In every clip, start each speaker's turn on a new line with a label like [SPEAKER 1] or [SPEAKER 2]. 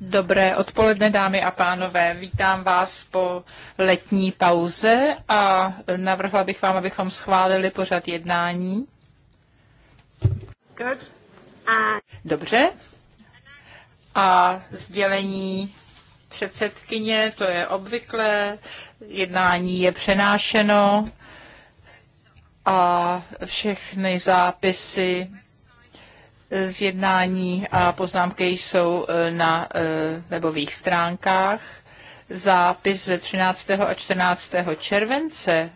[SPEAKER 1] Dobré odpoledne, dámy a pánové. Vítám vás po letní pauze a navrhla bych vám, abychom schválili pořad jednání. Good. A... Dobře. A sdělení předsedkyně, to je obvyklé, jednání je přenášeno a všechny zápisy z jednání a poznámky jsou e, na e, webových stránkách. Zápis ze 13. a 14. července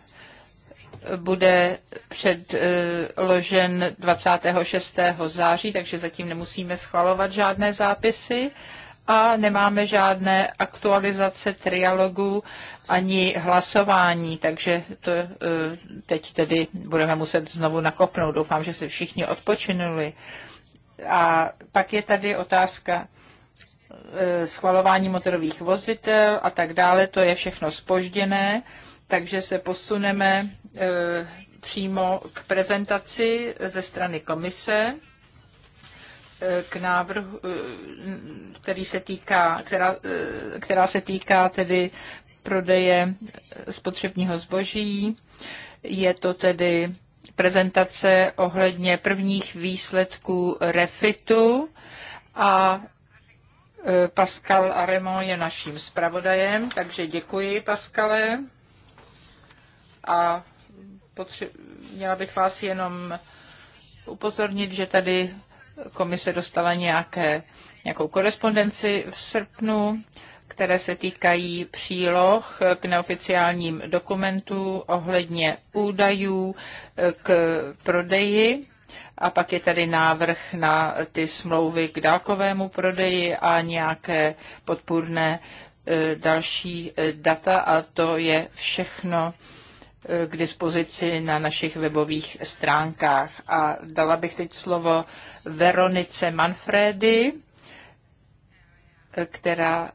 [SPEAKER 1] bude předložen 26. září, takže zatím nemusíme schvalovat žádné zápisy a nemáme žádné aktualizace trialogu ani hlasování, takže to e, teď tedy budeme muset znovu nakopnout. Doufám, že se všichni odpočinuli. A pak je tady otázka e, schvalování motorových vozitel a tak dále. To je všechno spožděné, takže se posuneme e, přímo k prezentaci ze strany komise e, k návrhu, který se týká, která, která se týká tedy prodeje spotřebního zboží. Je to tedy prezentace ohledně prvních výsledků refitu a e, Pascal Aremo je naším zpravodajem, takže děkuji, Pascale. A potře- měla bych vás jenom upozornit, že tady komise dostala nějaké, nějakou korespondenci v srpnu které se týkají příloh k neoficiálním dokumentům ohledně údajů eh, k prodeji. A pak je tady návrh na ty smlouvy k dálkovému prodeji a nějaké podpůrné eh, další eh, data a to je všechno k dispozici na našich webových stránkách. A dala bych teď slovo Veronice Manfredi, která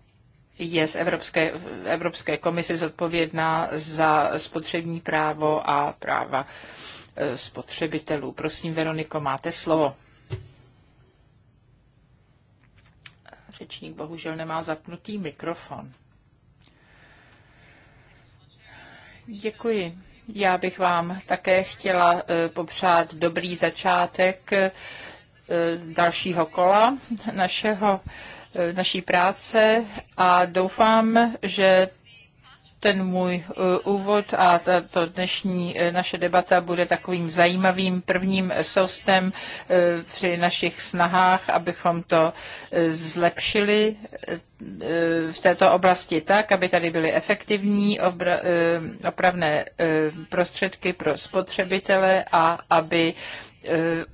[SPEAKER 1] je z Evropské, Evropské komise zodpovědná za spotřební právo a práva e, spotřebitelů. Prosím, Veroniko, máte slovo. Řečník bohužel nemá zapnutý mikrofon. Děkuji. Já bych vám také chtěla e, popřát dobrý začátek e, dalšího kola našeho Eh, naší práce a doufám, že ten můj eh, úvod a to dnešní eh, naše debata bude takovým zajímavým prvním soustem při našich snahách, abychom to zlepšili v této oblasti tak, aby tady byly efektivní opravné prostředky pro spotřebitele a aby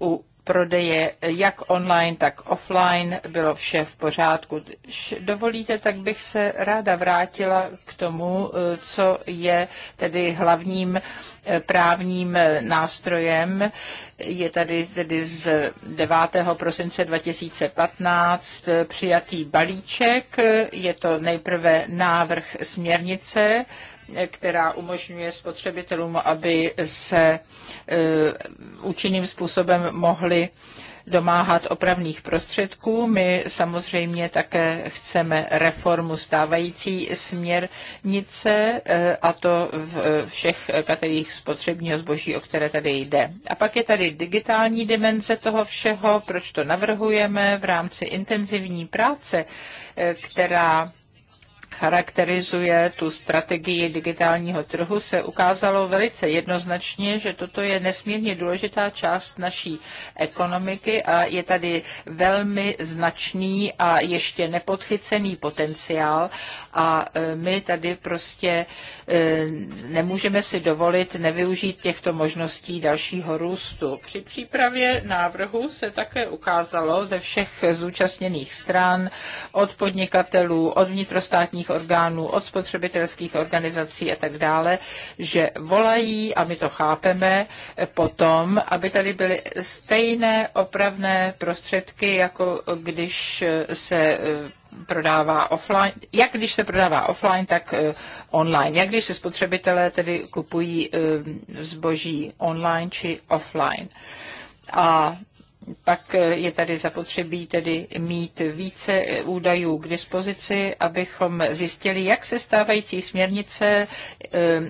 [SPEAKER 1] u prodeje jak online, tak offline. Bylo vše v pořádku. Když dovolíte, tak bych se ráda vrátila k tomu, eh, co je tedy hlavním eh, právním eh, nástrojem. Je tady tedy z 9. prosince 2015 přijatý balíček. Je to nejprve návrh směrnice, která umožňuje spotřebitelům, aby se e, účinným způsobem mohli domáhat opravných prostředků. My samozřejmě také chceme reformu stávající směrnice e, a to v e, všech kategoriích spotřebního zboží, o které tady jde. A pak je tady digitální dimenze toho všeho, proč to navrhujeme v rámci intenzivní práce, která charakterizuje tu strategii digitálního trhu, se ukázalo velice jednoznačně, že toto je nesmírně důležitá část naší ekonomiky a je tady velmi značný a ještě nepodchycený potenciál a e, my tady prostě E, nemůžeme si dovolit nevyužít těchto možností dalšího růstu. Při přípravě návrhu se také ukázalo ze všech zúčastněných stran, od podnikatelů, od vnitrostátních orgánů, od spotřebitelských organizací a tak dále, že volají, a my to chápeme, potom, aby tady byly stejné opravné prostředky, jako když se e, prodává offline, jak když se prodává offline, tak eh, online. Jak když se spotřebitelé tedy kupují eh, zboží online či offline. A pak eh, je tady zapotřebí tedy mít více údajů k dispozici, abychom zjistili, jak se stávající směrnice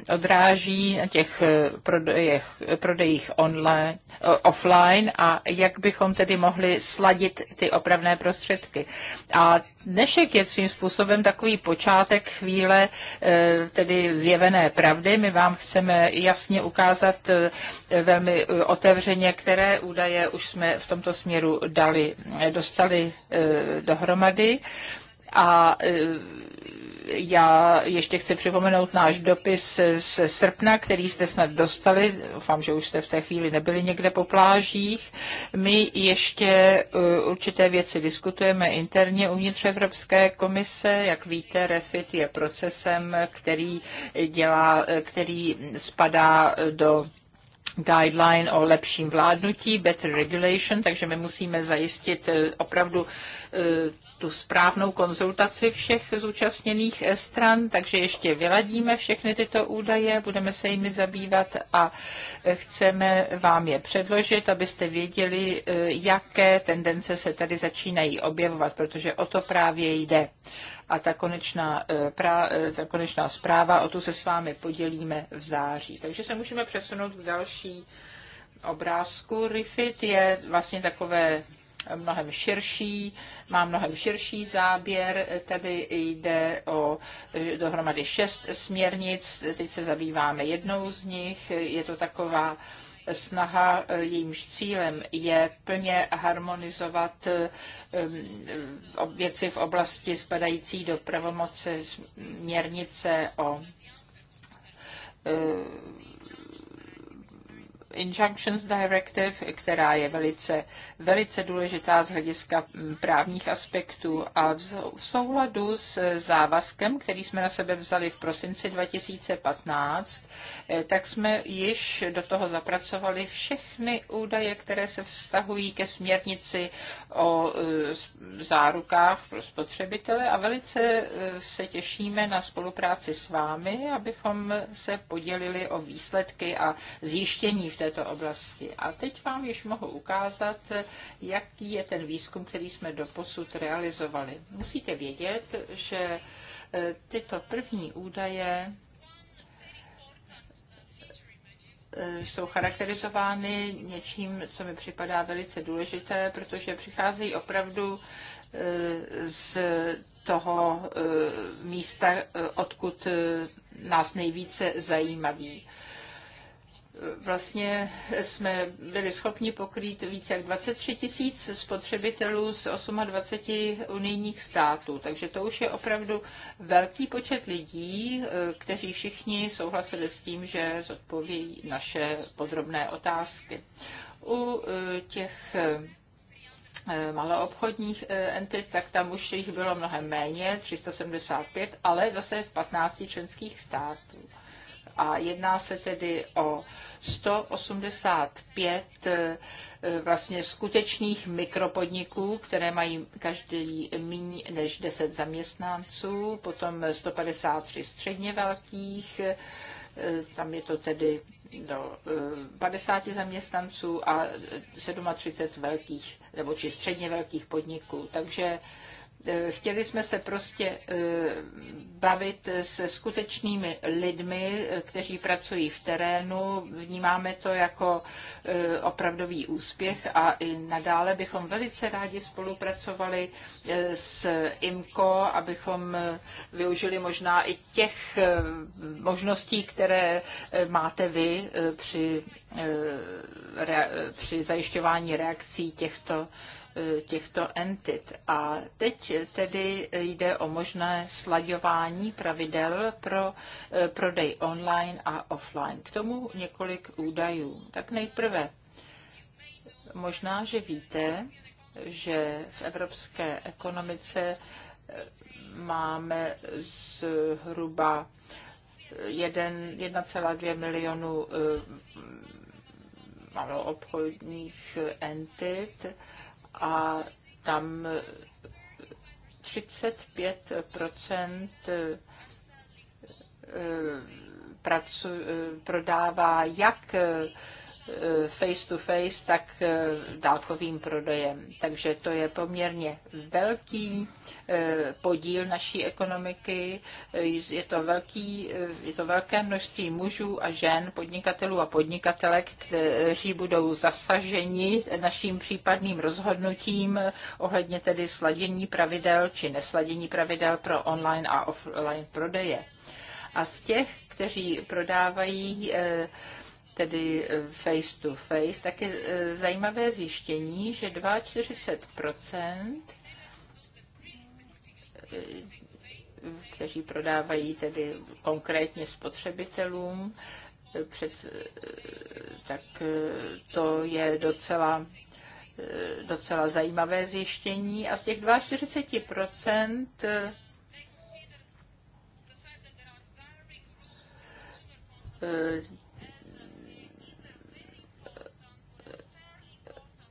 [SPEAKER 1] odráží na těch prodejech, prodejích online, offline a jak bychom tedy mohli sladit ty opravné prostředky. A Dnešek je svým způsobem takový počátek chvíle eh, tedy zjevené pravdy. My vám chceme jasně ukázat eh, velmi eh, otevřeně, které údaje už jsme v tomto směru dali, dostali dohromady. A e, já ještě chci připomenout náš dopis ze srpna, který jste snad dostali. Doufám, že už jste v té chvíli nebyli někde po plážích. My ještě e, určité věci diskutujeme interně uvnitř Evropské komise. Jak víte, REFIT je procesem, který, dělá, e, který spadá do guideline o lepším vládnutí, better regulation, takže my musíme zajistit opravdu tu správnou konzultaci všech zúčastněných eh, stran, takže ještě vyladíme všechny tyto údaje, budeme se jimi zabývat a eh, chceme vám je předložit, abyste věděli, eh, jaké tendence se tady začínají objevovat, protože o to právě jde. A ta konečná, pra, ta konečná zpráva, o tu se s vámi podělíme v září. Takže se můžeme přesunout k další obrázku. Refit je vlastně takové mnohem širší, má mnohem širší záběr. Tedy jde o e, dohromady šest směrnic, teď se zabýváme jednou z nich. Je to taková snaha, e, jejímž cílem je plně harmonizovat e, věci v oblasti spadající do pravomoci směrnice o Injunctions Directive, která je velice, velice důležitá z hlediska mm, právních aspektů a v souladu s závazkem, který jsme na sebe vzali v prosinci 2015, eh, tak jsme již do toho zapracovali všechny údaje, které se vztahují ke směrnici o eh, zárukách pro spotřebitele a velice eh, se těšíme na spolupráci s vámi, abychom se podělili o výsledky a zjištění v té této oblasti. A teď vám již mohu ukázat, jaký je ten výzkum, který jsme doposud realizovali. Musíte vědět, že e, tyto první údaje e, jsou charakterizovány něčím, co mi připadá velice důležité, protože přicházejí opravdu e, z toho místa, odkud nás nejvíce zajímaví vlastně jsme byli schopni pokrýt více jak 23 tisíc spotřebitelů z 28 unijních států. Takže to už je opravdu velký počet lidí, eh, kteří všichni souhlasili s tím, že zodpoví naše podrobné otázky. U eh, těch eh, maloobchodních entit, tak tam už jich bylo mnohem méně, 375, ale zase v 15 členských států a jedná se tedy o 185 e, vlastně skutečných mikropodniků, které mají každý méně než 10 zaměstnanců, potom 153 středně velkých, e, tam je to tedy do 50 e, zaměstnanců a 37 velkých nebo či středně velkých podniků. Takže Eh, chtěli jsme se prostě eh, bavit se skutečnými lidmi, eh, kteří pracují v terénu. Vnímáme to jako opravdový úspěch a i nadále bychom velice rádi spolupracovali s IMCO, abychom využili možná i těch možností, které máte vy při, při zajišťování reakcí těchto těchto entit. A teď tedy jde o možné slaďování pravidel pro prodej online a offline. K tomu několik údajů. Tak nejprve, možná, že víte, že v evropské ekonomice máme zhruba 1,2 milionu malou obchodních entit a tam 35 eh, eh, pracu, eh, prodává jak Eh, face to face, tak eh, dálkovým prodejem. Takže to je poměrně velký eh, podíl naší ekonomiky. Je to, velký, je to velké množství mužů a žen, podnikatelů a podnikatelek, kteří budou zasaženi naším případným rozhodnutím ohledně tedy sladění pravidel či nesladění pravidel pro online a offline prodeje. A z těch, kteří prodávají eh, tedy eh, face to face, tak je eh, zajímavé zjištění, že 42% eh, kteří prodávají tedy konkrétně spotřebitelům, před, tak to je docela, docela zajímavé zjištění. A z těch 42%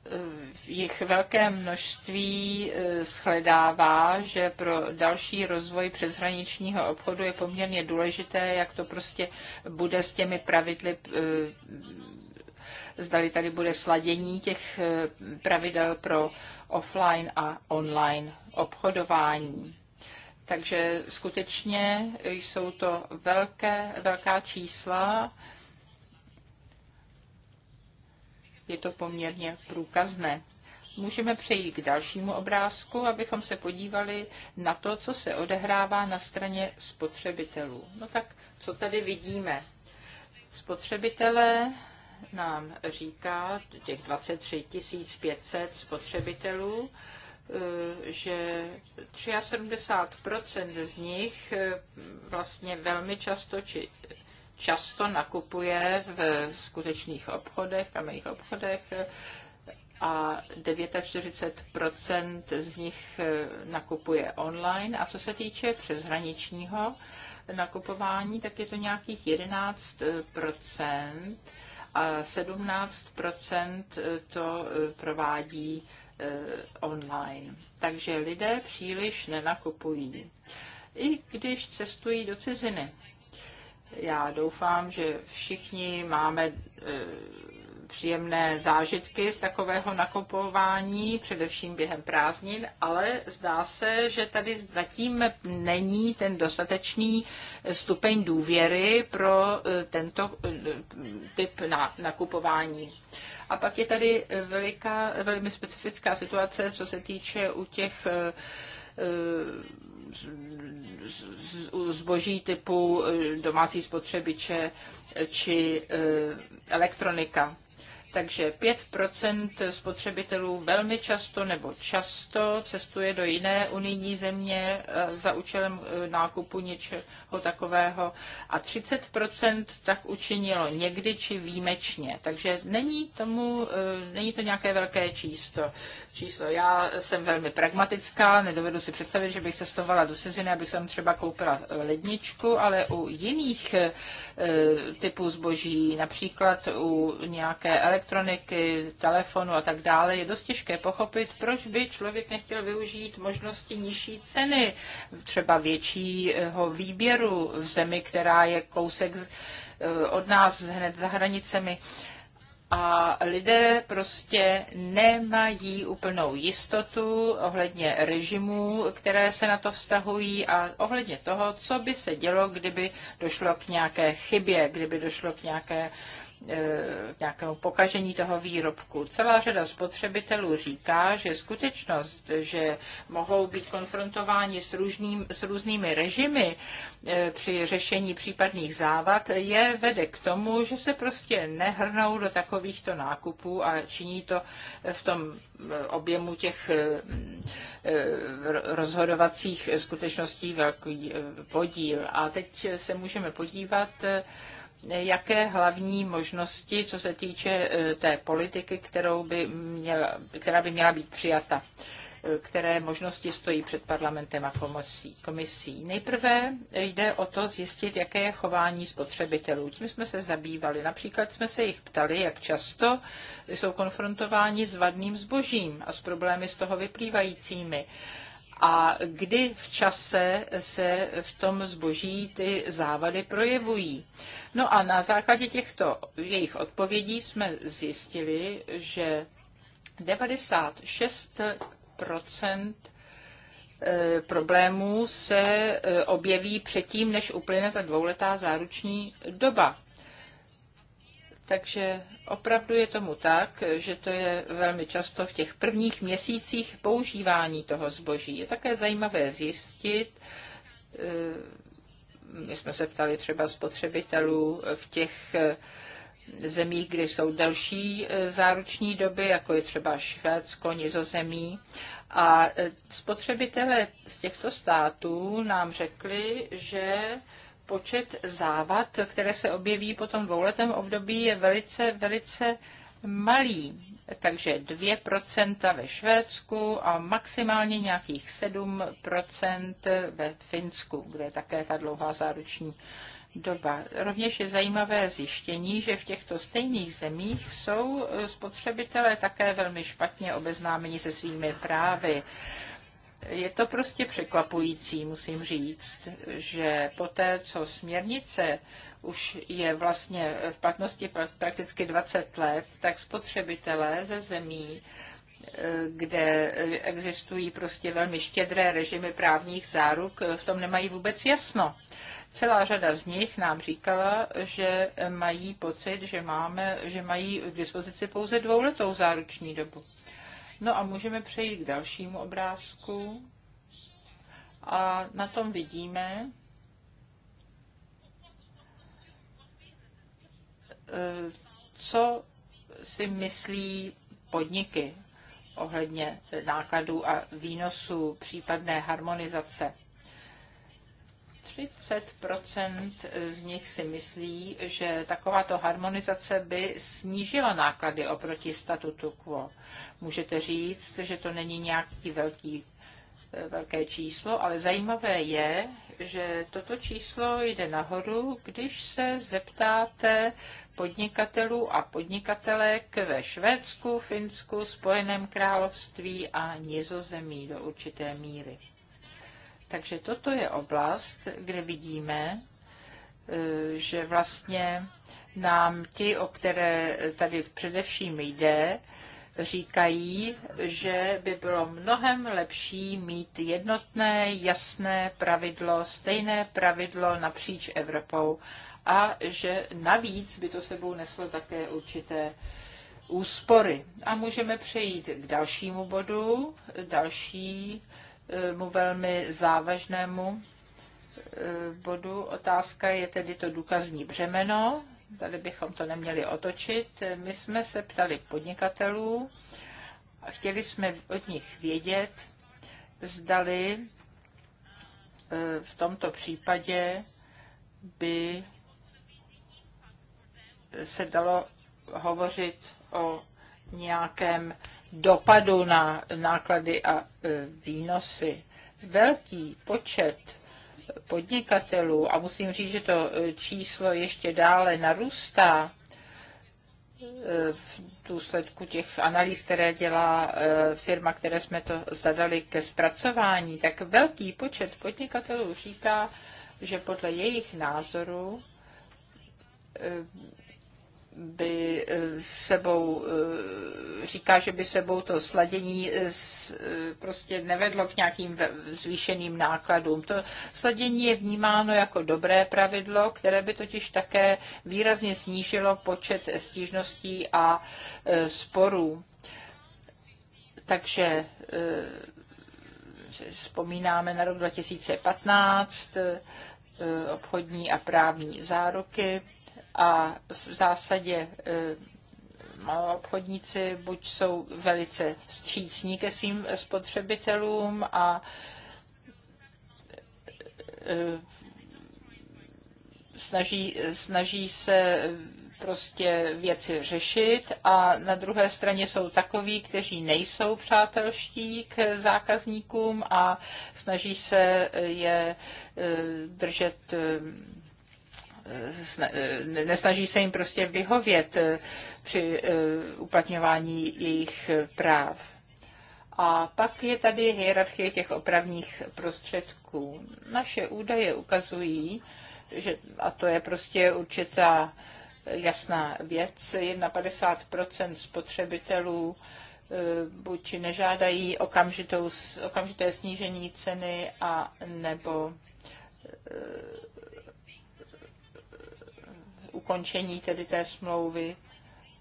[SPEAKER 1] Eh, jich velké množství eh, shledává, že pro další rozvoj přeshraničního obchodu je poměrně důležité, jak to prostě bude s těmi pravidly eh, zdali tady bude sladění těch pravidel pro offline a online obchodování. Takže skutečně jsou to velké, velká čísla, je to poměrně průkazné. Můžeme přejít k dalšímu obrázku, abychom se podívali na to, co se odehrává na straně spotřebitelů. No tak, co tady vidíme? Spotřebitelé nám říká, těch 23 500 spotřebitelů, eh, že 73% z nich eh, vlastně velmi často či často nakupuje v skutečných obchodech, kamenných obchodech a 49 z nich eh, nakupuje online. A co se týče přeshraničního nakupování, tak je to nějakých 11 a 17 eh, to eh, provádí online. Takže lidé příliš nenakupují, i když cestují do ciziny. Já doufám, že všichni máme e, příjemné zážitky z takového nakupování, především během prázdnin, ale zdá se, že tady zatím není ten dostatečný stupeň důvěry pro e, tento e, typ na, nakupování. A pak je tady veliká, velmi specifická situace, co se týče u těch E, E, zboží typu e, domácí spotřebiče či e, elektronika. Takže 5% spotřebitelů velmi často nebo často cestuje do jiné unijní země e, za účelem e, nákupu něčeho takového a 30% tak učinilo někdy či výjimečně. Takže není, tomu, e, není to nějaké velké číslo. číslo. Já jsem velmi pragmatická, nedovedu si představit, že bych cestovala do ciziny, abych jsem třeba koupila ledničku, ale u jiných Eh, typů zboží, například u nějaké elektroniky, telefonu a tak dále, je dost těžké pochopit, proč by člověk nechtěl využít možnosti nižší ceny, třeba většího výběru v zemi, která je kousek eh, od nás hned za hranicemi a lidé prostě nemají úplnou jistotu ohledně režimů, které se na to vztahují a ohledně toho, co by se dělo, kdyby došlo k nějaké chybě, kdyby došlo k nějaké E, nějakého pokažení toho výrobku. Celá řada spotřebitelů říká, že skutečnost, že mohou být konfrontováni s, různým, s různými režimy e, při řešení případných závad, je vede k tomu, že se prostě nehrnou do takovýchto nákupů a činí to v tom objemu těch e, rozhodovacích skutečností velký podíl. A teď se můžeme podívat, jaké hlavní možnosti, co se týče e, té politiky, kterou by měla, která by měla být přijata, e, které možnosti stojí před parlamentem a komisí. komisí. Nejprve jde o to zjistit, jaké je chování spotřebitelů. Tím jsme se zabývali. Například jsme se jich ptali, jak často jsou konfrontováni s vadným zbožím a s problémy z toho vyplývajícími a kdy v čase se v tom zboží ty závady projevují. No a na základě těchto jejich odpovědí jsme zjistili, že 96 eh, problémů se eh, objeví předtím, než uplyne ta dvouletá záruční doba. Takže opravdu je tomu tak, že to je velmi často v těch prvních měsících používání toho zboží. Je také zajímavé zjistit, eh, my jsme se ptali třeba spotřebitelů v těch eh, zemích, kde jsou delší eh, záruční doby, jako je třeba Švédsko, Nizozemí. A eh, spotřebitelé z těchto států nám řekli, že počet závad, které se objeví po tom dvouletém období, je velice, velice malý, takže 2% ve Švédsku a maximálně nějakých 7% ve Finsku, kde je také ta dlouhá záruční doba. Rovněž je zajímavé zjištění, že v těchto stejných zemích jsou spotřebitelé také velmi špatně obeznámeni se svými právy. Je to prostě překvapující, musím říct, že poté, co směrnice už je vlastně v platnosti prakticky 20 let, tak spotřebitelé ze zemí, eh, kde existují prostě velmi štědré režimy právních záruk, v tom nemají vůbec jasno. Celá řada z nich nám říkala, že mají pocit, že, máme, že mají k dispozici pouze dvouletou záruční dobu. No a můžeme přejít k dalšímu obrázku. A na tom vidíme, eh, co si myslí podniky ohledně nákladů a výnosů případné harmonizace. 30 z nich si myslí, že takováto harmonizace by snížila náklady oproti statutu quo. Můžete říct, že to není nějaký velký, eh, velké číslo, ale zajímavé je, že toto číslo jde nahoru, když se zeptáte podnikatelů a podnikatelek ve Švédsku, Finsku, Spojeném království a Nizozemí do určité míry. Takže toto je oblast, kde vidíme, eh, že vlastně nám ti, o které tady především jde, říkají, že by bylo mnohem lepší mít jednotné, jasné pravidlo, stejné pravidlo napříč Evropou a že navíc by to sebou neslo také určité úspory. A můžeme přejít k dalšímu bodu. Další mu velmi závažnému e, bodu. Otázka je tedy to důkazní břemeno. Tady bychom to neměli otočit. My jsme se ptali podnikatelů a chtěli jsme od nich vědět, zdali e, v tomto případě by se dalo hovořit o nějakém dopadu na náklady a e, výnosy. Velký počet podnikatelů, a musím říct, že to e, číslo ještě dále narůstá e, v důsledku těch analýz, které dělá firma, které jsme to zadali ke zpracování, tak velký počet podnikatelů říká, že podle jejich názoru by sebou říká, že by sebou to sladění eh, eh, prostě nevedlo k nějakým zvýšeným nákladům. To sladění je vnímáno jako dobré pravidlo, které by totiž také výrazně snížilo počet stížností a eh, sporů. Takže vzpomínáme na rok 2015, obchodní a právní záruky a v zásadě obchodníci buď jsou velice střícní ke svým spotřebitelům a e, snaží, snaží se prostě věci řešit a na druhé straně jsou takoví, kteří nejsou přátelští k zákazníkům a snaží se je e, držet e, nesnaží se jim prostě vyhovět eh, při eh, uplatňování jejich eh, práv. A pak je tady hierarchie těch opravních prostředků. Naše údaje ukazují, že, a to je prostě určitá jasná věc, 51% spotřebitelů buď nežádají okamžitou, okamžité snížení ceny a nebo ukončení tedy té smlouvy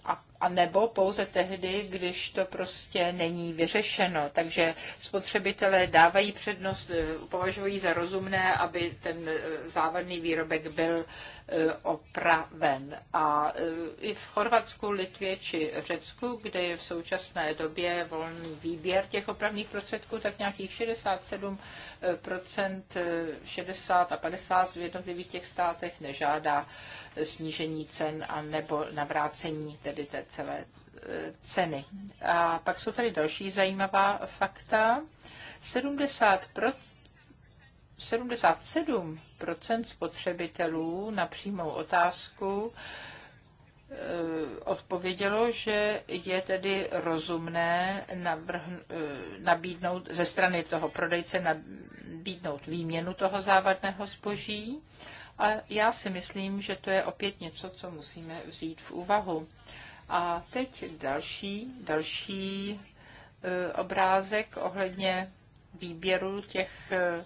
[SPEAKER 1] a a nebo pouze tehdy, když to prostě není vyřešeno. Takže spotřebitelé dávají přednost, eh, považují za rozumné, aby ten eh, závadný výrobek byl eh, opraven. A i v Chorvatsku, Litvě či Řecku, kde je v současné době volný výběr těch opravných prostředků, tak nějakých 67 60 a 50 v jednotlivých těch státech nežádá snížení cen a nebo navrácení tedy té celé eh, ceny. A pak jsou tady další zajímavá fakta. 70 77 spotřebitelů na přímou otázku eh, odpovědělo, že je tedy rozumné eh, nabídnout ze strany toho prodejce nabídnout výměnu toho závadného zboží. A já si myslím, že to je opět něco, co musíme vzít v úvahu. A teď další, další e, obrázek ohledně výběru těch e,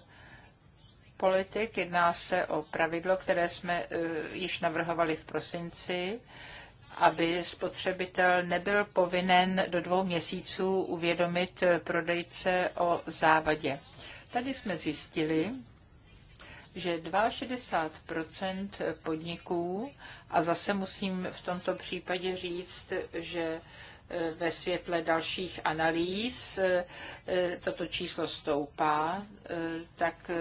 [SPEAKER 1] politik. Jedná se o pravidlo, které jsme e, již navrhovali v prosinci, aby spotřebitel nebyl povinen do dvou měsíců uvědomit prodejce o závadě. Tady jsme zjistili, že 62 podniků, a zase musím v tomto případě říct, že e, ve světle dalších analýz e, e, toto číslo stoupá, tak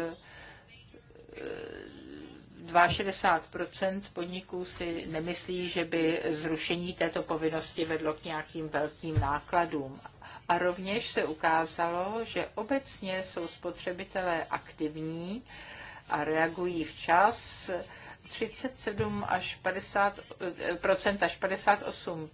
[SPEAKER 1] 62 podniků si nemyslí, že by zrušení této povinnosti vedlo k nějakým velkým nákladům. A rovněž se ukázalo, že obecně jsou spotřebitelé aktivní a reagují včas, 37 až 50 eh, až 58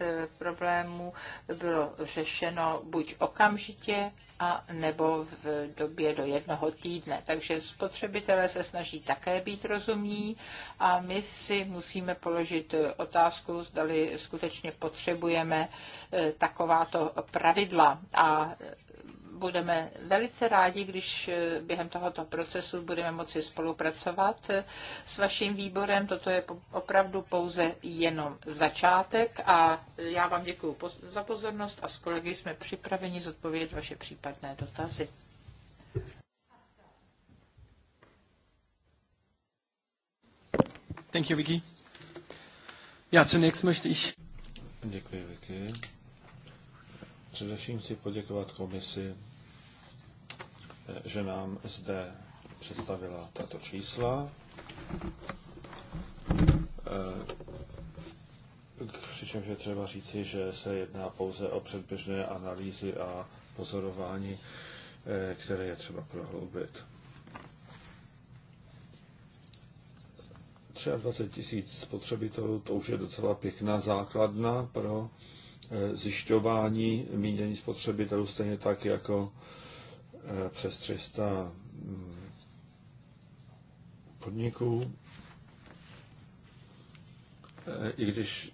[SPEAKER 1] eh, problémů bylo řešeno buď okamžitě, a nebo v době do jednoho týdne. Takže spotřebitelé se snaží také být rozumní a my si musíme položit otázku, zdali skutečně potřebujeme eh, takováto pravidla. A budeme velice rádi, když eh, během tohoto procesu budeme moci spolupracovat eh, s vaším výborem. Toto je opravdu pouze jenom začátek a já vám děkuji za pozornost a s kolegy jsme připraveni zodpovědět vaše případné dotazy.
[SPEAKER 2] Thank you, Vicky. Ja, zunächst möchte ich... Děkuji, Vicky. Především chci poděkovat komisi, eh, že nám zde představila tato čísla. Eh, přičemž je třeba říci, že se jedná pouze o předběžné analýzy a pozorování, eh, které je třeba prohloubit. 23 tisíc spotřebitelů, to už je docela pěkná základna pro Eh, zjišťování mínění spotřebitelů, stejně tak jako eh, přes 300 mm, podniků. Eh, I když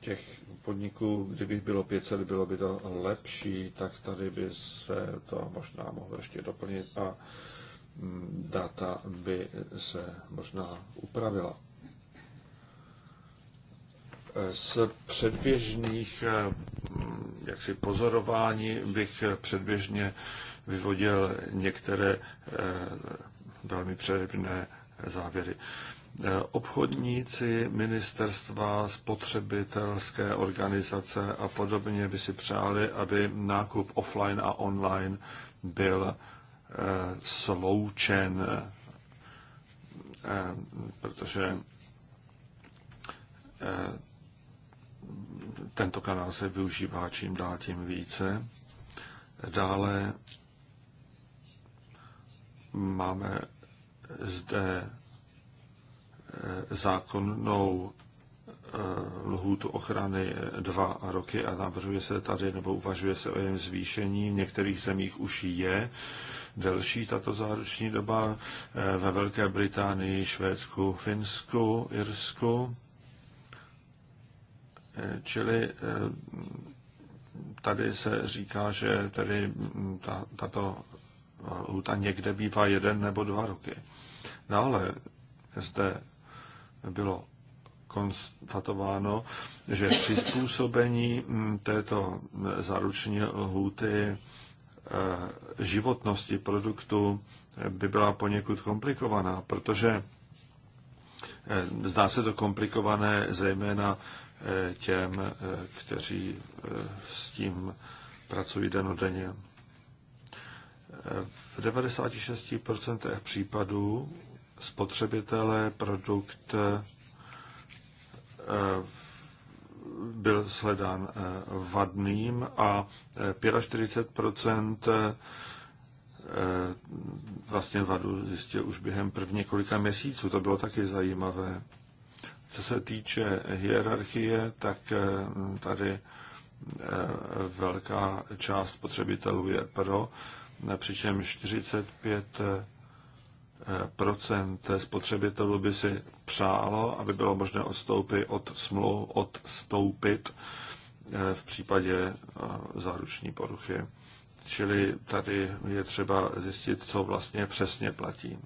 [SPEAKER 2] těch podniků, kdybych bylo 500, bylo by to lepší, tak tady by se to možná mohlo ještě doplnit a mm, data by se možná upravila. Z předběžných eh, jaksi pozorování bych předběžně vyvodil některé eh, velmi přerebné závěry. Eh, obchodníci, ministerstva, spotřebitelské organizace a podobně by si přáli, aby nákup offline a online byl sloučen, protože tento kanál se využívá čím dál tím více. Dále máme zde eh, zákonnou eh, lhůtu ochrany dva roky a navrhuje se tady nebo uvažuje se o jejím zvýšení. V některých zemích už je delší tato záruční doba eh, ve Velké Británii, Švédsku, Finsku, Irsku. Čili eh, tady se říká, že tedy mm, ta, tato lhuta někde bývá jeden nebo dva roky. Dále zde bylo konstatováno, že přizpůsobení mm, této záruční lhuty eh, životnosti produktu by byla poněkud komplikovaná, protože eh, zdá se to komplikované zejména těm, eh, kteří eh, s tím pracují denodenně. Eh, v 96% případů spotřebitelé produkt byl sledán vadným a 45 vlastně vadu zjistil už během prvních několika měsíců. To bylo taky zajímavé. Co se týče hierarchie, tak eh, tady eh, velká část spotřebitelů je pro, přičem 45 eh, procent spotřebitelů by si přálo, aby bylo možné odstoupit od smluv, odstoupit v případě záruční poruchy. Čili tady je třeba zjistit, co vlastně přesně platí.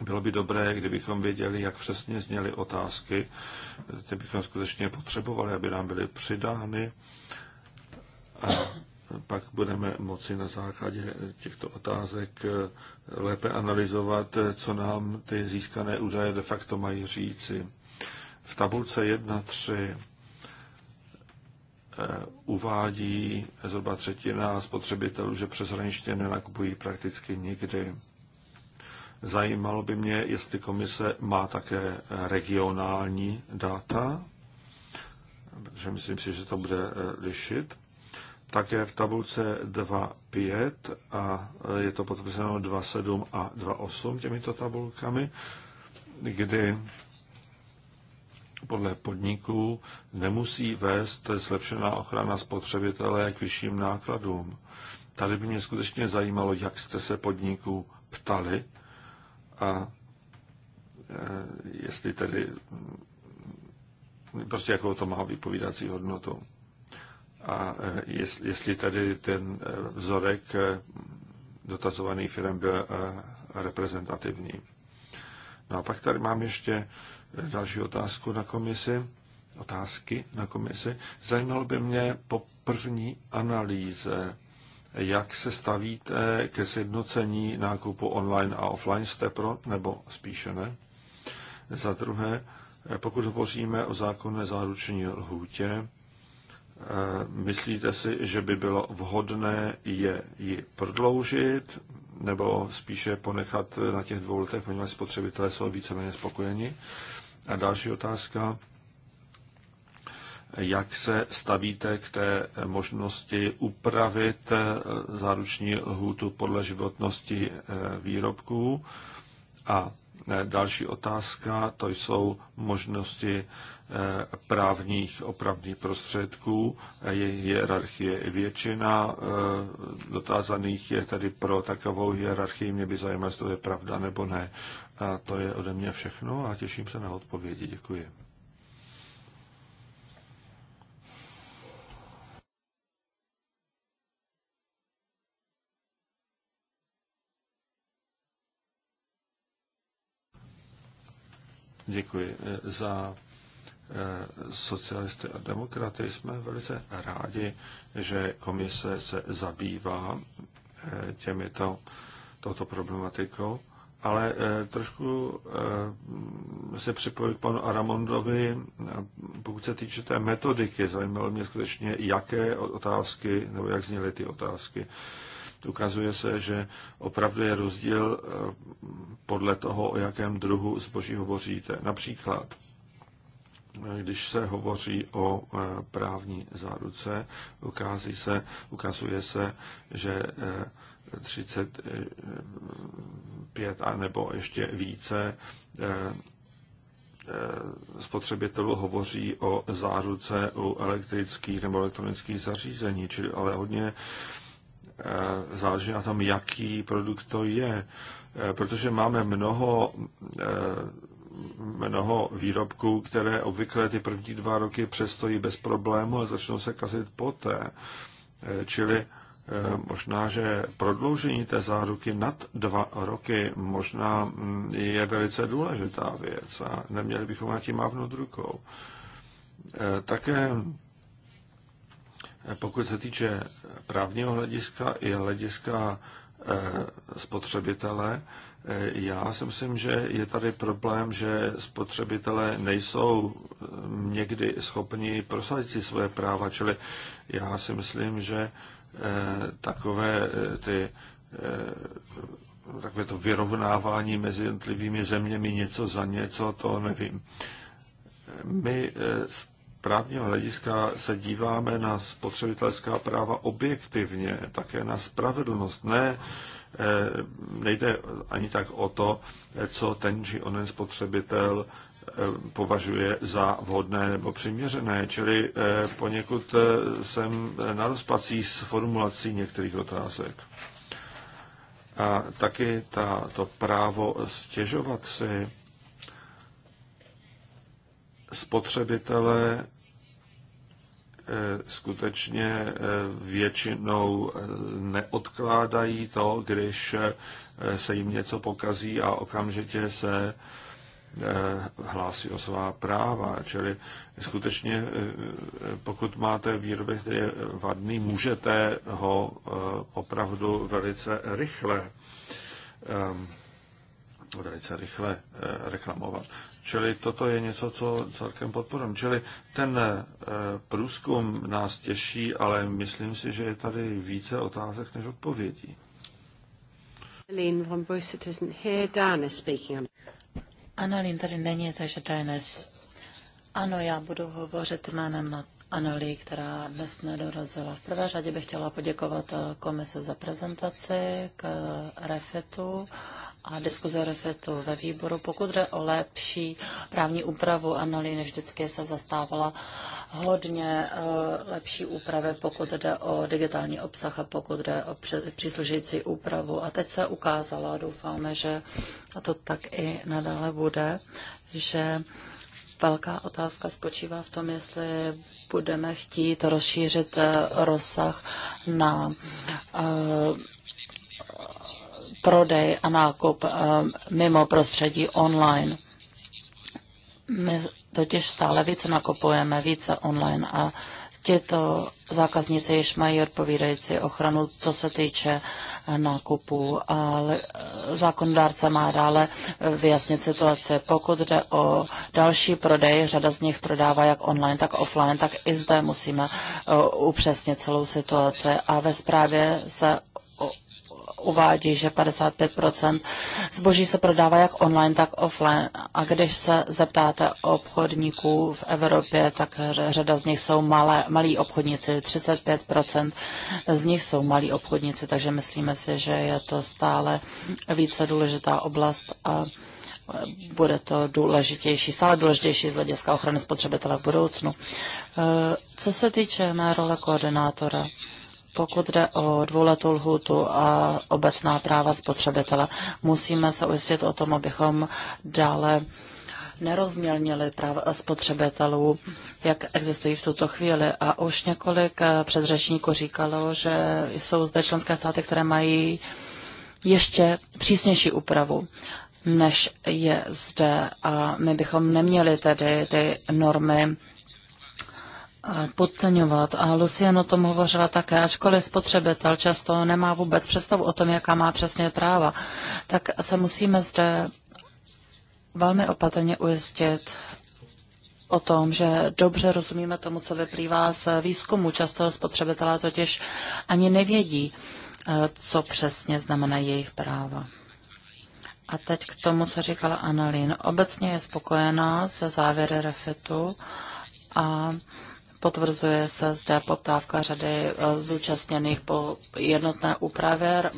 [SPEAKER 2] Bylo by dobré, kdybychom věděli, jak přesně zněly otázky, ty bychom skutečně potřebovali, aby nám byly přidány. A pak budeme moci na základě těchto otázek lépe analyzovat, co nám ty získané údaje de facto mají říci. V tabulce 1.3 eh, uvádí zhruba třetina spotřebitelů, že přeshraničně nenakupují prakticky nikdy. Zajímalo by mě, jestli komise má také regionální data, protože myslím si, že to bude eh, lišit. Také v tabulce 2.5 a eh, je to potvrzeno 2.7 a 2.8 těmito tabulkami, kdy podle podniků nemusí vést zlepšená ochrana spotřebitele k vyšším nákladům. Tady by mě skutečně zajímalo, jak jste se podniků ptali a e, jestli tedy mm, prostě jako to má vypovídací hodnotu. A e, jestli tedy ten e, vzorek dotazovaný firm byl reprezentativní. No a pak tady mám ještě další otázku na komisi, otázky na komisi. Zajímalo by mě po první analýze jak se stavíte ke sjednocení nákupu online a offline? Jste pro nebo spíše ne? Za druhé, pokud hovoříme o zákonné záruční lhůtě, eh, myslíte si, že by bylo vhodné je ji prodloužit nebo spíše ponechat na těch dvou letech, poněvadž spotřebitelé jsou víceméně spokojeni? A další otázka jak se stavíte k té možnosti upravit eh, záruční lhůtu podle životnosti eh, výrobků. A eh, další otázka, to jsou možnosti právních opravných prostředků. Jejich hierarchie většina. Dotázaných je tady pro takovou hierarchii. Mě by zajímalo, jestli to je pravda nebo ne. A to je ode mě všechno a těším se na odpovědi. Děkuji. Děkuji eh, za eh, socialisty a demokraty. Jsme velice rádi, že komise se zabývá eh, těmito, touto problematikou, ale trošku se připojit k panu Aramondovi, pokud se týče té metodiky, zajímalo mě skutečně, jaké otázky, nebo jak zněly ty otázky ukazuje se, že opravdu je rozdíl eh, podle toho, o jakém druhu zboží hovoříte. Například, eh, když se hovoří o eh, právní záruce, ukází se, ukazuje se, že 35 a nebo ještě více spotřebitelů hovoří o záruce u elektrických nebo elektronických zařízení, čili ale hodně Eh, záleží na tom, jaký produkt to je, eh, protože máme mnoho eh, mnoho výrobků, které obvykle ty první dva roky přestojí bez problému a začnou se kazit poté. Čili možná, že prodloužení té záruky nad dva roky možná mm, je velice důležitá věc a neměli bychom na tím mávnout rukou. Také pokud se týče právního hlediska i hlediska eh, spotřebitele, eh, já si myslím, že je tady problém, že spotřebitelé nejsou eh, někdy schopni prosadit si svoje práva, čili já si myslím, že takové ty takové to vyrovnávání mezi jednotlivými zeměmi něco za něco, to nevím. My s právního hlediska se díváme na spotřebitelská práva objektivně, také na spravedlnost. Ne, eh, nejde ani tak o to, co ten či onen spotřebitel eh, považuje za vhodné nebo přiměřené, čili eh, poněkud jsem na rozpací s formulací některých otázek. A taky ta, to právo stěžovat si spotřebitelé eh, skutečně eh, většinou eh, neodkládají to, když se jim něco pokazí a okamžitě se hlásí o svá práva. Čili skutečně, pokud máte výrobek, který je vadný, můžete ho opravdu velice rychle velice rychle reklamovat. Čili toto je něco, co celkem podporujeme. Čili ten eh, průzkum nás těší, ale myslím si, že je tady více otázek než odpovědí.
[SPEAKER 3] Annalín tady není, takže dnes. Ano, já budu hovořit jménem na Anolí, která dnes nedorazila. V prvé řadě bych chtěla poděkovat eh, komise za prezentaci k eh, refetu a diskuze refetu ve výboru. Pokud jde o lepší právní úpravu, než vždycky se zastávala hodně eh, lepší úpravy, pokud jde o digitální obsah a pokud jde o příslušející úpravu. A teď se ukázalo, doufáme, že a to tak i nadále bude, že velká otázka spočívá v tom, jestli budeme chtít rozšířit eh, rozsah na eh, prodej a nákup eh, mimo prostředí online. My totiž stále více nakupujeme, více online a těto zákazníci již mají odpovídající ochranu, co se týče eh, nákupů, ale eh, zákondárce má dále vyjasnit situaci. Pokud jde o další prodej, řada z nich prodává jak online, tak offline, tak i zde musíme upřesnit celou situaci. A ve zprávě se uvádí, že 55% zboží se prodává jak online, tak offline. A když se zeptáte obchodníků v Evropě, tak řada z nich jsou malé, malí obchodníci, 35% z nich jsou malí obchodníci, takže myslíme si, že je to stále více důležitá oblast a bude to důležitější, stále důležitější z hlediska ochrany spotřebitele v budoucnu. Eh, co se týče mé role koordinátora, pokud jde o dvouletou lhutu a obecná práva spotřebitele, musíme se ujistit o tom, abychom dále nerozmělnili práva spotřebitelů, jak existují v tuto chvíli. A už několik eh, předřečníků říkalo, že jsou zde členské státy, které mají ještě přísnější úpravu než je zde a my bychom neměli tedy ty normy podceňovat. A Lucien o tom hovořila také, ačkoliv spotřebitel často nemá vůbec představu o tom, jaká má přesně práva, tak se musíme zde velmi opatrně ujistit o tom, že dobře rozumíme tomu, co vyplývá z výzkumu. Často spotřebitelé totiž ani nevědí, eh, co přesně znamená jejich práva. A teď k tomu, co říkala Annalín. Obecně je spokojená se závěry refitu a Potvrzuje se zde poptávka řady eh, zúčastněných po jednotné úpravě.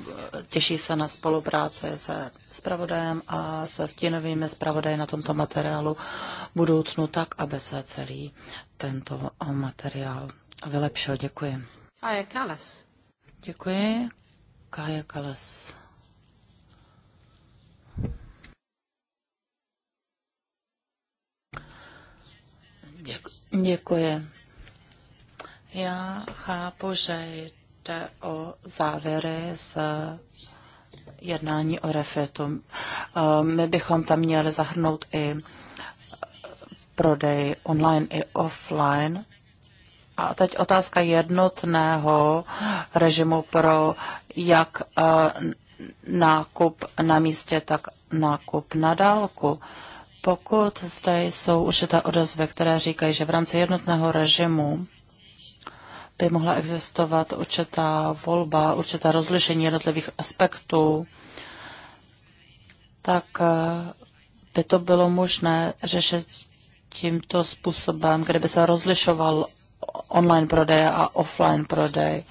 [SPEAKER 3] Těší se na spolupráci se spravodajem a se stínovými zpravodaji na tomto materiálu budoucnu tak, aby se celý tento materiál vylepšil. Děkuji.
[SPEAKER 1] Kaja Kalas.
[SPEAKER 3] Děkuji. Kaja Kalas. Děkuji. Já chápu, že jde o závěry z jednání o refitu. Eh, my bychom tam měli zahrnout i prodej online i offline. A teď otázka jednotného režimu pro jak eh, nákup na místě, tak nákup na dálku. Pokud zde jsou určité odezvy, které říkají, že v rámci jednotného režimu by mohla existovat určitá volba, určitá rozlišení jednotlivých aspektů, tak eh, by to bylo možné řešit tímto způsobem, kdyby se rozlišoval online prodej a offline prodej.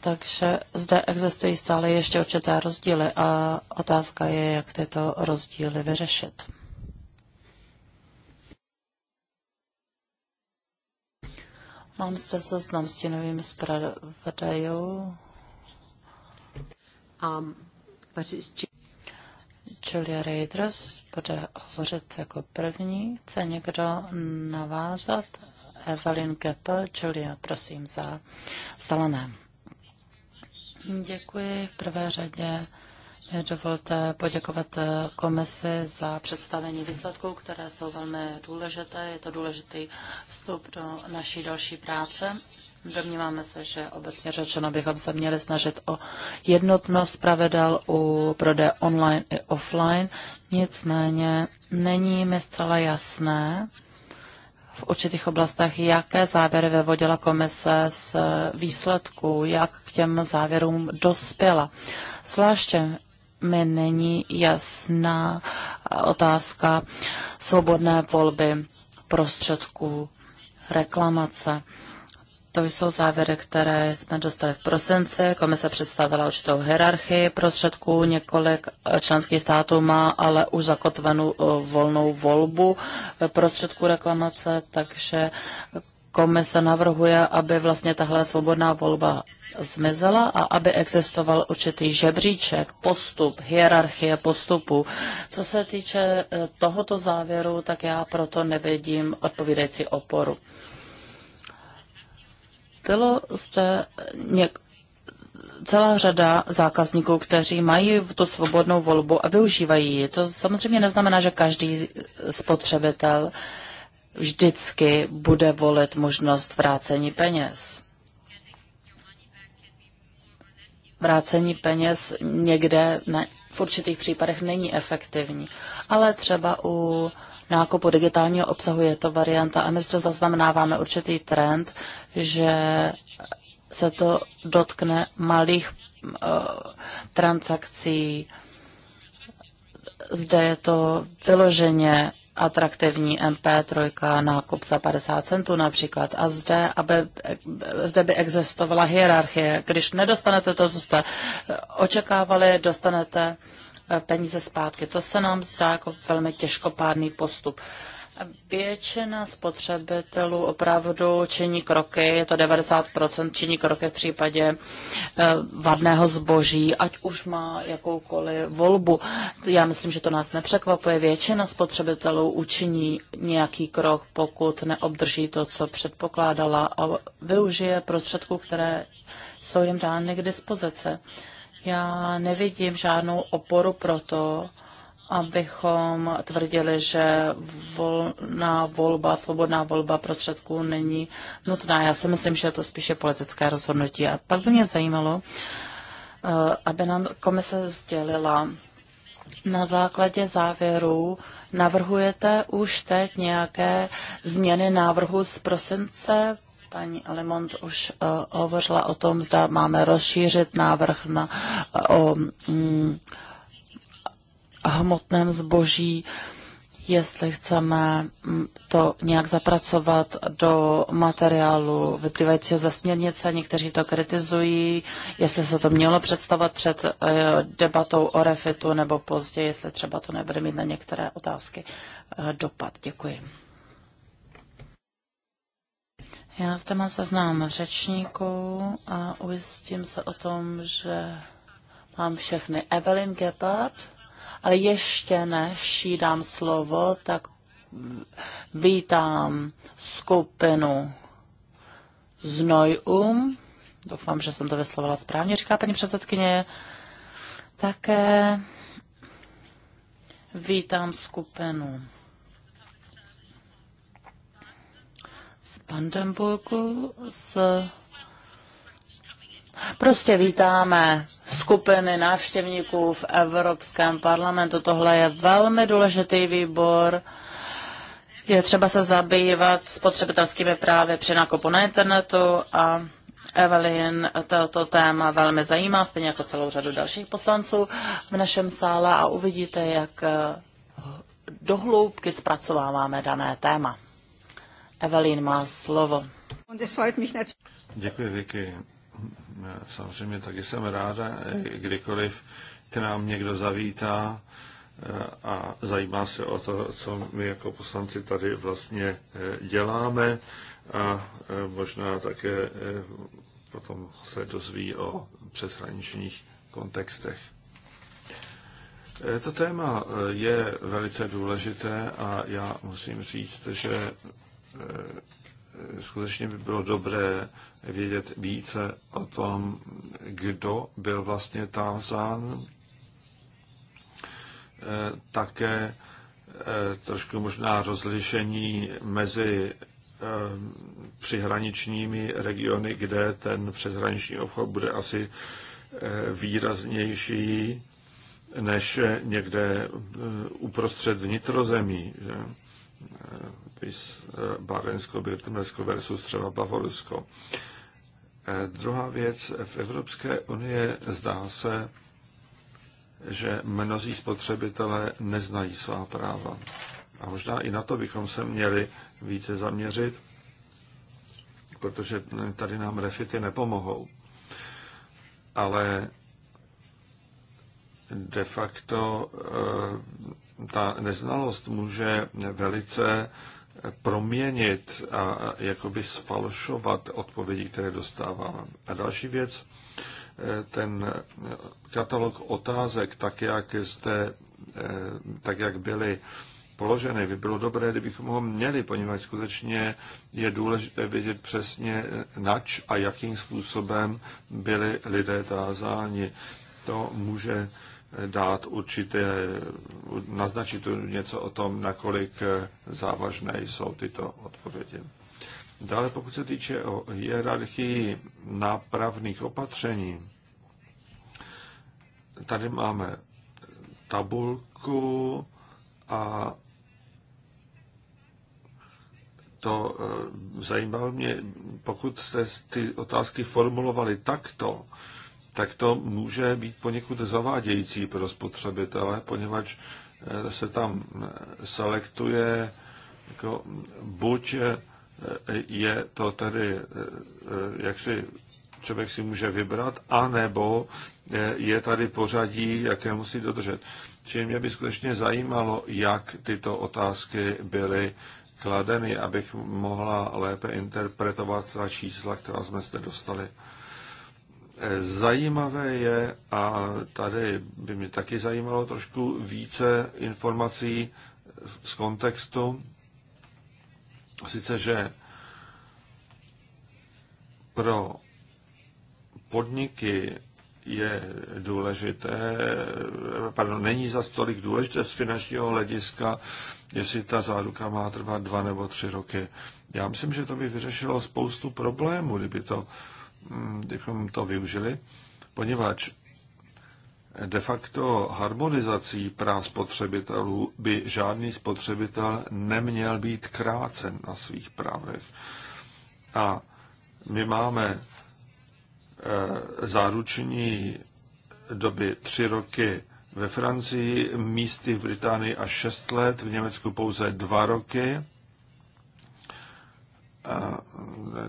[SPEAKER 3] Takže zde existují stále ještě určité rozdíly a otázka je, jak tyto rozdíly vyřešit. Mám zde seznam s těnovým zpravodajů. Um, but it's... Julia Reiders bude hovořit jako první. Chce někdo navázat? Evelyn Keppel, Julia, prosím, za zelené. Děkuji v prvé řadě dovolte poděkovat komisi za představení výsledků, které jsou velmi důležité. Je to důležitý vstup do naší další práce. Domníváme se, že obecně řečeno bychom se měli snažit o jednotnost pravidel u prodeje online i offline. Nicméně není mi zcela jasné v určitých oblastech, jaké závěry vyvodila komise z výsledků, jak k těm závěrům dospěla. Zvláště mi není jasná otázka svobodné volby prostředků reklamace. To jsou závěry, které jsme dostali v prosinci. Komise představila určitou hierarchii prostředků. Několik členských států má ale už zakotvenou eh, volnou volbu eh, prostředků reklamace, takže komise navrhuje, aby vlastně tahle svobodná volba zmizela a aby existoval určitý žebříček, postup, hierarchie postupu. Co se týče eh, tohoto závěru, tak já proto nevidím odpovídající oporu. Bylo zde něk- celá řada zákazníků, kteří mají tu svobodnou volbu a využívají ji. To samozřejmě neznamená, že každý spotřebitel uh, vždycky bude volit možnost vrácení peněz. Vrácení peněz někde ne, v určitých případech není efektivní, ale třeba u nákupu digitálního obsahu je to varianta a my zde zaznamenáváme určitý trend, že se to dotkne malých uh, transakcí. Zde je to vyloženě atraktivní MP3 kup za 50 centů například. A zde, aby, zde by existovala hierarchie. Když nedostanete to, co jste očekávali, dostanete eh, peníze zpátky. To se nám zdá jako velmi těžkopádný postup. Uh, Většina spotřebitelů opravdu činí kroky, je to 90%, činí kroky v případě eh, vadného zboží, ať už má jakoukoliv volbu. Já myslím, že to nás nepřekvapuje. Většina spotřebitelů učiní nějaký krok, pokud neobdrží to, co předpokládala a využije prostředků, které jsou jim dány k dispozici. Já nevidím žádnou oporu pro to, abychom tvrdili, že volná volba, svobodná volba prostředků není nutná. Já si myslím, že je to spíše politické rozhodnutí. A pak by mě zajímalo, eh, aby nám komise sdělila, na základě závěru navrhujete už teď nějaké změny návrhu z prosince paní Alimont už uh, hovořila o tom, zda máme rozšířit návrh na, uh, o um, hmotném zboží, jestli chceme mm, to nějak zapracovat do materiálu vyplývajícího ze směrnice. Někteří to kritizují, jestli se to mělo představovat před eh, debatou o refitu nebo později, jestli třeba to nebude mít na některé otázky eh, dopad. Děkuji. Já zde mám seznám řečníků a ujistím se o tom, že mám všechny. Evelyn Gepard. Ale ještě než jí dám slovo, tak vítám skupinu Znojum. Doufám, že jsem to vyslovila správně, říká paní předsedkyně. Také vítám skupinu z Pandemburgu, z Prostě vítáme skupiny návštěvníků v Evropském parlamentu. Tohle je velmi důležitý výbor. Je třeba se zabývat spotřebitelskými právy při nákupu na internetu a Evelyn toto téma velmi zajímá, stejně jako celou řadu dalších poslanců v našem sále a uvidíte, jak eh, dohloubky zpracováváme dané téma. Evelyn má slovo.
[SPEAKER 2] Děkuji, Vicky. Eh, samozřejmě taky jsem ráda, eh, kdykoliv k nám někdo zavítá eh, a zajímá se o to, co my jako poslanci tady vlastně děláme a možná také potom se dozví o přeshraničních kontextech. To téma je velice důležité a já musím říct, že skutečně by bylo dobré vědět více o tom, kdo byl vlastně tázán. Eh, také eh, trošku možná rozlišení mezi eh, přihraničními regiony, kde ten přeshraniční obchod bude asi výraznější než někde uprostřed vnitrozemí popis eh, Bárensko, Birtemlesko versus třeba Bavorsko. Eh, druhá věc, v Evropské unii zdá se, že mnozí spotřebitelé neznají svá práva. A možná i na to bychom se měli více zaměřit, protože tady nám refity nepomohou. Ale de facto eh, ta neznalost může velice proměnit a jakoby sfalšovat odpovědi, které dostáváme. A další věc, eh, ten katalog otázek, tak jak, jste eh, tak jak byly položeny, by bylo dobré, kdybychom ho měli, poněvadž skutečně je důležité vědět přesně, eh, nač a jakým způsobem byli lidé tázáni. To může dát určité, naznačit něco o tom, nakolik závažné jsou tyto odpovědi. Dále pokud se týče o hierarchii nápravných opatření, tady máme tabulku a to eh, zajímalo mě, pokud jste ty otázky formulovali takto, tak to může být poněkud zavádějící pro spotřebitele, poněvadž eh, se tam eh, selektuje jako buď eh, je to tedy, jak si člověk si může vybrat, anebo je tady pořadí, jaké musí dodržet. Čím mě by skutečně zajímalo, jak tyto otázky byly kladeny, abych mohla lépe interpretovat ta čísla, která jsme zde dostali. Zajímavé je, a tady by mě taky zajímalo trošku více informací z kontextu, sice, že pro podniky je důležité, pardon, není za tolik důležité z finančního hlediska, jestli ta záruka má trvat dva nebo tři roky. Já myslím, že to by vyřešilo spoustu problémů, kdyby to Hm, kdybychom to využili, poněvadž de facto harmonizací práv spotřebitelů by žádný spotřebitel neměl být krácen na svých právech. A my máme eh, záruční doby tři roky ve Francii, místy v Británii až šest let, v Německu pouze dva roky E,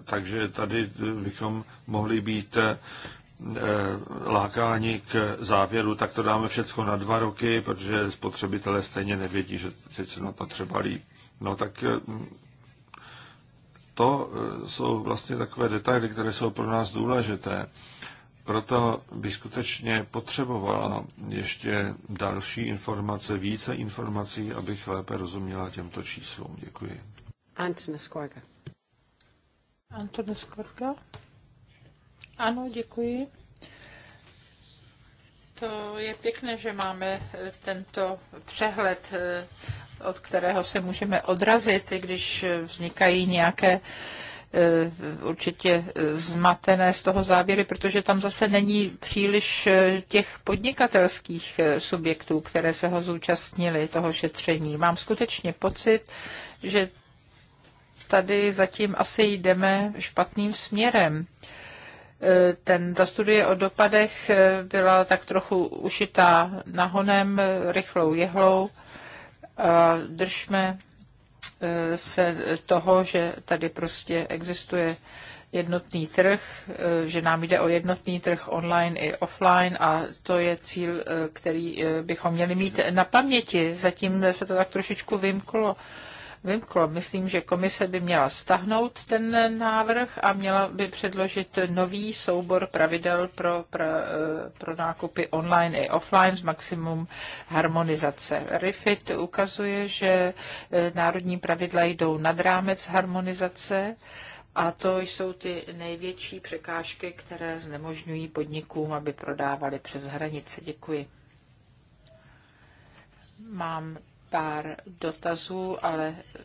[SPEAKER 2] takže tady bychom mohli být e, lákání k závěru, tak to dáme všechno na dva roky, protože spotřebitelé stejně nevědí, že se na to líp. No tak e, to jsou vlastně takové detaily, které jsou pro nás důležité. Proto by skutečně potřebovala ještě další informace, více informací, abych lépe rozuměla těmto číslům. Děkuji.
[SPEAKER 1] Antonis Korga. Antony Skorka. Ano, děkuji. To je pěkné, že máme eh, tento přehled, eh, od kterého se můžeme odrazit, když eh, vznikají nějaké určitě zmatené z toho závěry, protože tam zase není příliš těch podnikatelských subjektů, které se ho zúčastnili, toho šetření. Mám skutečně pocit, že tady zatím asi jdeme špatným směrem. E, ten, ta studie o dopadech e, byla tak trochu ušitá nahonem, rychlou jehlou. A držme e, se toho, že tady prostě existuje jednotný trh, že nám jde o jednotný trh online i offline a to je cíl, který bychom měli mít na paměti. Zatím se to tak trošičku vymklo vymklo. Myslím, že komise by měla stahnout ten návrh a měla by předložit nový soubor pravidel pro, pro, eh, pro nákupy online i offline s maximum harmonizace. RIFIT ukazuje, že eh, národní pravidla jdou nad rámec harmonizace. A to jsou ty největší překážky, které znemožňují podnikům, aby prodávali přes hranice. Děkuji. Mám pár dotazů, ale eh,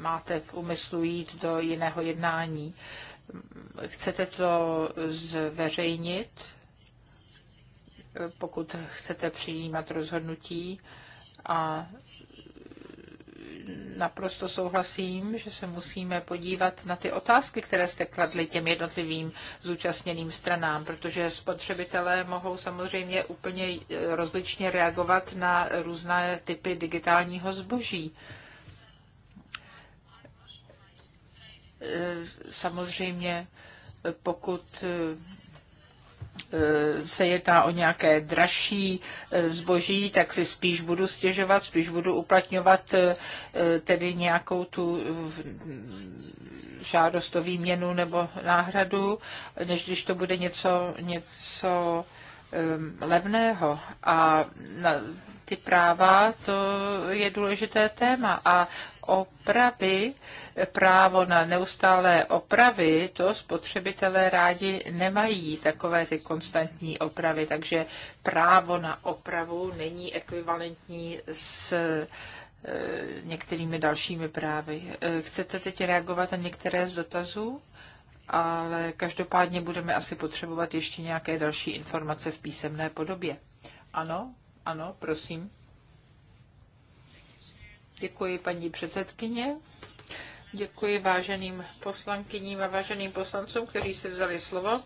[SPEAKER 1] máte v úmyslu jít do jiného jednání. Chcete to zveřejnit, pokud chcete přijímat rozhodnutí a naprosto souhlasím, že se musíme podívat na ty otázky, které jste kladli těm jednotlivým zúčastněným stranám, protože spotřebitelé mohou samozřejmě úplně eh, rozličně reagovat na různé typy digitálního zboží. Eh, samozřejmě, pokud eh, Eh, se jedná o nějaké dražší eh, zboží, tak si spíš budu stěžovat, spíš budu uplatňovat eh, tedy nějakou tu žádostovou měnu nebo náhradu, než když to bude něco, něco Ehm, levného a ty práva, to je důležité téma a opravy, právo na neustálé opravy, to spotřebitelé rádi nemají, takové ty konstantní opravy, takže právo na opravu není ekvivalentní s eh, některými dalšími právy. Eh, chcete teď reagovat na některé z dotazů? ale každopádně budeme asi potřebovat ještě nějaké další informace v písemné podobě. Ano, ano, prosím. Děkuji paní předsedkyně. Děkuji váženým poslankyním a váženým poslancům, kteří si vzali slovo.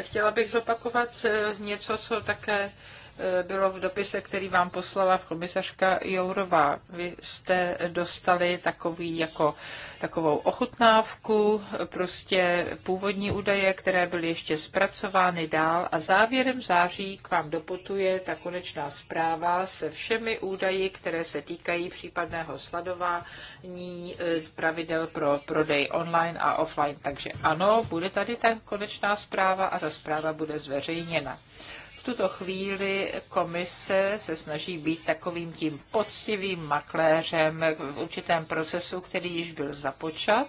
[SPEAKER 1] Chtěla bych zopakovat eh, něco, co také bylo v dopise, který vám poslala v komisařka Jourová. Vy jste dostali takový jako, takovou ochutnávku, prostě původní údaje, které byly ještě zpracovány dál a závěrem září k vám doputuje ta konečná zpráva se všemi údaji, které se týkají případného sladování e, pravidel pro prodej online a offline. Takže ano, bude tady ta konečná zpráva a ta zpráva bude zveřejněna tuto chvíli komise se snaží být takovým tím poctivým makléřem v určitém procesu, který již byl započat.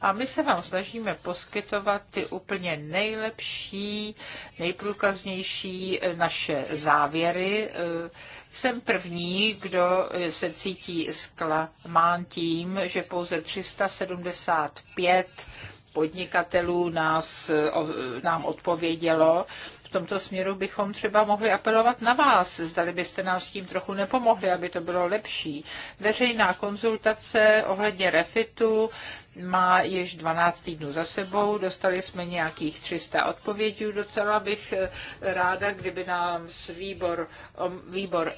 [SPEAKER 1] A my se vám snažíme poskytovat ty úplně nejlepší, nejprůkaznější naše závěry. Jsem první, kdo se cítí zklamán tím, že pouze 375 podnikatelů nás, nám odpovědělo tomto směru bychom třeba mohli apelovat na vás, zdali byste nám s tím trochu nepomohli, aby to bylo lepší. Veřejná konzultace ohledně refitu má již 12 týdnů za sebou, dostali jsme nějakých 300 odpovědí, docela bych eh, ráda, kdyby nám výbor, výbor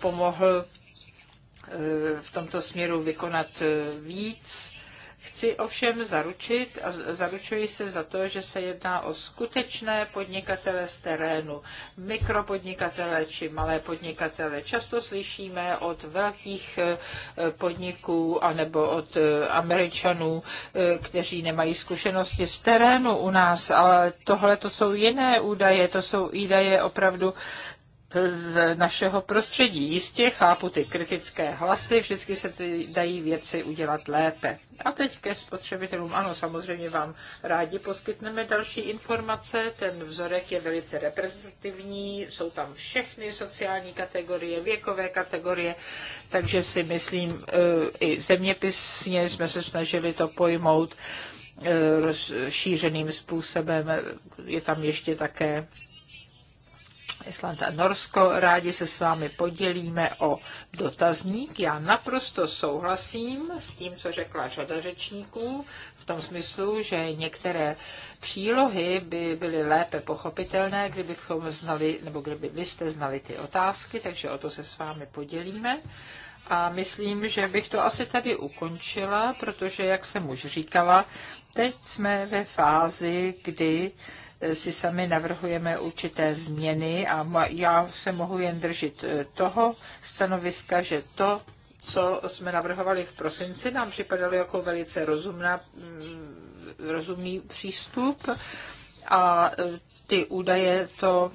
[SPEAKER 1] pomohl eh, v tomto směru vykonat eh, víc Chci ovšem zaručit a zaručuji se za to, že se jedná o skutečné podnikatele z terénu, mikropodnikatele či malé podnikatele. Často slyšíme od velkých eh, podniků anebo od eh, američanů, eh, kteří nemají zkušenosti z terénu u nás, ale tohle to jsou jiné údaje, to jsou údaje opravdu z našeho prostředí. Jistě chápu ty kritické hlasy, vždycky se ty dají věci udělat lépe. A teď ke spotřebitelům. Ano, samozřejmě vám rádi poskytneme další informace. Ten vzorek je velice reprezentativní, jsou tam všechny sociální kategorie, věkové kategorie, takže si myslím, eh, i zeměpisně jsme se snažili to pojmout eh, rozšířeným způsobem. Je tam ještě také Island a Norsko, rádi se s vámi podělíme o dotazník. Já naprosto souhlasím s tím, co řekla řada řečníků, v tom smyslu, že některé přílohy by byly lépe pochopitelné, kdybychom znali, nebo kdyby vy jste znali ty otázky, takže o to se s vámi podělíme. A myslím, že bych to asi tady ukončila, protože, jak jsem už říkala, teď jsme ve fázi, kdy si sami navrhujeme určité změny a já se mohu jen držet eh, toho stanoviska, že to, co jsme navrhovali v prosinci, nám připadalo jako velice rozumná, mm, rozumný přístup a eh, ty údaje to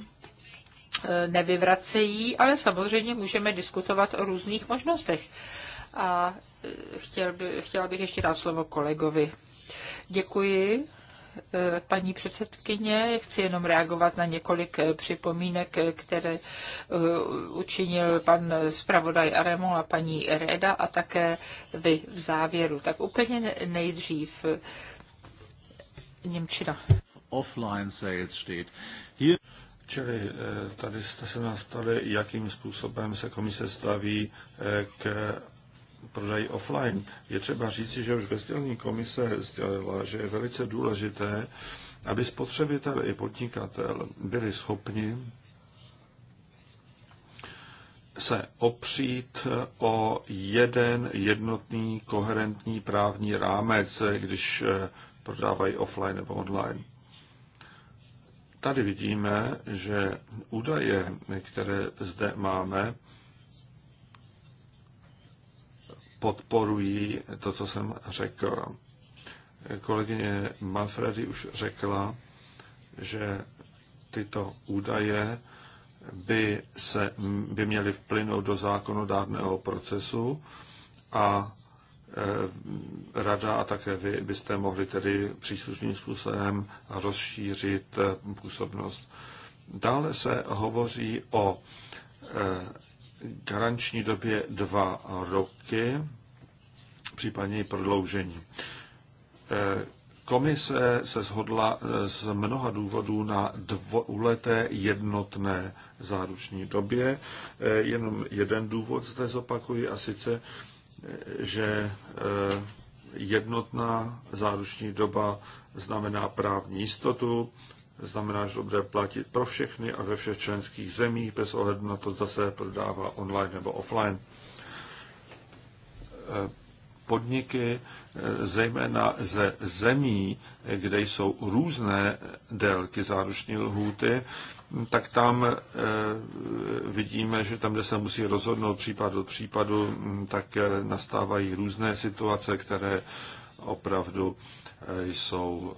[SPEAKER 1] eh, nevyvracejí, ale samozřejmě můžeme diskutovat o různých možnostech. A chtěl by, chtěla bych ještě dát slovo kolegovi. Děkuji. E, paní předsedkyně. chci jenom reagovat na několik e, připomínek, e, které učinil pan zpravodaj Aremo a paní Reda a také vy v závěru. Tak úplně nejdřív Němčina.
[SPEAKER 2] Offline sales steht. Čili tady jste se nás ptali, jakým způsobem se komise staví k prodej offline, je třeba říci, že už ve sdělení komise sdělila, že je velice důležité, aby spotřebitel i podnikatel byli schopni se opřít o jeden jednotný koherentní právní rámec, když eh, prodávají offline nebo online. Tady vidíme, že údaje, které zde máme, podporují to, co jsem řekl. Kolegyně Manfredi už řekla, že tyto údaje by, se, by měly vplynout do zákonodárného procesu a e, rada a také vy byste mohli tedy příslušným způsobem rozšířit e, působnost. Dále se hovoří o e, garanční době dva roky, případně i prodloužení. Eh, komise se shodla eh, z mnoha důvodů na dvouleté jednotné záruční době. Eh, jenom jeden důvod zde zopakuji, a sice, že jednotná záruční doba znamená právní jistotu, znamená, že to bude platit pro všechny a ve všech členských zemích, bez ohledu na to, zda se prodává online nebo offline. Eh, podniky, eh, zejména ze zemí, kde jsou různé délky záruční lhůty, tak tam eh, vidíme, že tam, kde se musí rozhodnout případ od případu, hm, tak nastávají různé situace, které opravdu jsou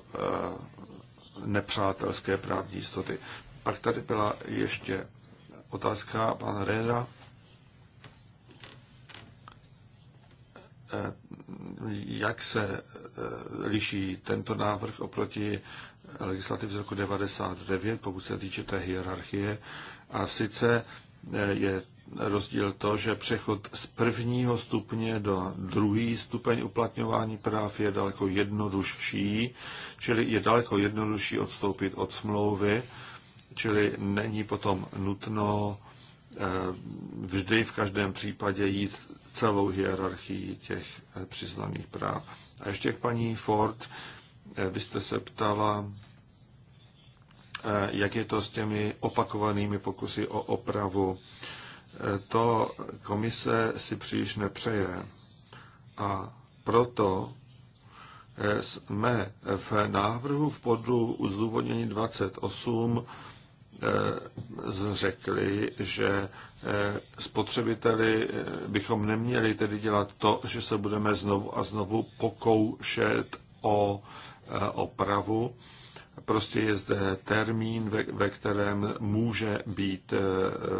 [SPEAKER 2] nepřátelské právní jistoty. Pak tady byla ještě otázka pana Reda. Eh, jak se eh, liší tento návrh oproti legislativ z roku 99, pokud se týče té hierarchie. A sice eh, je rozdíl to, že přechod z prvního stupně do druhý stupeň uplatňování práv je daleko jednodušší, čili je daleko jednodušší odstoupit od smlouvy, čili není potom nutno eh, vždy v každém případě jít celou hierarchii těch eh, přiznaných práv. A ještě k paní Ford, eh, vy jste se ptala, jak je to s těmi opakovanými pokusy o opravu to komise si příliš nepřeje. A proto eh, jsme v návrhu v podru zdůvodnění 28 eh, řekli, že eh, spotřebiteli bychom neměli tedy dělat to, že se budeme znovu a znovu pokoušet o opravu, Prostě je zde termín, ve, ve kterém může být eh,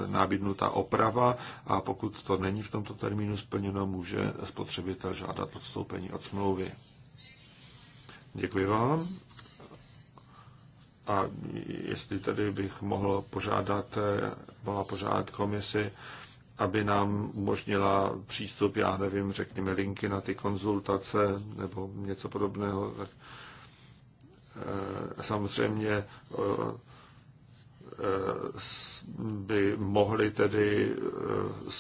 [SPEAKER 2] nabídnuta oprava a pokud to není v tomto termínu splněno, může spotřebitel žádat odstoupení od smlouvy. Děkuji vám. A jestli tady bych mohl požádat, eh, mohla požádat komisi, aby nám umožnila přístup, já nevím, řekněme, linky na ty konzultace nebo něco podobného, tak Eh, samozřejmě eh, by mohli tedy eh,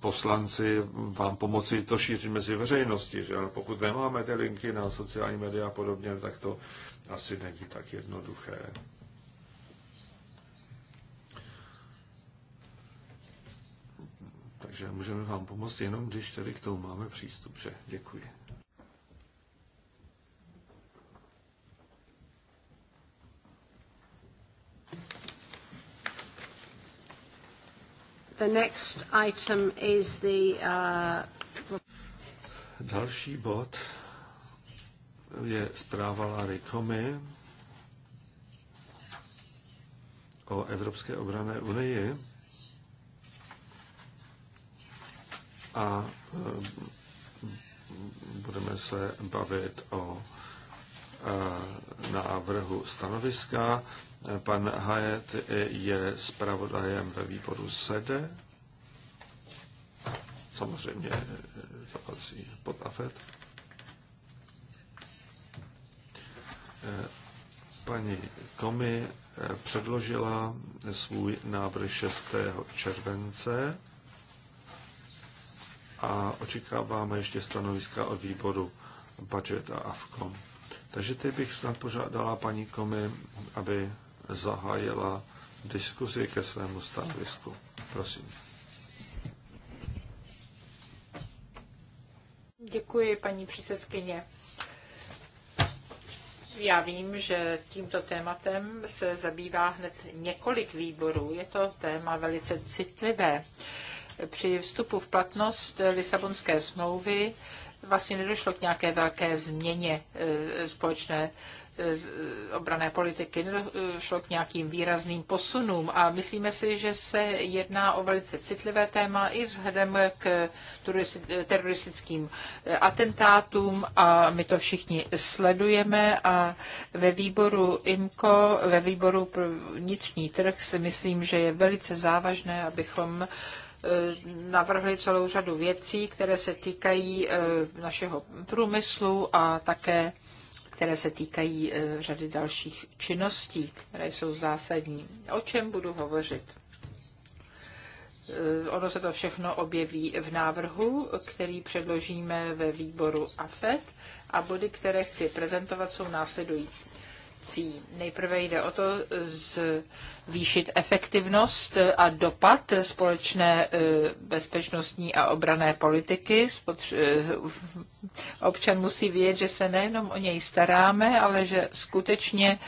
[SPEAKER 2] poslanci vám pomoci to šířit mezi veřejností, že? ale pokud nemáme ty linky na sociální média a podobně, tak to asi není tak jednoduché. Takže můžeme vám pomoct jenom, když tedy k tomu máme přístup, že? Děkuji.
[SPEAKER 3] The next item is the, uh...
[SPEAKER 2] Další bod je zpráva Lary Komy o Evropské obrané unii a eh, budeme se bavit o eh, návrhu stanoviska. Pan Hajet je zpravodajem ve výboru SEDE. Samozřejmě eh, to patří pod AFED. Eh, paní Komi eh, předložila svůj návrh 6. července a očekáváme ještě stanoviska od výboru budget a AFCOM. Takže teď bych snad požádala paní Komi, aby zahájila diskuzi ke svému stanovisku. Prosím.
[SPEAKER 1] Děkuji, paní předsedkyně. Já vím, že tímto tématem se zabývá hned několik výborů. Je to téma velice citlivé. Při vstupu v platnost Lisabonské smlouvy vlastně nedošlo k nějaké velké změně e, společné e, e, obrané politiky, nedošlo k nějakým výrazným posunům a myslíme si, že se jedná o velice citlivé téma i vzhledem k teroristickým atentátům a my to všichni sledujeme a ve výboru IMCO, ve výboru pro vnitřní trh si myslím, že je velice závažné, abychom Eh, navrhli celou řadu věcí, které se týkají eh, našeho průmyslu a také které se týkají eh, řady dalších činností, které jsou zásadní. O čem budu hovořit? Ono se to všechno objeví v návrhu, který předložíme ve výboru AFET a body, které chci prezentovat, jsou následující akcí. Nejprve jde o to zvýšit efektivnost a dopad společné e, bezpečnostní a obrané politiky. E, občan musí vědět, že se nejenom o něj staráme, ale že skutečně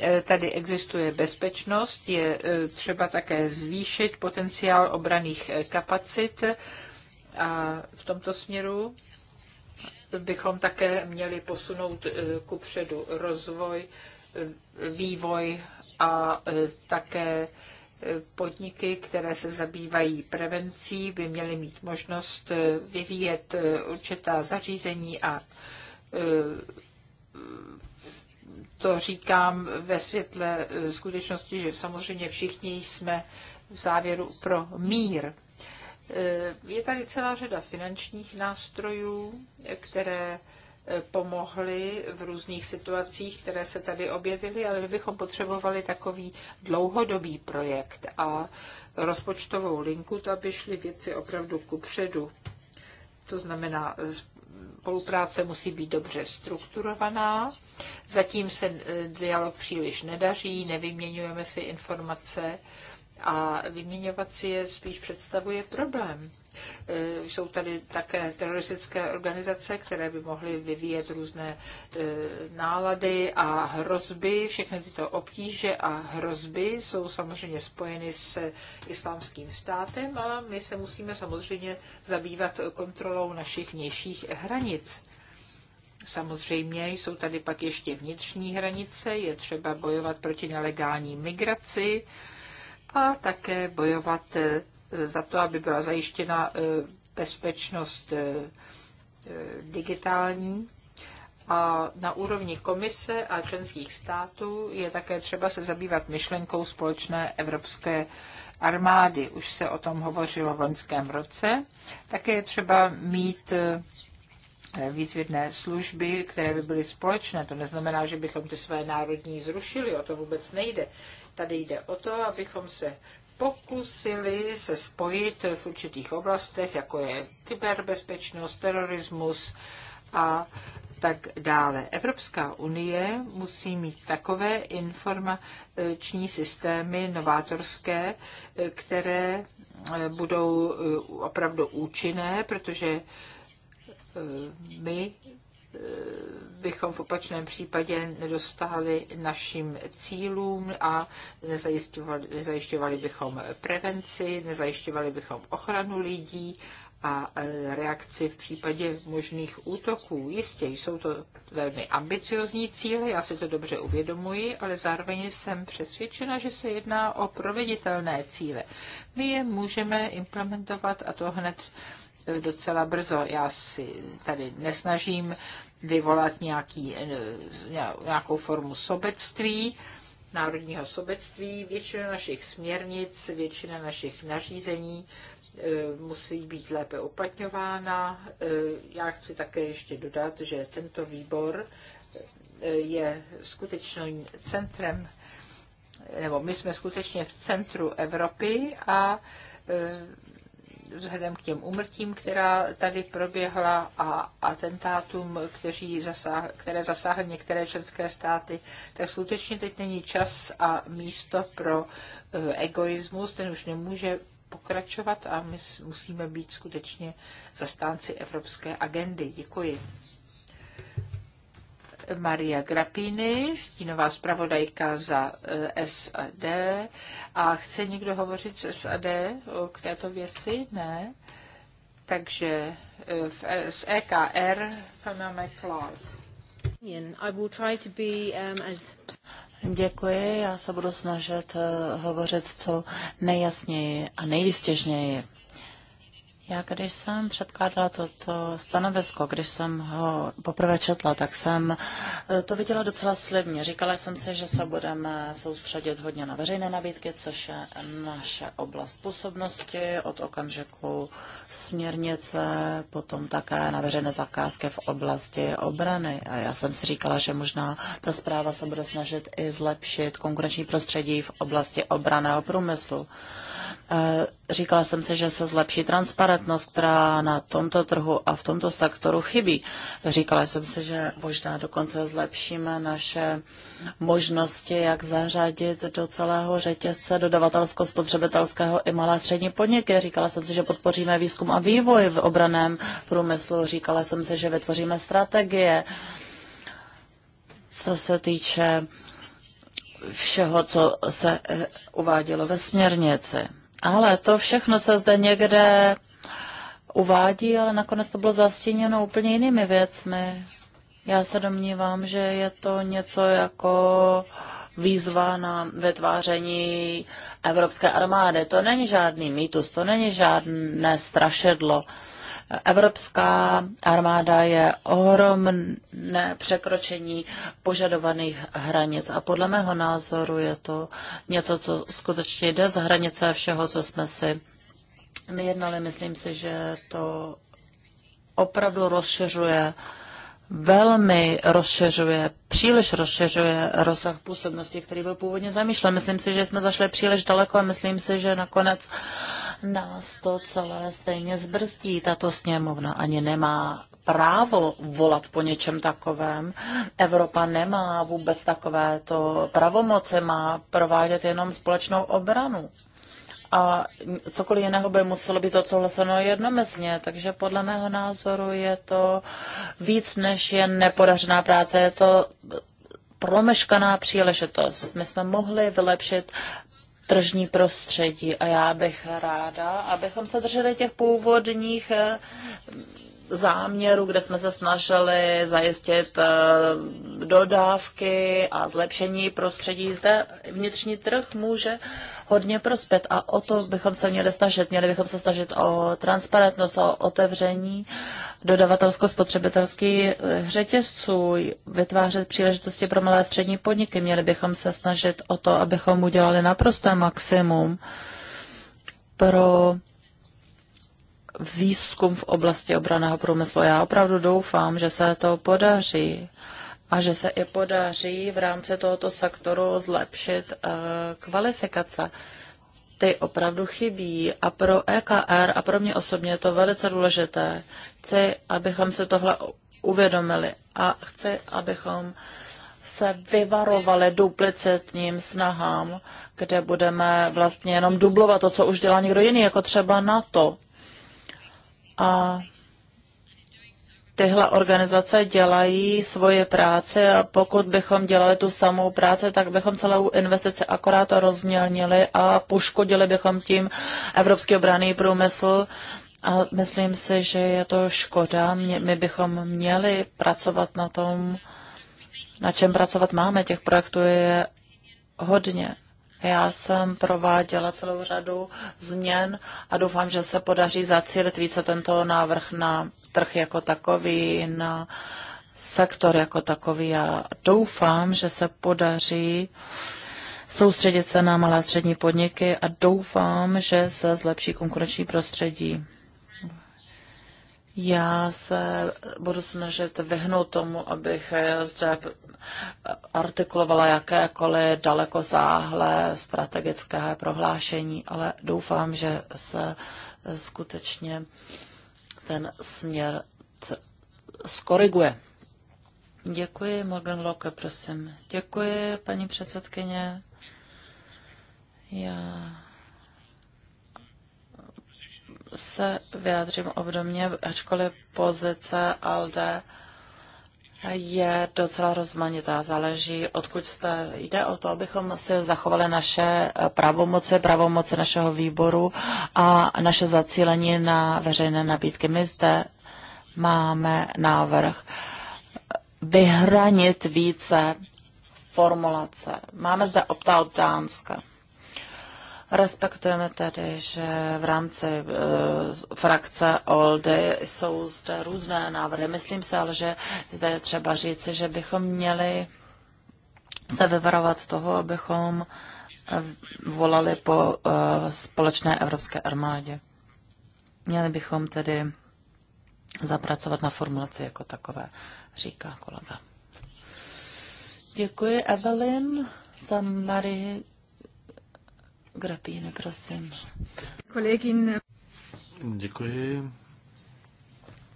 [SPEAKER 1] e, tady existuje bezpečnost. Je třeba také zvýšit potenciál obraných kapacit a v tomto směru bychom také měli posunout ku předu rozvoj vývoj a e, také e, podniky, které se zabývají prevencí, by měly mít možnost e, vyvíjet určitá zařízení a to říkám ve světle skutečnosti, že samozřejmě všichni jsme v závěru pro mír. Je tady celá řada finančních nástrojů, které pomohli v různých situacích, které se tady objevily, ale my bychom potřebovali takový dlouhodobý projekt a rozpočtovou linku, to aby šly věci opravdu ku předu. To znamená, spolupráce musí být dobře strukturovaná. Zatím se eh, dialog příliš nedaří, nevyměňujeme si informace a vyměňovat si je spíš představuje problém. E, jsou tady také teroristické organizace, které by mohly vyvíjet různé e, nálady a hrozby. Všechny tyto obtíže a hrozby jsou samozřejmě spojeny s islámským státem, ale my se musíme samozřejmě zabývat kontrolou našich vnějších hranic. Samozřejmě jsou tady pak ještě vnitřní hranice, je třeba bojovat proti nelegální migraci, a také bojovat eh, za to, aby byla zajištěna eh, bezpečnost eh, digitální. A na úrovni komise a členských států je také třeba se zabývat myšlenkou společné evropské armády. Už se o tom hovořilo v loňském roce. Také je třeba mít výzvědné služby, které by byly společné. To neznamená, že bychom ty své národní zrušili, o to vůbec nejde. Tady jde o to, abychom se pokusili se spojit v určitých oblastech, jako je kyberbezpečnost, terorismus a tak dále. Evropská unie musí mít takové informační systémy novátorské, které eh, budou eh, opravdu účinné, protože eh, my bychom v opačném případě nedostali našim cílům a nezajišťovali, nezajišťovali bychom prevenci, nezajišťovali bychom ochranu lidí a e, reakci v případě možných útoků. Jistě jsou to velmi ambiciozní cíle, já si to dobře uvědomuji, ale zároveň jsem přesvědčena, že se jedná o proveditelné cíle. My je můžeme implementovat a to hned docela brzo. Já si tady nesnažím vyvolat nějaký, eh, nějakou formu sobectví, národního sobectví. Většina našich směrnic, většina našich nařízení eh, musí být lépe uplatňována. Eh, já chci také ještě dodat, že tento výbor je skutečným centrem, nebo my jsme skutečně v centru Evropy a vzhledem k těm umrtím, která tady proběhla a atentátům, kteří zasáhl, které zasáhly některé členské státy, tak skutečně teď není čas a místo pro e, egoismus, ten už nemůže pokračovat a my musíme být skutečně zastánci evropské agendy. Děkuji. Maria Grapini, stínová zpravodajka za eh, SAD. A chce někdo hovořit s SAD eh, k této věci? Ne. Takže eh, z EKR pana McClark. I will try to be um, as
[SPEAKER 3] Děkuji, já se budu snažit hovořit co nejjasněji a nejvystěžněji. Já když jsem předkládala toto stanovisko, když jsem ho poprvé četla, tak jsem eh, to viděla docela slibně. Říkala jsem si, že se budeme soustředit hodně na veřejné nabídky, což je naše oblast působnosti od okamžiku směrnice, potom také na veřejné zakázky v oblasti obrany. A já jsem si říkala, že možná ta zpráva se bude snažit i zlepšit konkurenční prostředí v oblasti obraného průmyslu. Eh, říkala jsem si, že se zlepší transparentnost, která na tomto trhu a v tomto sektoru chybí. Říkala jsem si, že možná dokonce zlepšíme naše možnosti, jak zařadit do celého řetězce dodavatelsko-spotřebitelského i malé střední podniky. Říkala jsem si, že podpoříme výzkum a vývoj v obraném průmyslu. Říkala jsem si, že vytvoříme strategie. Co se týče všeho, co se eh, uvádělo ve směrnici. Ale to všechno se zde někde uvádí, ale nakonec to bylo zastíněno úplně jinými věcmi. Já se domnívám, že je to něco jako výzva na vytváření evropské armády. To není žádný mýtus, to není žádné strašedlo. Uh, Evropská armáda je ohromné překročení požadovaných hranic a podle mého názoru je to něco, co skutečně jde za hranice všeho, co jsme si vyjednali. Myslím si, že to opravdu rozšiřuje uh, velmi rozšiřuje, příliš rozšiřuje rozsah působnosti, který byl původně zamýšlen. Myslím si, že jsme zašli příliš daleko a myslím si, že nakonec nás to celé stejně zbrzdí. Tato sněmovna ani nemá právo volat po něčem takovém. Evropa nemá vůbec takovéto pravomoce, má provádět jenom společnou obranu a cokoliv jiného by muselo být odsouhlaseno jednomyslně, takže podle mého názoru je to víc než jen nepodařená práce, je to promeškaná příležitost. My jsme mohli vylepšit tržní prostředí a já bych ráda, abychom se drželi těch původních eh, záměru, kde jsme se snažili zajistit eh, dodávky a zlepšení prostředí. Zde vnitřní trh může hodně prospět a o to bychom se měli snažit. Měli bychom se snažit o transparentnost, o otevření dodavatelsko-spotřebitelských eh, řetězců, vytvářet příležitosti pro malé a střední podniky. Měli bychom se snažit o to, abychom udělali naprosté maximum pro výzkum v oblasti obraného průmyslu. Já opravdu doufám, že se to podaří a že se i podaří v rámci tohoto sektoru zlepšit eh, kvalifikace. Ty opravdu chybí a pro EKR a pro mě osobně je to velice důležité. Chci, abychom se tohle uvědomili a chci, abychom se vyvarovali duplicitním snahám, kde budeme vlastně jenom dublovat to, co už dělá někdo jiný, jako třeba NATO a tyhle organizace dělají svoje práce a pokud bychom dělali tu samou práci, tak bychom celou investici akorát rozmělnili a poškodili bychom tím evropský obraný průmysl. A myslím si, že je to škoda. My bychom měli pracovat na tom, na čem pracovat máme. Těch projektů je hodně. Já jsem prováděla celou řadu změn a doufám, že se podaří zacílit více tento návrh na trh jako takový, na sektor jako takový. Já doufám, že se podaří soustředit se na malé a střední podniky a doufám, že se zlepší konkurenční prostředí. Já se budu snažit vyhnout tomu, abych zde eh, artikulovala jakékoliv daleko záhlé strategické prohlášení, ale doufám, že se eh, skutečně ten směr skoriguje. Děkuji, Morgan Locke, prosím. Děkuji, paní předsedkyně. Já se vyjádřím obdobně, ačkoliv pozice ALDE je docela rozmanitá, záleží, odkud jste. Jde o to, abychom si zachovali naše pravomoce, pravomoce našeho výboru a naše zacílení na veřejné nabídky. My zde máme návrh vyhranit více formulace. Máme zde opt-out Dánska. Respektujeme tedy, že v rámci e, frakce OLDY jsou zde různé návrhy. Myslím se ale, že zde je třeba říci, že bychom měli se vyvarovat toho, abychom volali po e, společné evropské armádě. Měli bychom tedy zapracovat na formulaci jako takové, říká kolega. Děkuji, Evelyn, za Marie Grapíny, prosím.
[SPEAKER 1] Kolegin.
[SPEAKER 2] Děkuji.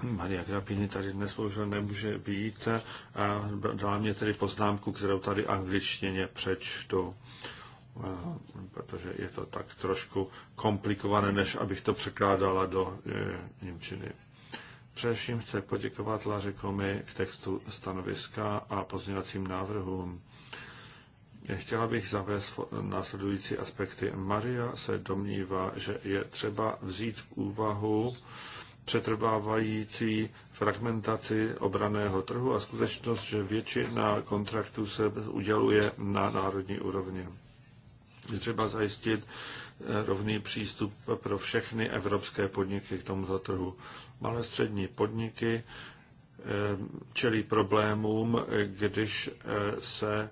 [SPEAKER 2] Maria Grapini tady dnes bohužel nemůže být a dala mě tedy poznámku, kterou tady angličtině přečtu, protože je to tak trošku komplikované, než abych to překládala do e, Němčiny. Především chci poděkovat Laře Komi k textu stanoviska a pozměňovacím návrhům. Chtěla bych zavést následující aspekty. Maria se domnívá, že je třeba vzít v úvahu přetrvávající fragmentaci obraného trhu a skutečnost, že většina kontraktů se uděluje na národní úrovni. Je třeba zajistit eh, rovný přístup pro všechny evropské podniky k tomuto trhu. Malé střední podniky eh, čelí problémům, eh, když se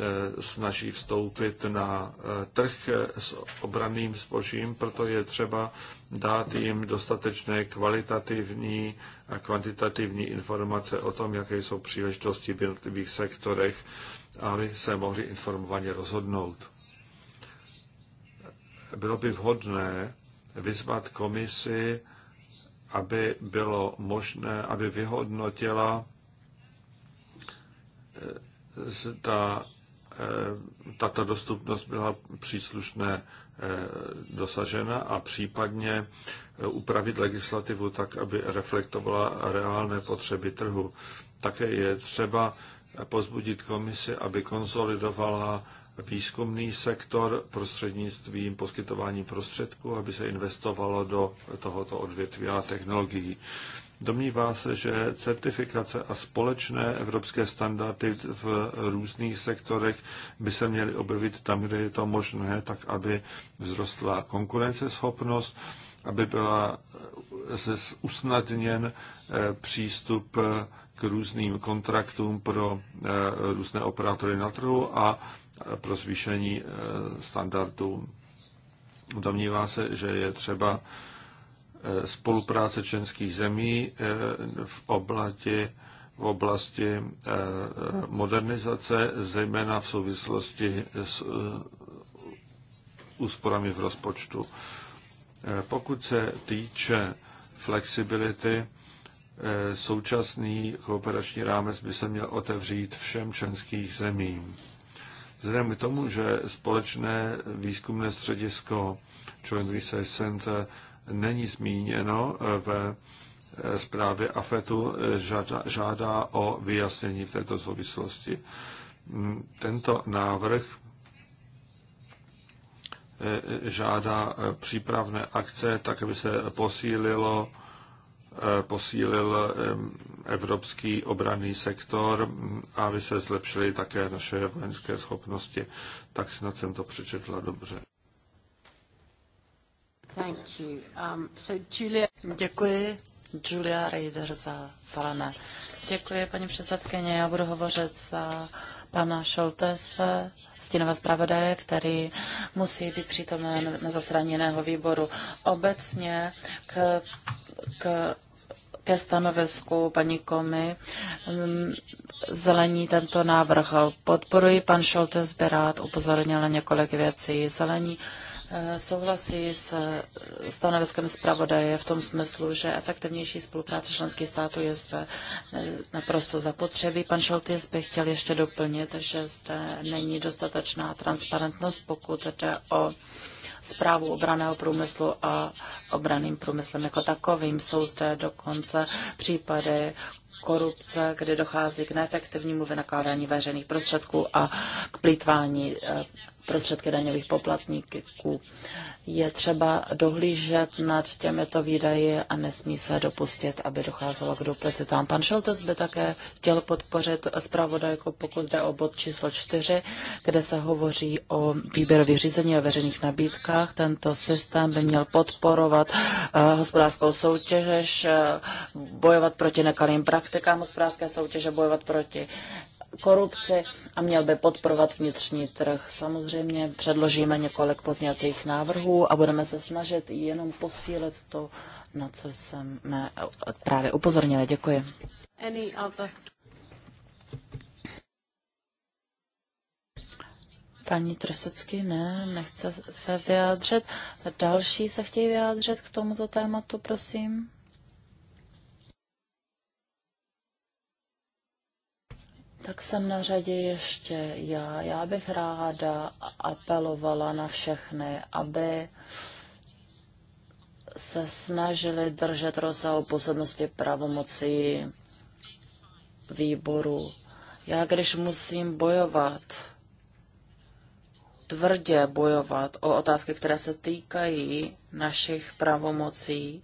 [SPEAKER 2] Eh, snaží vstoupit na eh, trh s obraným spožím, proto je třeba dát jim dostatečné kvalitativní a kvantitativní informace o tom, jaké jsou příležitosti v jednotlivých sektorech, aby se mohli informovaně rozhodnout. Bylo by vhodné vyzvat komisi, aby bylo možné, aby vyhodnotila eh, zda Eh, tato dostupnost byla příslušné eh, dosažena a případně eh, upravit legislativu tak, aby reflektovala reálné potřeby trhu. Také je třeba pozbudit komisi, aby konsolidovala výzkumný sektor prostřednictvím poskytování prostředků, aby se investovalo do tohoto odvětví a technologií. Domnívá se, že certifikace a společné evropské standardy v různých sektorech by se měly objevit tam, kde je to možné, tak aby vzrostla konkurenceschopnost, aby byla usnadněn eh, přístup eh, k různým kontraktům pro eh, různé operátory na trhu a pro zvýšení standardů. Domnívá se, že je třeba spolupráce členských zemí eh, v oblasti, v oblasti eh, modernizace, zejména v souvislosti s eh, úsporami v rozpočtu. Pokud se týče flexibility, současný kooperační rámec by se měl otevřít všem členských zemím. Vzhledem k tomu, že společné výzkumné středisko Joint Research Center není zmíněno v zprávě AFETu, žádá, žádá o vyjasnění v této souvislosti. Mm, tento návrh e, žádá e, přípravné akce, tak aby se posílilo, e, posílil evropský obranný sektor, mm, aby se zlepšily také naše vojenské schopnosti. Tak snad jsem to přečetla dobře.
[SPEAKER 3] Um, Děkuji. Julia Reider za zelené. Děkuji, paní předsedkyně. Já budu hovořit za pana Šoltese, stínové zpravodaje, který musí být přítomen na zasedání jiného výboru. Obecně k, k ke stanovisku paní Komy um, zelení tento návrh podporuji. Pan Šoltes by rád upozornil na několik věcí. Zelení Eh, souhlasí s eh, stanoviskem zpravodaje v tom smyslu, že efektivnější spolupráce členských států je zde eh, naprosto zapotřebí. Pan Šoltis by chtěl ještě doplnit, že zde není dostatečná transparentnost, pokud jde o zprávu obraného průmyslu a obraným průmyslem jako takovým. Jsou zde dokonce případy korupce, kde dochází k neefektivnímu vynakládání veřejných prostředků a k plítvání prostředky daňových poplatníků. Je třeba dohlížet nad těmito výdaji a nesmí se dopustit, aby docházelo k duplicitám. Pan Šeltes by také chtěl podpořit zpravodajku, pokud jde o bod číslo 4, kde se hovoří o výběrových řízení a veřejných nabídkách. Tento systém by měl podporovat eh, hospodářskou soutěž, eh, bojovat proti nekalým praktikám hospodářské soutěže, bojovat proti korupci a měl by podporovat vnitřní trh. Samozřejmě předložíme několik pozněcích návrhů a budeme se snažit jenom posílit to, na co jsme právě upozornili. Děkuji. Paní Trosecky ne, nechce se vyjádřit. Další se chtějí vyjádřit k tomuto tématu, prosím. Tak jsem na řadě ještě já. Já bych ráda apelovala na všechny, aby se snažili držet rozsahu působnosti pravomocí výboru. Já když musím bojovat, tvrdě bojovat o otázky, které se týkají našich pravomocí,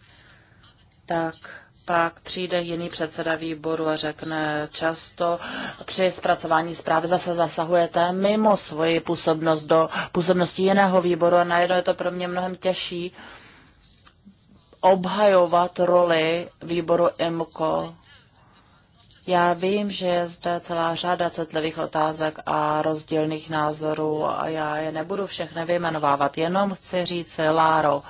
[SPEAKER 3] tak pak přijde jiný předseda výboru a řekne často při zpracování zprávy zase zasahujete mimo svoji působnost do působnosti jiného výboru a najednou je to pro mě mnohem těžší obhajovat roli výboru IMCO. Já vím, že je zde celá řada citlivých otázek a rozdílných názorů a já je nebudu všechny vyjmenovávat, jenom chci říct Láro,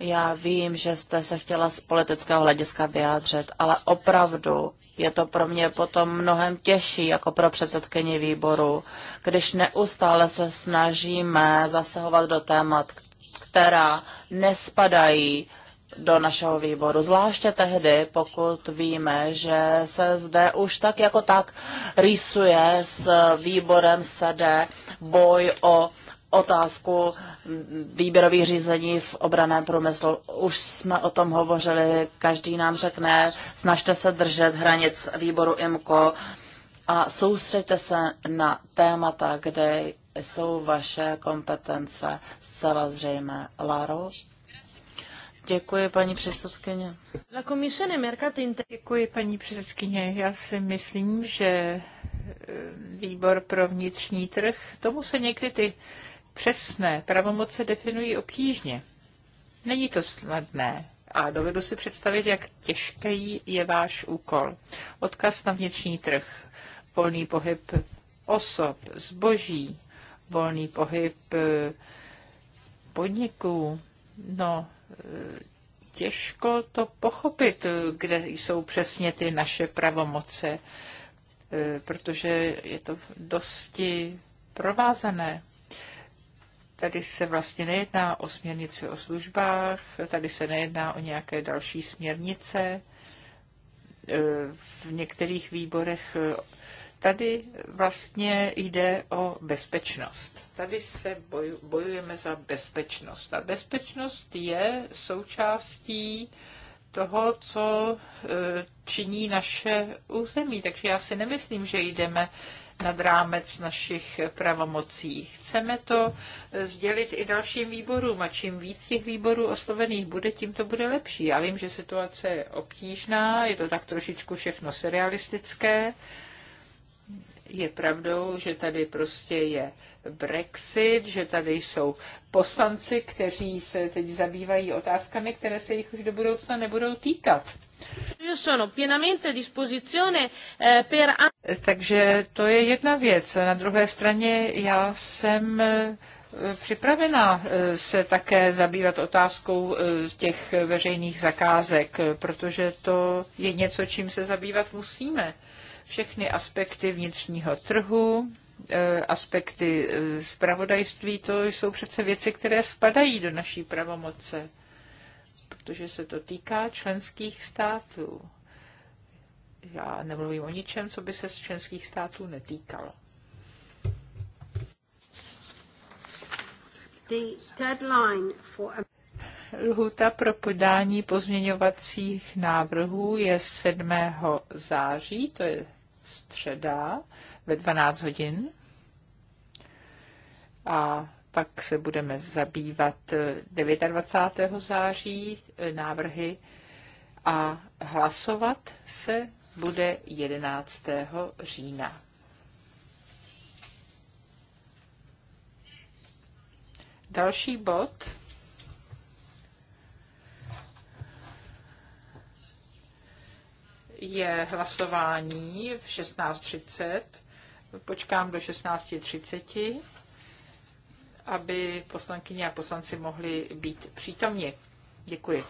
[SPEAKER 3] já vím, že jste se chtěla z politického hlediska vyjádřit, ale opravdu je to pro mě potom mnohem těžší jako pro předsedkyni výboru, když neustále se snažíme zasahovat do témat, která nespadají do našeho výboru. Zvláště tehdy, pokud víme, že se zde už tak jako tak rýsuje s výborem SEDE boj o otázku výběrových řízení v obraném průmyslu. Už jsme o tom hovořili, každý nám řekne, snažte se držet hranic výboru IMCO a soustřeďte se na témata, kde jsou vaše kompetence zcela zřejmé. Laro? Děkuji, paní předsedkyně.
[SPEAKER 1] Děkuji, paní předsedkyně. Já si myslím, že eh, výbor pro vnitřní trh, tomu se někdy ty přesné. Pravomoce definují obtížně. Není to snadné a dovedu si představit, jak těžký je váš úkol. Odkaz na vnitřní trh, volný pohyb osob, zboží, volný pohyb eh, podniků. No, eh, těžko to pochopit, eh, kde jsou přesně ty naše pravomoce, protože je to dosti provázané. Tady se vlastně nejedná o směrnice o službách, tady se nejedná o nějaké další směrnice. E, v některých výborech tady vlastně jde o bezpečnost. Tady se bojujeme za bezpečnost. A bezpečnost je součástí toho, co e, činí naše území. Takže já si nemyslím, že jdeme nad rámec našich pravomocí. Chceme to sdělit i dalším výborům a čím víc těch výborů oslovených bude, tím to bude lepší. Já vím, že situace je obtížná, je to tak trošičku všechno serialistické. Je pravdou, že tady prostě je Brexit, že tady jsou poslanci, kteří se teď zabývají otázkami, které se jich už do budoucna nebudou týkat. Eh, Takže to je jedna věc. Na druhé straně já jsem eh, připravena eh, se také zabývat otázkou těch veřejných zakázek, protože to je něco, čím se zabývat musíme. Všechny aspekty vnitřního trhu, aspekty zpravodajství, to jsou přece věci, které spadají do naší pravomoce protože se to týká členských států. Já nemluvím o ničem, co by se z členských států netýkalo. The deadline for... Lhuta pro podání pozměňovacích návrhů je 7. září, to je středa ve 12 hodin. A pak se budeme zabývat eh, 29. září eh, návrhy a hlasovat se bude 11. října. Další bod je hlasování v 16.30. Počkám do 16.30 aby poslankyně a poslanci mohli být přítomni. Děkuji.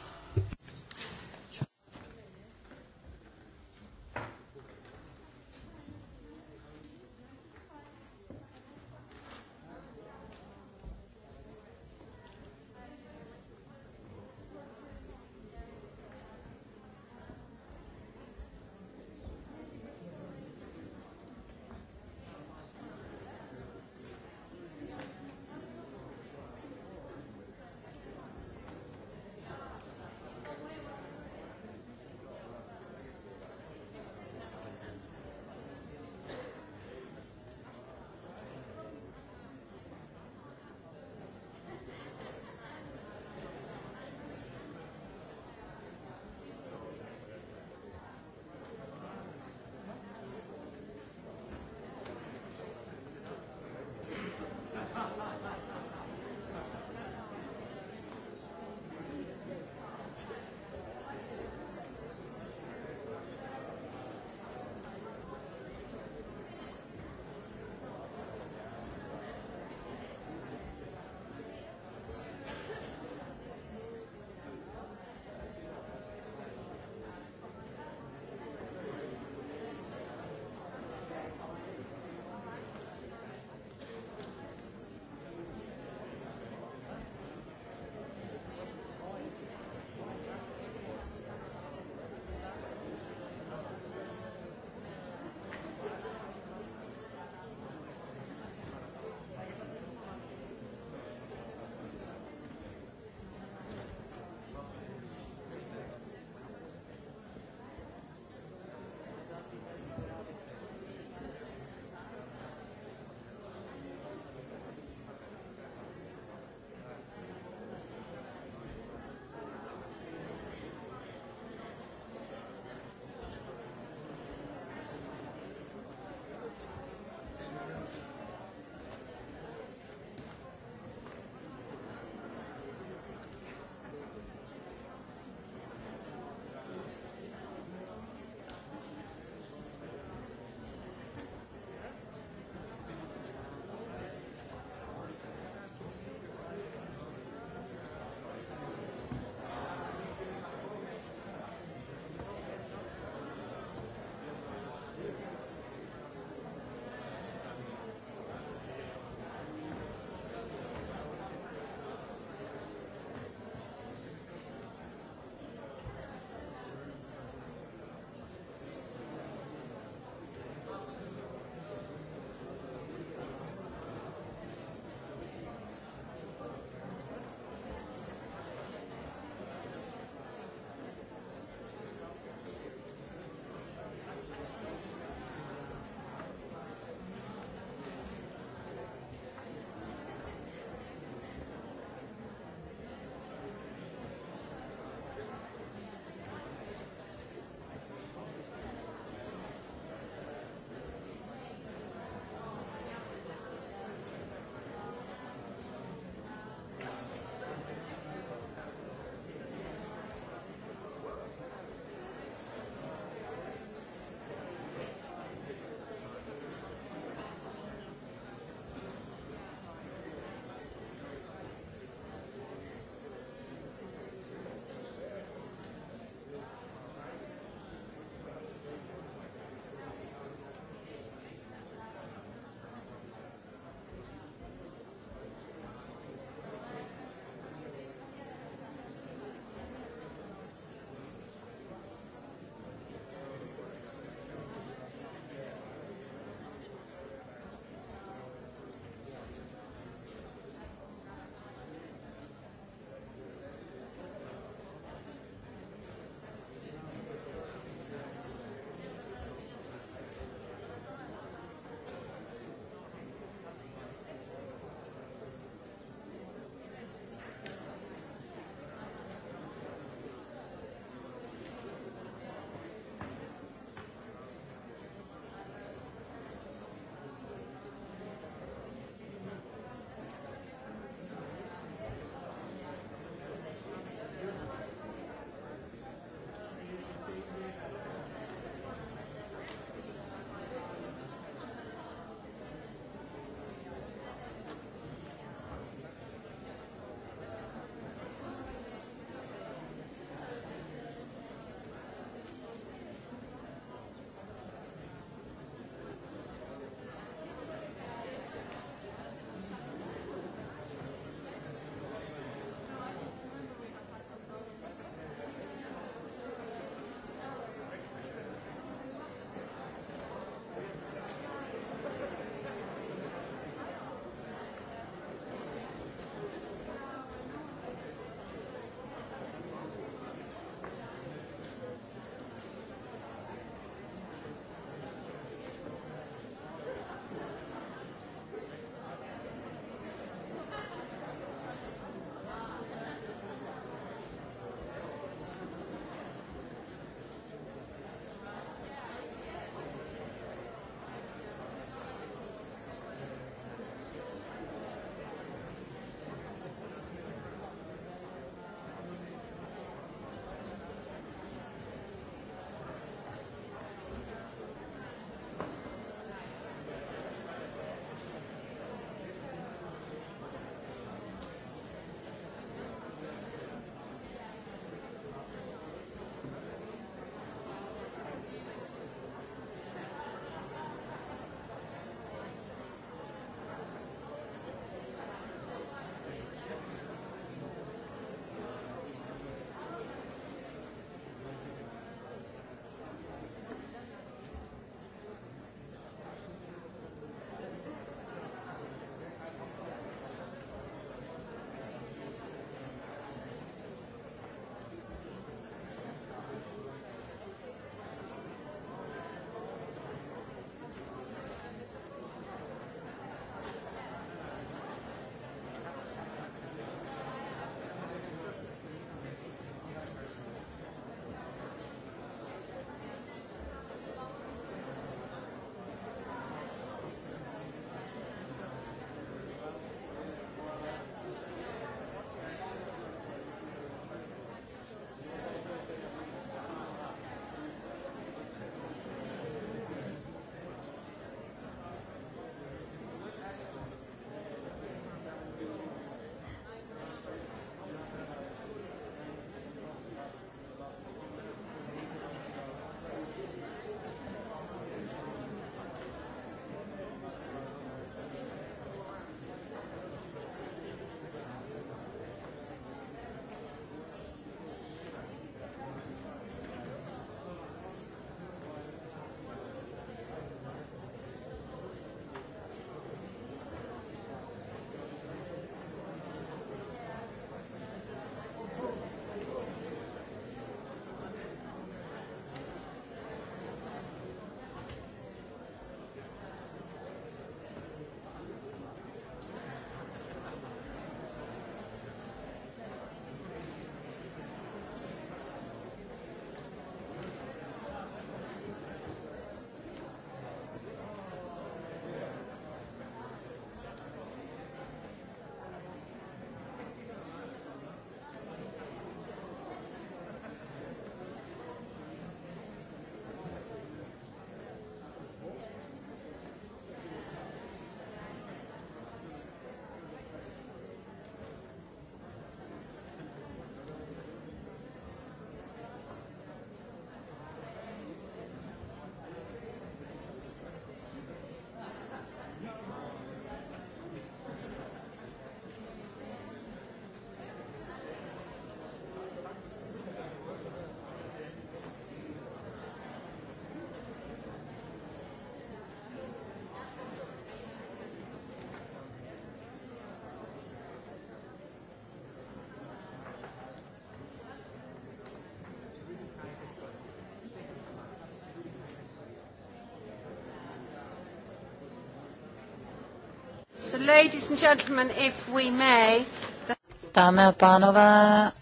[SPEAKER 3] Dámy a pánové,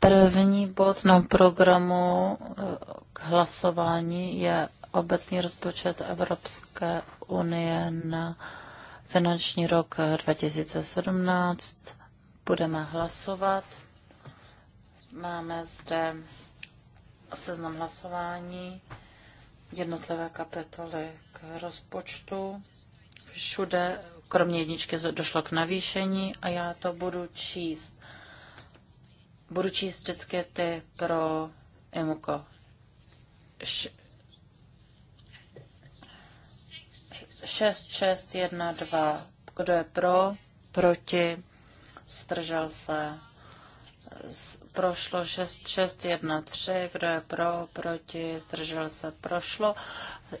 [SPEAKER 3] první bod na programu eh, k hlasování je obecný rozpočet Evropské unie na finanční rok 2017. Budeme hlasovat. Máme zde seznam hlasování, jednotlivé kapitoly k rozpočtu. Všude kromě jedničky došlo k navýšení a já to budu číst. Budu číst vždycky ty pro Emuko. Š- 6, 6, 1, 2. Kdo je pro? Proti? Stržel se? prošlo 3, kdo je pro, proti, zdržel se, prošlo.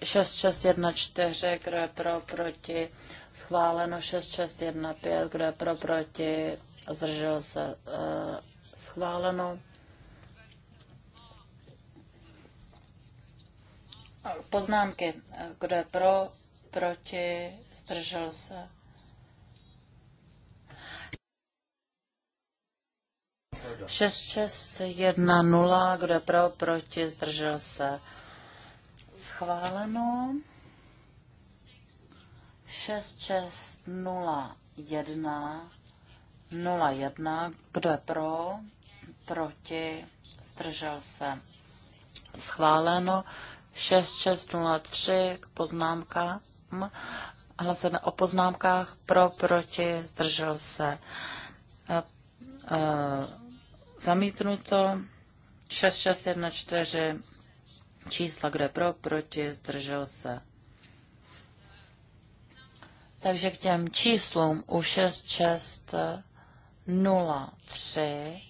[SPEAKER 3] 4, kdo je pro, proti, schváleno. 5, kdo je pro, proti, zdržel se, uh, schváleno. Poznámky, kdo je pro, proti, zdržel se, 6610, kdo je pro, proti, zdržel se. Schváleno. 6601, 01, kdo je pro, proti, zdržel se. Schváleno. 6603 k poznámkám. Hlasujeme o poznámkách pro, proti, zdržel se. E, Zamítnuto 6614 čísla, kde pro, proti, zdržel se. Takže k těm číslům u 6603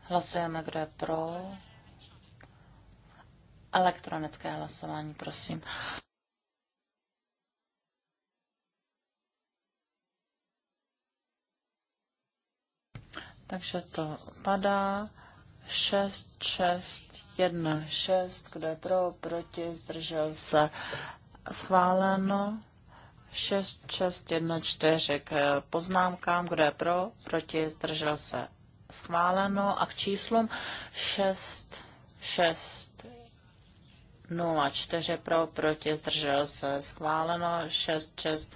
[SPEAKER 3] hlasujeme, kdo je pro. Elektronické hlasování, prosím. Takže to padá. 6, 6, 1, 6, kdo je pro, proti, zdržel se, schváleno. 6, 6, 1, 4 k poznámkám, kdo je pro, proti, zdržel se, schváleno. A k číslům 6, 6, 0, 4 pro, proti, zdržel se, schváleno. 6, 6,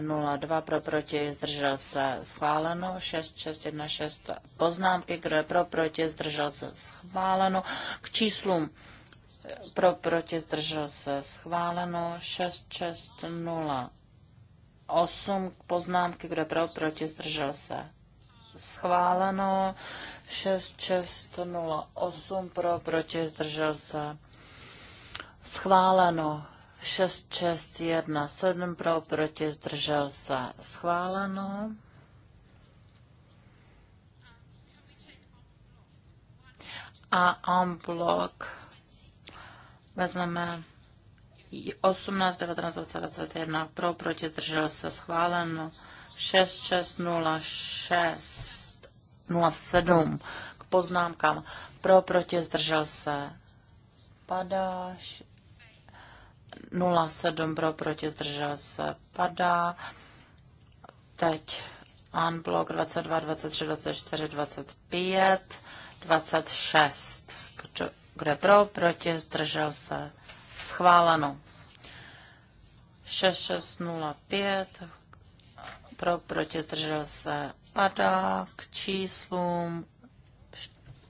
[SPEAKER 3] 02 pro proti, zdržel se schváleno, 6616 poznámky, kdo je pro proti, zdržel se schváleno, k číslům pro proti, zdržel se schváleno, 6608 poznámky, kdo je pro proti, zdržel se schváleno, 6608 pro proti, zdržel se schváleno, 6617 pro, proti, zdržel se schváleno. A on blok vezmeme 18, 19, 20, 21 pro, proti, zdržel se schváleno. 6606 07 k poznámkám pro, proti, zdržel se padá. 07 pro, proti, zdržel se, padá. Teď unblock 22, 23, 24, 25, 26. Kdo, kde pro, proti, zdržel se, schváleno. 6605, pro, proti, zdržel se, padá k číslům,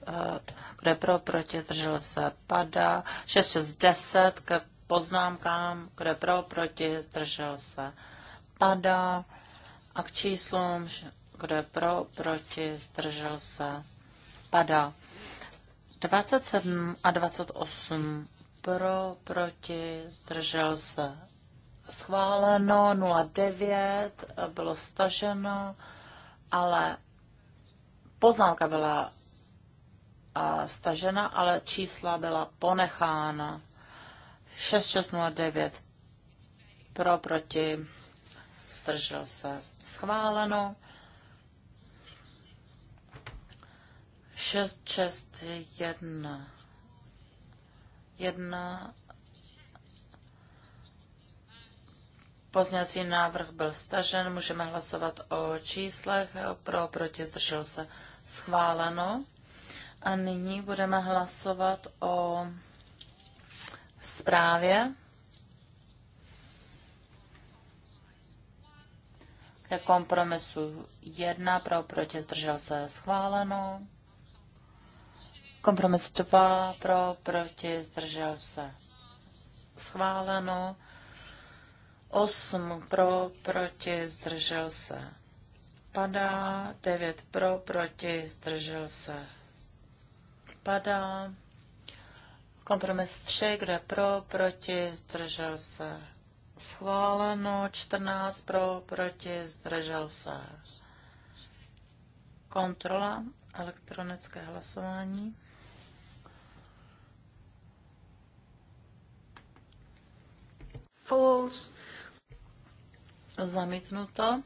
[SPEAKER 3] eh, kde pro, proti, zdržel se, padá, 6610, poznámkám, kde pro, proti, zdržel se, pada, A k číslům, kde pro, proti, zdržel se, pada. 27 a 28 pro, proti, zdržel se, schváleno, 09 bylo staženo, ale poznámka byla stažena, ale čísla byla ponechána. 6609 pro, proti, zdržel se, schváleno. 661 1 Pozněcí návrh byl stažen, můžeme hlasovat o číslech, pro, proti, zdržel se, schváleno. A nyní budeme hlasovat o zprávě, ke kompromisu 1 pro proti zdržel se schváleno. Kompromis 2 pro proti zdržel se schváleno. 8 pro proti zdržel se padá. 9 pro proti zdržel se padá. Kompromis 3, kde pro, proti, zdržel se. Schváleno 14 pro, proti, zdržel se. Kontrola, elektronické hlasování. False. Zamítnuto.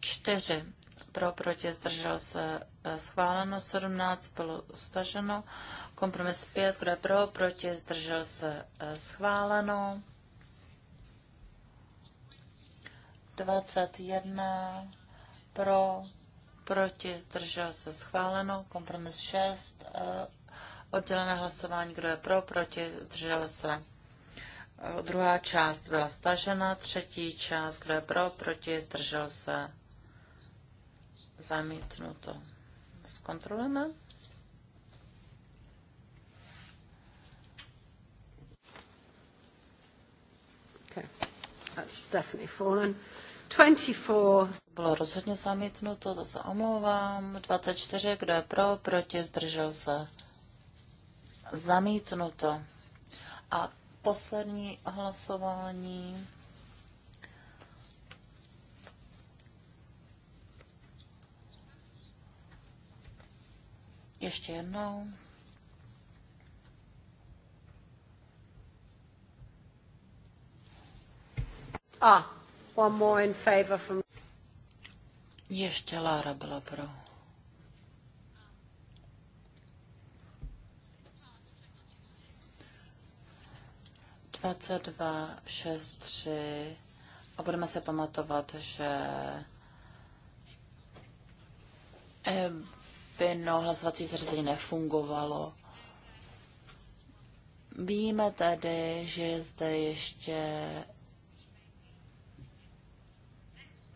[SPEAKER 3] 4 pro, proti, zdržel se. Schváleno 17 bylo staženo. Kompromis 5, kdo je pro, proti, zdržel se eh, schváleno. 21 pro, proti, zdržel se schváleno. Kompromis 6, eh, oddělené hlasování, kdo je pro, proti, zdržel se eh, Druhá část byla stažena, třetí část, kdo je pro, proti, zdržel se, zamítnuto. Zkontrolujeme. Okay. That's definitely fallen. 24. Bylo rozhodně zamítnuto, to se omlouvám. 24, kdo je pro, proti, zdržel se. Zamítnuto. A poslední hlasování. Ještě jednou. Ah, one more in favor from... Ještě Lára byla pro. Dvacet dva, tři. A budeme se pamatovat, že vino hlasovací zařízení nefungovalo. Víme tedy, že je zde ještě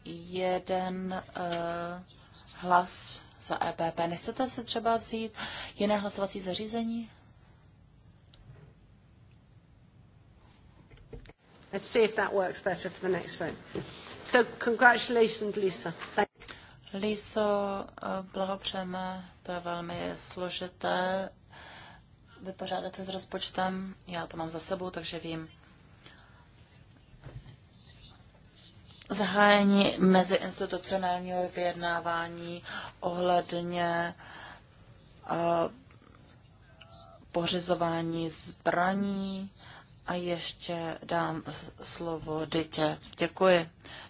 [SPEAKER 3] jeden uh, hlas za EPP. Nechcete se třeba vzít jiné hlasovací zařízení? Let's
[SPEAKER 1] see if that works better for the next vote. So
[SPEAKER 3] congratulations, Lisa. Thank Liso, eh, blahopřejeme, to je velmi složité vypořádat se s rozpočtem. Já to mám za sebou, takže vím, zahájení meziinstitucionálního vyjednávání ohledně eh, pořizování zbraní a ještě dám slovo Dytě. Děkuji.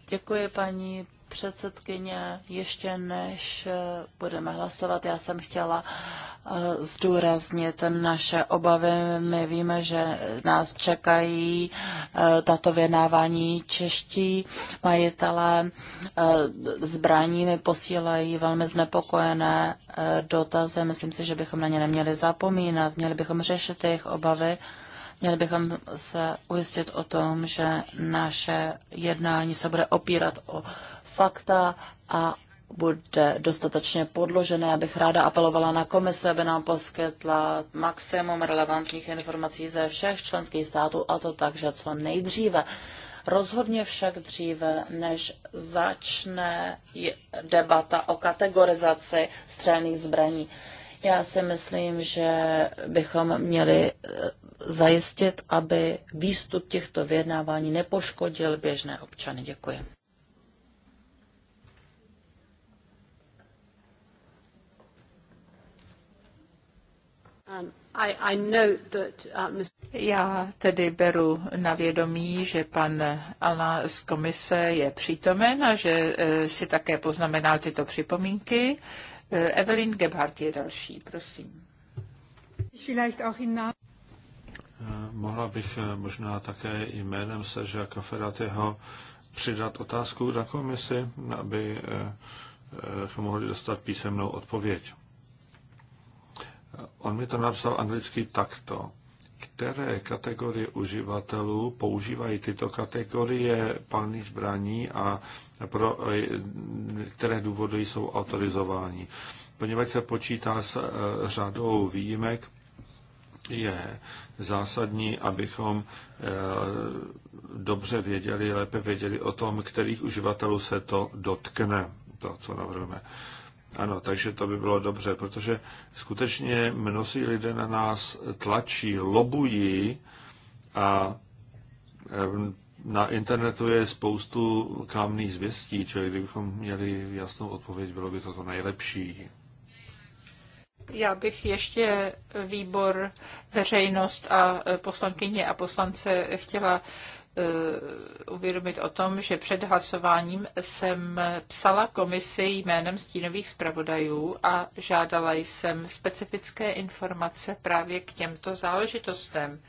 [SPEAKER 3] Děkuji paní předsedkyně, ještě než eh, budeme hlasovat, já jsem chtěla eh, zdůraznit naše obavy. My víme, že nás čekají eh, tato věnávání čeští majitelé zbraní. Mi posílají velmi znepokojené dotazy. Myslím si, že bychom na ně neměli zapomínat. Měli bychom řešit jejich obavy. Měli bychom se ujistit o tom, že naše jednání se bude opírat o fakta a bude dostatečně podložené. Abych ráda apelovala na komise, aby nám poskytla maximum relevantních informací ze všech členských států a to takže co nejdříve. Rozhodně však dříve, než začne debata o kategorizaci střelných zbraní. Já si myslím, že bychom měli eh, zajistit, aby výstup těchto vyjednávání nepoškodil běžné občany. Děkuji.
[SPEAKER 1] Uh, Já tedy beru na vědomí, že pan Alna z komise je přítomen a že eh, si také poznamenal tyto připomínky. Eh, Evelyn Gebhardt je další, prosím. Eh,
[SPEAKER 2] mohla bych možná také jménem Serža Kaferatyho přidat otázku na komisi, aby mohli dostat písemnou odpověď. On mi to napsal anglicky takto. Které kategorie uživatelů používají tyto kategorie palných zbraní a pro eh, které důvody jsou autorizováni? Poněvadž se počítá s eh, řadou výjimek, je zásadní, abychom eh, dobře věděli, lépe věděli o tom, kterých uživatelů se to dotkne, to, co navrhujeme. Ano, takže to by bylo dobře, protože skutečně mnozí lidé na nás tlačí, lobují a eh, na internetu je spoustu klamných zvěstí, čili kdybychom měli jasnou odpověď, bylo by to to nejlepší.
[SPEAKER 1] Já bych ještě výbor veřejnost a eh, poslankyně a poslance chtěla Eh, uvědomit o tom, že před hlasováním jsem psala komisi jménem stínových zpravodajů a žádala jsem specifické informace právě k těmto záležitostem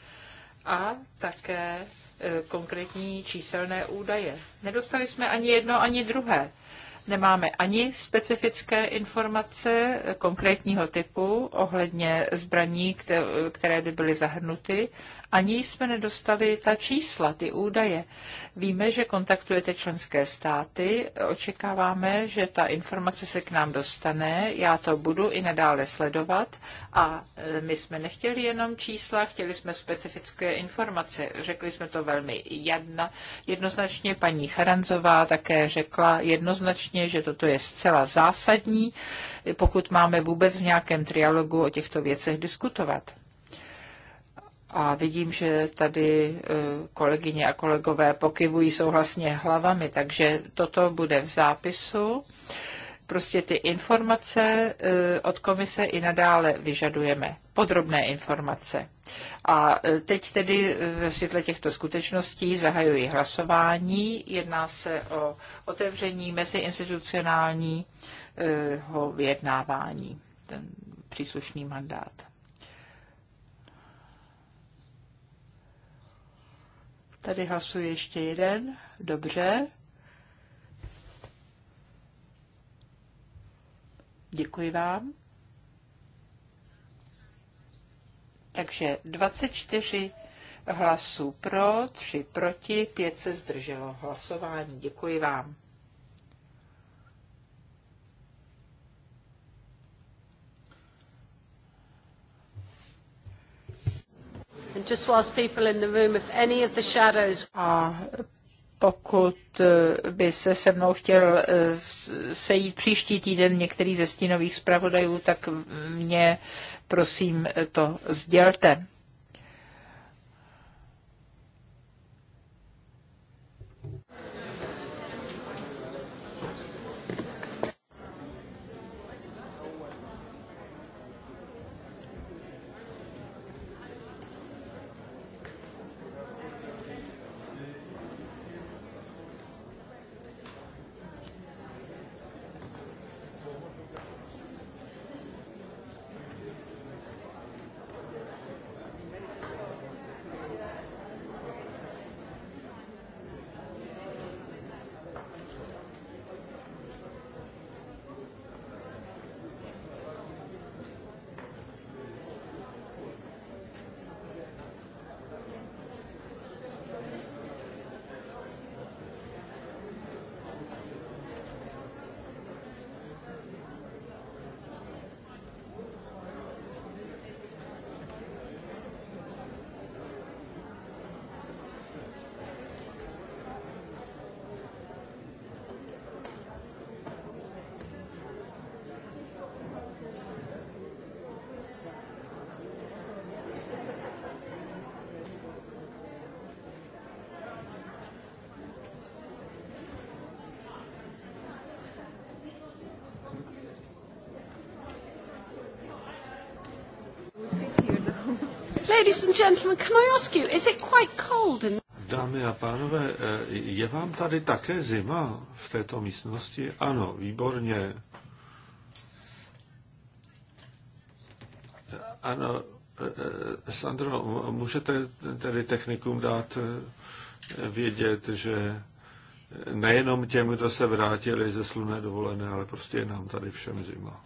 [SPEAKER 1] a také eh, konkrétní číselné údaje. Nedostali jsme ani jedno, ani druhé. Nemáme ani specifické informace konkrétního typu ohledně zbraní, které by byly zahrnuty, ani jsme nedostali ta čísla, ty údaje. Víme, že kontaktujete členské státy, očekáváme, že ta informace se k nám dostane, já to budu i nadále sledovat a e, my jsme nechtěli jenom čísla, chtěli jsme specifické informace. Řekli jsme to velmi jedna, jednoznačně, paní Charanzová také řekla jednoznačně, že toto je zcela zásadní, pokud máme vůbec v nějakém trialogu o těchto věcech diskutovat. A vidím, že tady eh, kolegyně a kolegové pokyvují souhlasně hlavami, takže toto bude v zápisu. Prostě ty informace eh, od komise i nadále vyžadujeme, podrobné informace. A eh, teď tedy ve světle těchto skutečností zahajuji hlasování. Jedná se o otevření meziinstitucionálního vyjednávání, ten příslušný mandát. Tady hlasuje ještě jeden. Dobře. Děkuji vám. Takže 24 hlasů pro, 3 proti, 5 se zdrželo hlasování. Děkuji vám. A pokud eh, by se se mnou chtěl eh, sejít příští týden některý ze stínových zpravodajů, tak mě prosím eh, to sdělte. ladies and gentlemen, can I ask you, is it quite cold in...
[SPEAKER 2] Dámy a pánové, eh, je vám tady také zima v této místnosti? Ano, výborně. Ano, eh, Sandro, můžete tedy technikům dát eh, vědět, že nejenom těm, kdo se vrátili ze sluné dovolené, ale prostě je nám tady všem zima.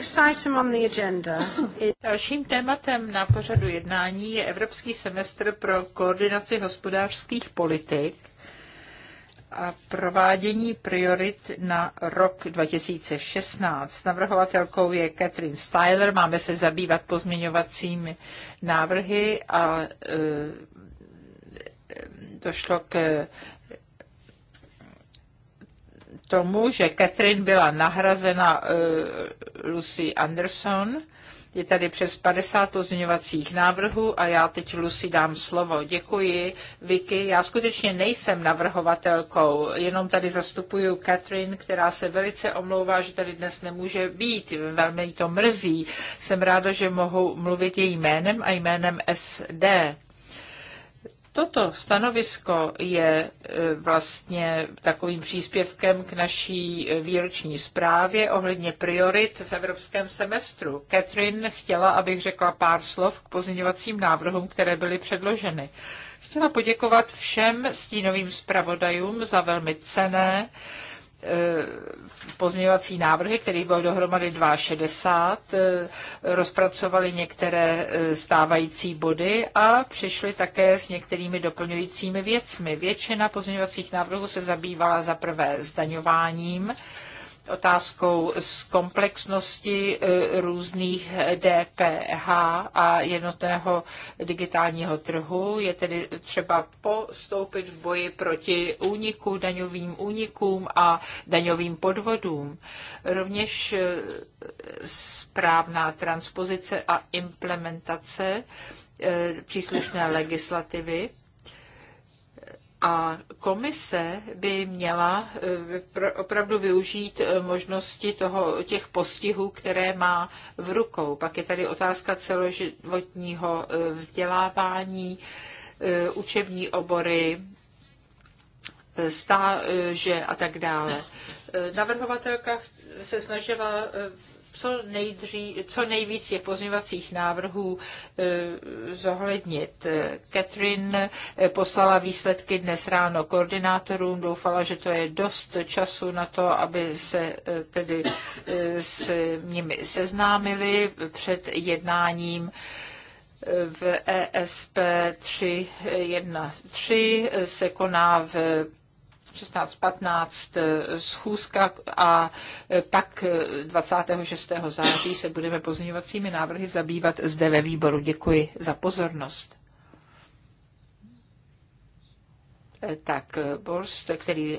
[SPEAKER 1] next item on the agenda is... Dalším tématem na pořadu jednání je Evropský semestr pro koordinaci hospodářských politik a provádění priorit na rok 2016. Navrhovatelkou je Catherine Styler. Máme se zabývat pozměňovacími návrhy a e, e došlo k tomu, že Catherine byla nahrazena uh, Lucy Anderson. Je tady přes 50 pozměňovacích návrhů a já teď Lucy dám slovo. Děkuji, Vicky. Já skutečně nejsem navrhovatelkou, jenom tady zastupuju Catherine, která se velice omlouvá, že tady dnes nemůže být. Velmi to mrzí. Jsem ráda, že mohu mluvit její jménem a jménem SD. Toto stanovisko je e, vlastně takovým příspěvkem k naší e, výroční zprávě ohledně priorit v evropském semestru. Catherine chtěla, abych řekla pár slov k pozměňovacím návrhům, které byly předloženy. Chtěla poděkovat všem stínovým zpravodajům za velmi cené Eh, pozměňovací návrhy, kterých bylo dohromady 62, eh, rozpracovali některé eh, stávající body a přišli také s některými doplňujícími věcmi. Většina pozměňovacích návrhů se zabývala za prvé zdaňováním, otázkou z komplexnosti eh, různých DPH a jednotného digitálního trhu. Je tedy třeba postoupit v boji proti úniku, daňovým únikům a daňovým podvodům. Rovněž eh, správná transpozice a implementace eh, příslušné legislativy a komise by měla eh, opravdu využít eh, možnosti toho, těch postihů, které má v rukou. Pak je tady otázka celoživotního eh, vzdělávání, učební obory, stáže a tak dále. Navrhovatelka se snažila co, nejdří, co nejvíc je pozměvacích návrhů e, zohlednit. Catherine e, poslala výsledky dnes ráno koordinátorům, doufala, že to je dost času na to, aby se e, tedy s nimi seznámili před jednáním v ESP 313 se koná v 16.15 eh, schůzka a eh, pak 26. Eh, září se budeme pozměňovacími návrhy zabývat zde ve výboru. Děkuji za pozornost. Tak Borst, který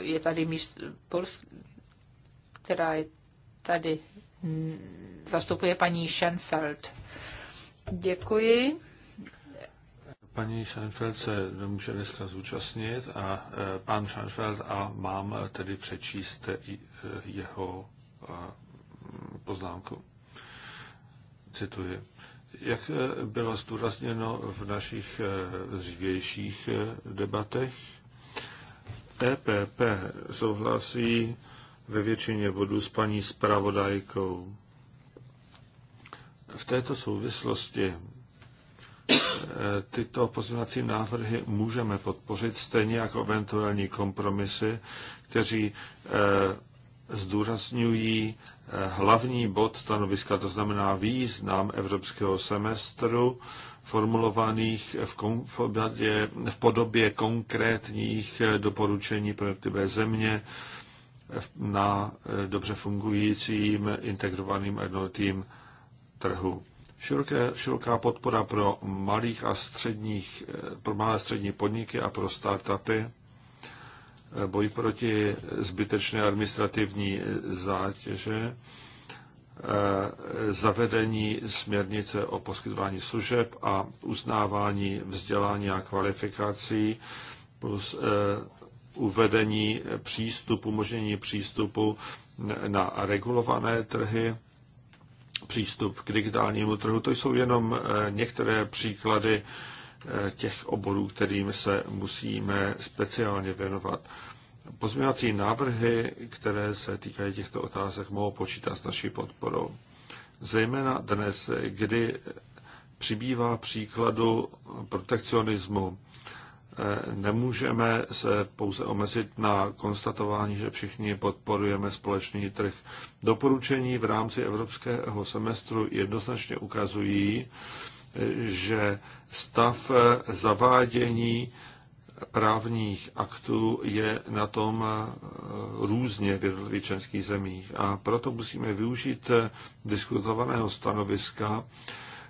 [SPEAKER 1] je tady míst, Borst, která je tady, zastupuje paní Schenfeld. Děkuji.
[SPEAKER 2] Paní Scheinfeld se nemůže dneska zúčastnit a e, pan Scheinfeld a mám e, tedy přečíst e, jeho poznámku. Cituji. Jak bylo zdůrazněno v našich dřívějších debatech, EPP souhlasí ve většině bodů s paní zpravodajkou. V této souvislosti Eh, tyto pozměňovací návrhy můžeme podpořit, stejně jako eventuální kompromisy, kteří eh, zdůrazňují eh, hlavní bod stanoviska, to znamená význam evropského semestru, formulovaných v, konfobě, v podobě konkrétních doporučení pro jednotlivé země na dobře fungujícím integrovaným jednotným trhu. Široké, široká podpora pro malých a středních, eh, pro malé a střední podniky a pro startupy, eh, boj proti zbytečné administrativní eh, zátěže, zavedení směrnice o poskytování služeb a uznávání vzdělání a kvalifikací plus uvedení přístupu, umožnění přístupu na regulované trhy přístup k digitálnímu trhu. To jsou jenom eh, některé příklady eh, těch oborů, kterým se musíme speciálně věnovat. Pozměňovací návrhy, které se týkají těchto otázek, mohou počítat s naší podporou. Zejména dnes, kdy přibývá příkladu protekcionismu, Eh, nemůžeme se pouze omezit na konstatování, že všichni podporujeme společný trh. Doporučení v rámci evropského semestru jednoznačně ukazují, eh, že stav eh, zavádění právních aktů je na tom různě v jednotlivých členských zemích. A proto musíme využít diskutovaného stanoviska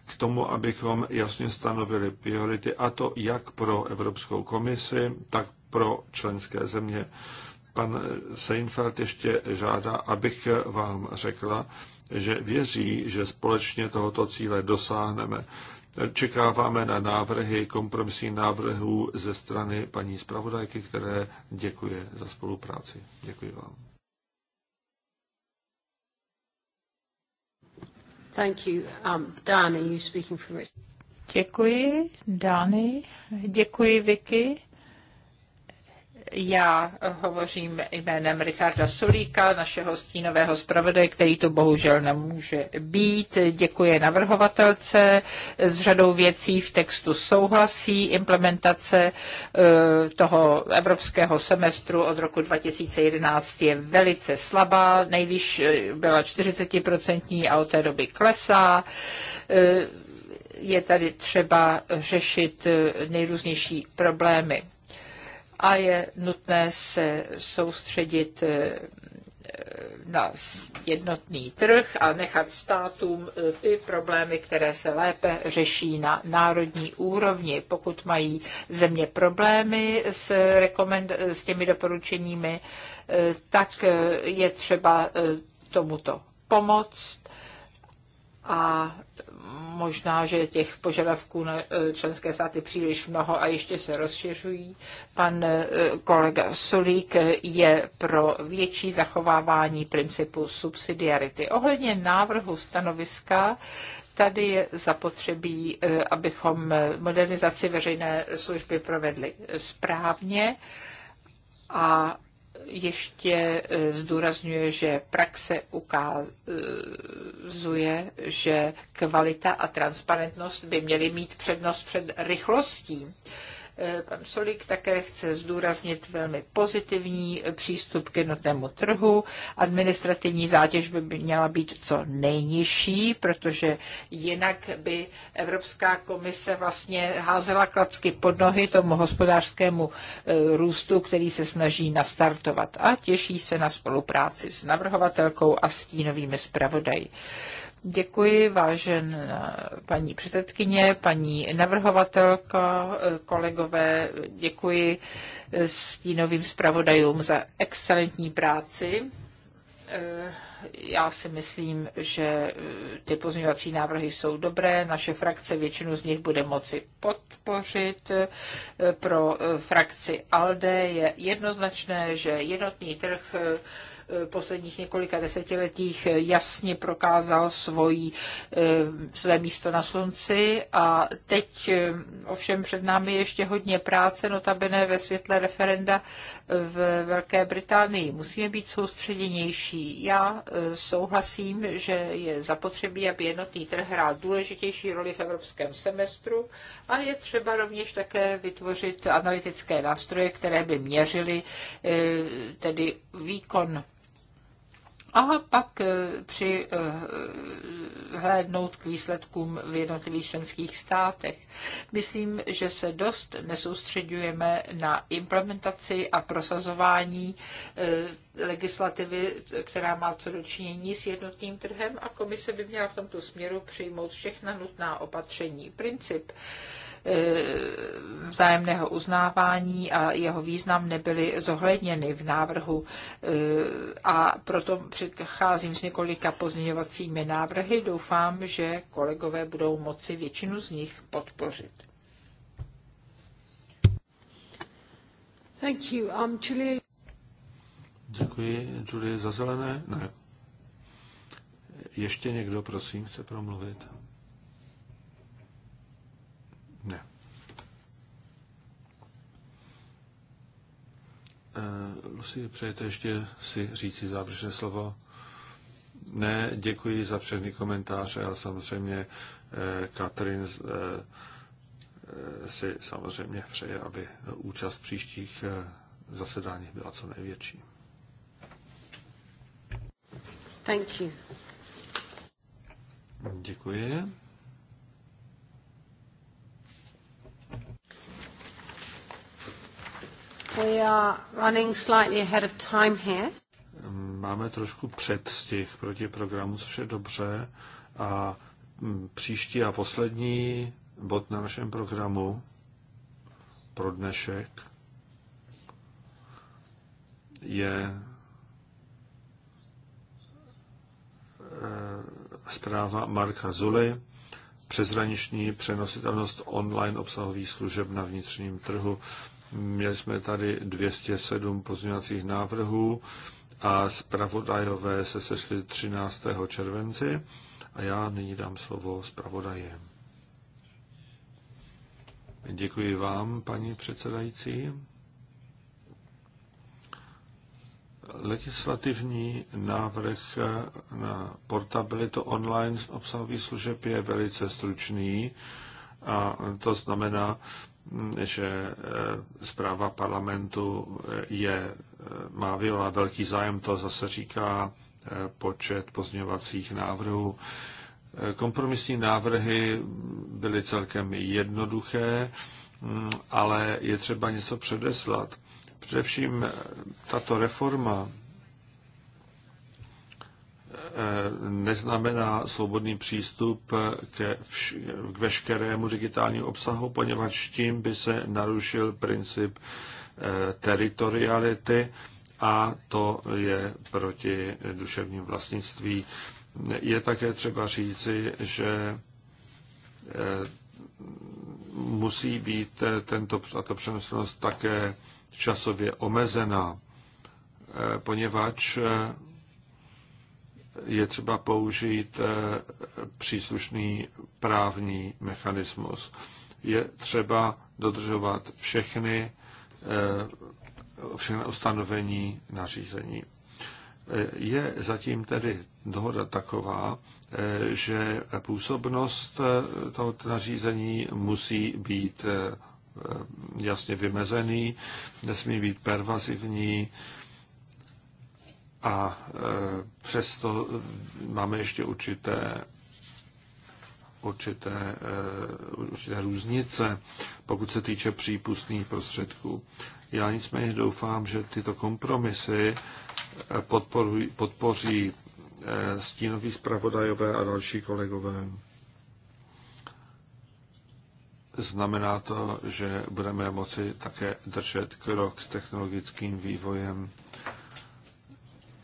[SPEAKER 2] k tomu, abychom jasně stanovili priority, a to jak pro Evropskou komisi, tak pro členské země. Pan Seinfeld ještě žádá, abych vám řekla, že věří, že společně tohoto cíle dosáhneme. Čekáváme na návrhy, kompromisní návrhů ze strany paní zpravodajky, které děkuje za spolupráci. Děkuji vám.
[SPEAKER 1] Thank you. Um, you speaking for Děkuji, Dani. Děkuji, Vicky. Já hovořím jménem Richarda Sulíka, našeho stínového zpravodaje, který tu bohužel nemůže být. Děkuje navrhovatelce, s řadou věcí v textu souhlasí. Implementace eh, toho evropského semestru od roku 2011 je velice slabá, nejvýš eh, byla 40% a od té doby klesá eh, je tady třeba řešit nejrůznější problémy a je nutné se soustředit eh, na jednotný trh a nechat státům eh, ty problémy, které se lépe řeší na národní úrovni. Pokud mají země problémy s, rekomend- s těmi doporučeními, eh, tak je třeba tomuto pomoct a možná, že těch požadavků na e, členské státy příliš mnoho a ještě se rozšiřují. Pan e, kolega Sulík je pro větší zachovávání principu subsidiarity. Ohledně návrhu stanoviska tady je zapotřebí, e, abychom modernizaci veřejné služby provedli správně a ještě eh, zdůrazňuje, že praxe ukazuje, že kvalita a transparentnost by měly mít přednost před rychlostí. Pan Solík také chce zdůraznit velmi pozitivní přístup k jednotnému trhu. Administrativní zátěž by měla být co nejnižší, protože jinak by Evropská komise vlastně házela klacky pod nohy tomu hospodářskému e, růstu, který se snaží nastartovat a těší se na spolupráci s navrhovatelkou a stínovými zpravodaji. Děkuji, vážen paní předsedkyně, paní navrhovatelka, kolegové, děkuji stínovým zpravodajům za excelentní práci já si myslím, že ty pozměňovací návrhy jsou dobré. Naše frakce většinu z nich bude moci podpořit. Pro frakci ALDE je jednoznačné, že jednotný trh Eh, posledních několika desetiletích jasně prokázal svojí, eh, své místo na slunci a teď eh, ovšem před námi ještě hodně práce, notabene ve světle referenda v Velké Británii. Musíme být soustředěnější. Já souhlasím, že je zapotřebí, aby jednotný trh hrál důležitější roli v evropském semestru a je třeba rovněž také vytvořit analytické nástroje, které by měřily tedy výkon a pak eh, při hlédnout k výsledkům v jednotlivých členských státech. Myslím, že se dost nesoustředujeme na implementaci a prosazování eh, legislativy, která má co dočinění s jednotným trhem a komise by měla v tomto směru přijmout všechna nutná opatření. Princip Eh, vzájemného uznávání a jeho význam nebyly zohledněny v návrhu eh, a proto předcházím s několika pozměňovacími návrhy. Doufám, že kolegové budou moci většinu z nich podpořit. Thank you. Um, Julie...
[SPEAKER 2] Děkuji. Julie za zelené? Ne. Ještě někdo, prosím, chce promluvit? Eh, Lucie, přejete ještě si říci závěrečné slovo? Ne, děkuji za všechny komentáře a samozřejmě eh, Katrin eh, si samozřejmě přeje, aby účast příštích zasedáních byla co největší. Thank you. Děkuji.
[SPEAKER 1] We are running slightly ahead of time here.
[SPEAKER 2] Máme trošku předstih proti programu, což je dobře. A mm, příští a poslední bod na našem programu pro dnešek je eh, zpráva Marka Zuly, přezraniční přenositelnost online obsahových služeb na vnitřním trhu. Měli jsme tady 207 pozměňovacích návrhů a zpravodajové se sešly 13. července a já nyní dám slovo zpravodaje. Děkuji vám, paní předsedající. Legislativní návrh na portabilitu online obsahových služeb je velice stručný a to znamená, že e, zpráva parlamentu e, je, e, má vyvolat velký zájem, to zase říká počet pozměňovacích návrhů. Kompromisní návrhy byly celkem jednoduché, mm, ale je třeba něco předeslat. Především tato reforma neznamená svobodný přístup ke vš- k veškerému digitálnímu obsahu, poněvadž tím by se narušil princip eh, teritoriality a to je proti duševním vlastnictví. Je také třeba říci, že eh, musí být eh, tento, tato přenosnost také časově omezená, poněvadž je třeba použít eh, příslušný právní mechanismus. Je třeba dodržovat všechny, eh, všechny ustanovení nařízení. Eh, je zatím tedy dohoda taková, že působnost tohoto nařízení musí být jasně vymezený, nesmí být pervazivní, a e, přesto máme ještě určité určité, e, určité různice, pokud se týče přípustných prostředků. Já nicméně doufám, že tyto kompromisy e, podporují, podpoří stínoví zpravodajové a další kolegové. Znamená to, že budeme moci také držet krok s technologickým vývojem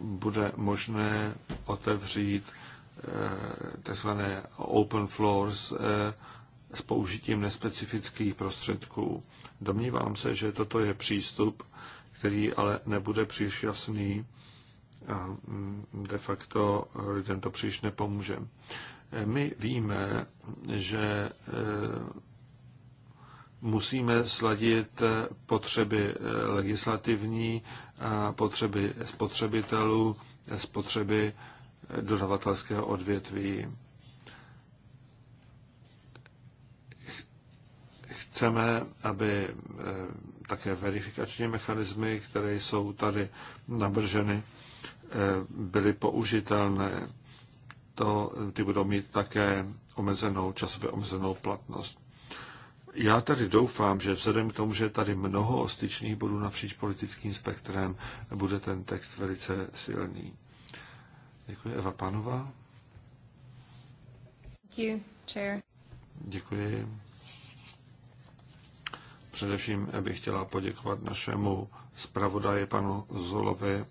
[SPEAKER 2] bude možné otevřít eh, tzv. open floors eh, s použitím nespecifických prostředků. Domnívám se, že toto je přístup, který ale nebude příliš jasný a mm, de facto lidem to příliš nepomůže. Eh, my víme, že musíme sladit potřeby legislativní potřeby spotřebitelů, spotřeby eh, dodavatelského odvětví. Chceme, aby eh, také verifikační mechanismy, které jsou tady nabrženy, eh, byly použitelné. To, ty budou mít také omezenou, časově omezenou platnost. Já tady doufám, že vzhledem k tomu, že tady mnoho styčných bodů napříč politickým spektrem, bude ten text velice silný. Děkuji. Eva Panová.
[SPEAKER 1] Děkuji, chair.
[SPEAKER 2] Děkuji. Především bych chtěla poděkovat našemu zpravodaji panu Zolovi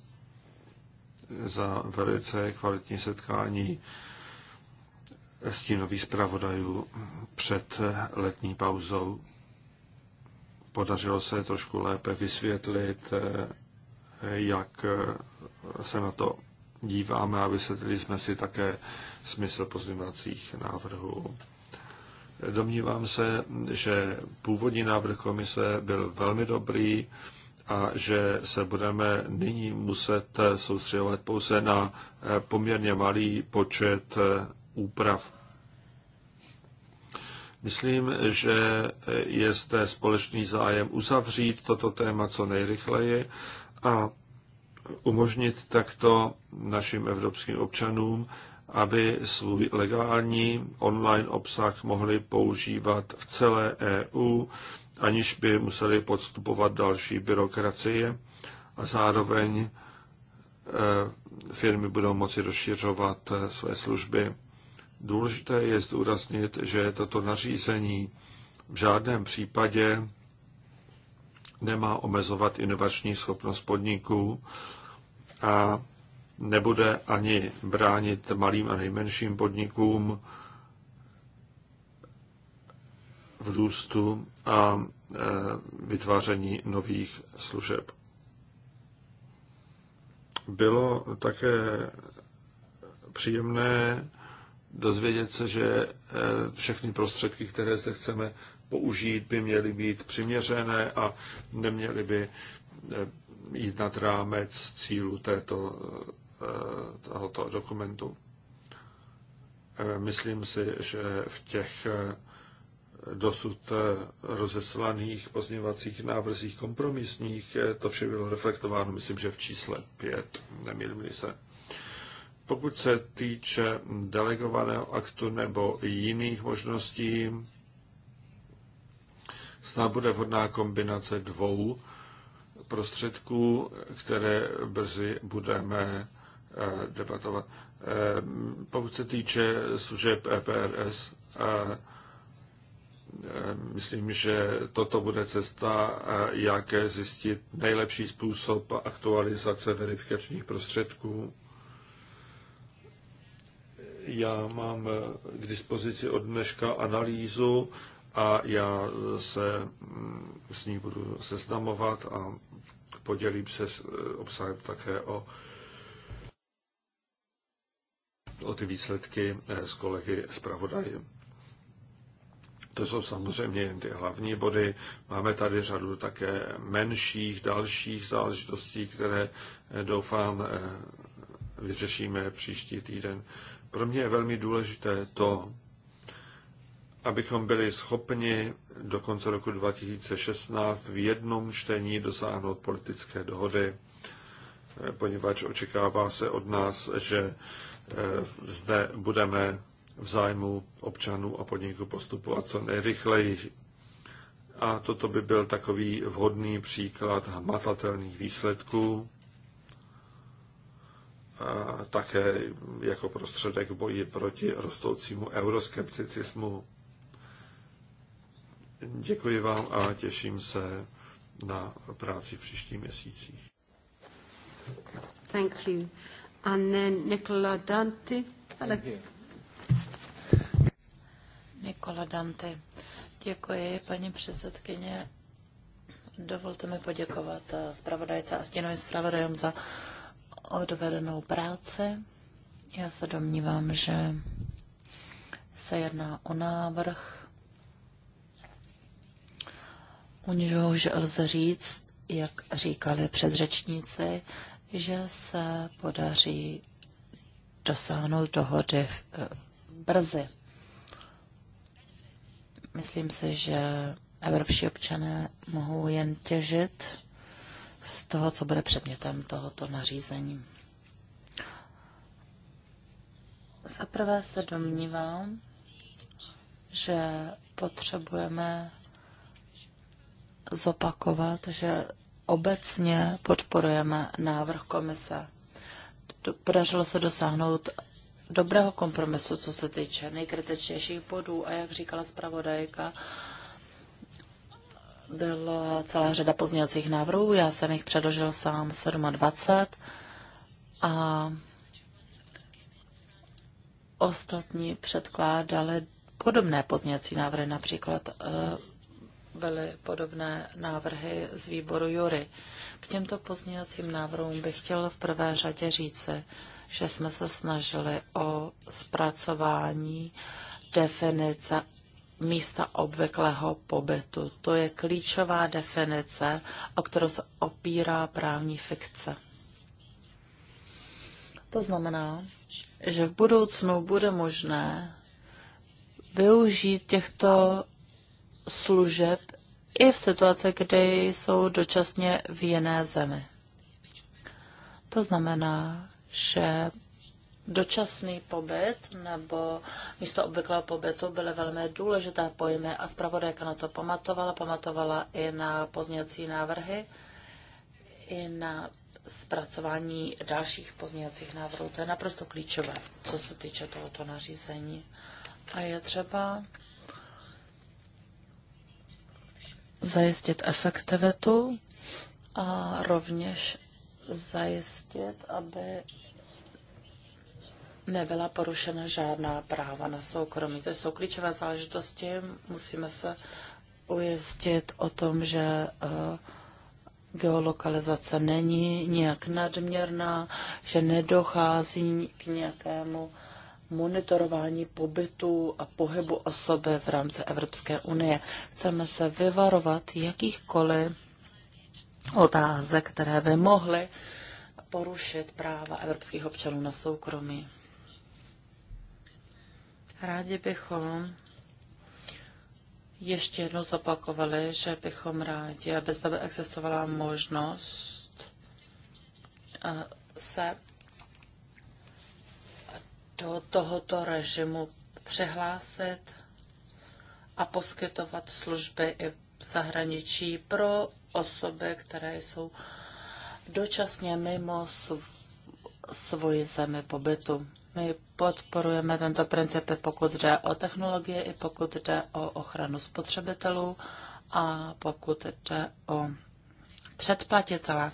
[SPEAKER 2] za velice kvalitní setkání stínových zpravodajů před letní pauzou. Podařilo se trošku lépe vysvětlit, jak se na to díváme a vysvětlili jsme si také smysl pozměňovacích návrhů. Domnívám se, že původní návrh komise byl velmi dobrý a že se budeme nyní muset soustředovat pouze na poměrně malý počet úprav. Myslím, že je zde společný zájem uzavřít toto téma co nejrychleji a umožnit takto našim evropským občanům, aby svůj legální online obsah mohli používat v celé EU, aniž by museli podstupovat další byrokracie a zároveň e, firmy budou moci rozšiřovat e, své služby. Důležité je zdůraznit, že toto nařízení v žádném případě nemá omezovat inovační schopnost podniků a nebude ani bránit malým a nejmenším podnikům v růstu a e, vytváření nových služeb. Bylo také příjemné dozvědět se, že eh, všechny prostředky, které zde chceme použít, by měly být přiměřené a neměly by eh, jít nad rámec cílu této, eh, tohoto dokumentu. Myslím si, že v těch dosud rozeslaných pozměňovacích návrzích kompromisních to vše bylo reflektováno, myslím, že v čísle 5, nemýlím se. Pokud se týče delegovaného aktu nebo jiných možností, snad bude vhodná kombinace dvou prostředků, které brzy budeme eh, debatovat. Eh, pokud se týče služeb EPRS, eh, myslím, že toto bude cesta, jak zjistit nejlepší způsob aktualizace verifikačních prostředků. Já mám eh, k dispozici od dneška analýzu a já se mm, s ní budu seznamovat a podělím se s eh, obsahem také o, o ty výsledky eh, s kolegy Pravodají. To jsou samozřejmě jen ty hlavní body. Máme tady řadu také menších, dalších záležitostí, které doufám vyřešíme příští týden pro mě je velmi důležité to, abychom byli schopni do konce roku 2016 v jednom čtení dosáhnout politické dohody, poněvadž očekává se od nás, že eh, zde budeme v zájmu občanů a podniků postupovat co nejrychleji. A toto by byl takový vhodný příklad hmatatelných výsledků také jako prostředek boji proti rostoucímu euroskepticismu. Děkuji vám a těším se na práci v příštích měsících.
[SPEAKER 1] Thank you. And then Nicola Dante.
[SPEAKER 3] Nicola Dante. Děkuji, paní předsedkyně. Dovolte mi poděkovat eh, zpravodajce a stěnovým zpravodajům za odvedenou práci. Já se domnívám, že se jedná o návrh, u něhož lze říct, jak říkali předřečníci, že se podaří dosáhnout dohody eh, brzy. Myslím si, že evropští občané mohou jen těžit z toho, co bude předmětem tohoto nařízení. Zaprvé se domnívám, že potřebujeme zopakovat, že obecně podporujeme návrh komise. Podařilo se dosáhnout dobrého kompromisu, co se týče nejkritičnějších bodů a jak říkala zpravodajka, byla celá řada pozměňovacích návrhů, já jsem jich předložil sám 27 a ostatní předkládali podobné pozměňovací návrhy, například eh, byly podobné návrhy z výboru Jury. K těmto pozměňovacím návrhům bych chtěl v prvé řadě říci, že jsme se snažili o zpracování definice místa obvyklého pobytu. To je klíčová definice, o kterou se opírá právní fikce. To znamená, že v budoucnu bude možné využít těchto služeb i v situaci, kdy jsou dočasně v jiné zemi. To znamená, že dočasný pobyt nebo místo obvyklého pobytu byly velmi důležité pojmy a zpravodajka na to pamatovala, pamatovala i na pozněcí návrhy, i na zpracování dalších pozněcích návrhů. To je naprosto klíčové, co se týče tohoto nařízení. A je třeba zajistit efektivitu a rovněž zajistit, aby nebyla porušena žádná práva na soukromí. To jsou klíčové záležitosti. Musíme se ujistit o tom, že eh, geolokalizace není nějak nadměrná, že nedochází k nějakému monitorování pobytu a pohybu osoby v rámci Evropské unie. Chceme se vyvarovat jakýchkoliv otázek, které by mohly porušit práva evropských občanů na soukromí. Rádi bychom ještě jednou zopakovali, že bychom rádi, aby zde existovala možnost eh, se do tohoto režimu přihlásit a poskytovat služby i v zahraničí pro osoby, které jsou dočasně mimo svoji zemi pobytu. My podporujeme tento princip, pokud jde o technologie, i pokud jde o ochranu spotřebitelů a pokud jde o předplatitele.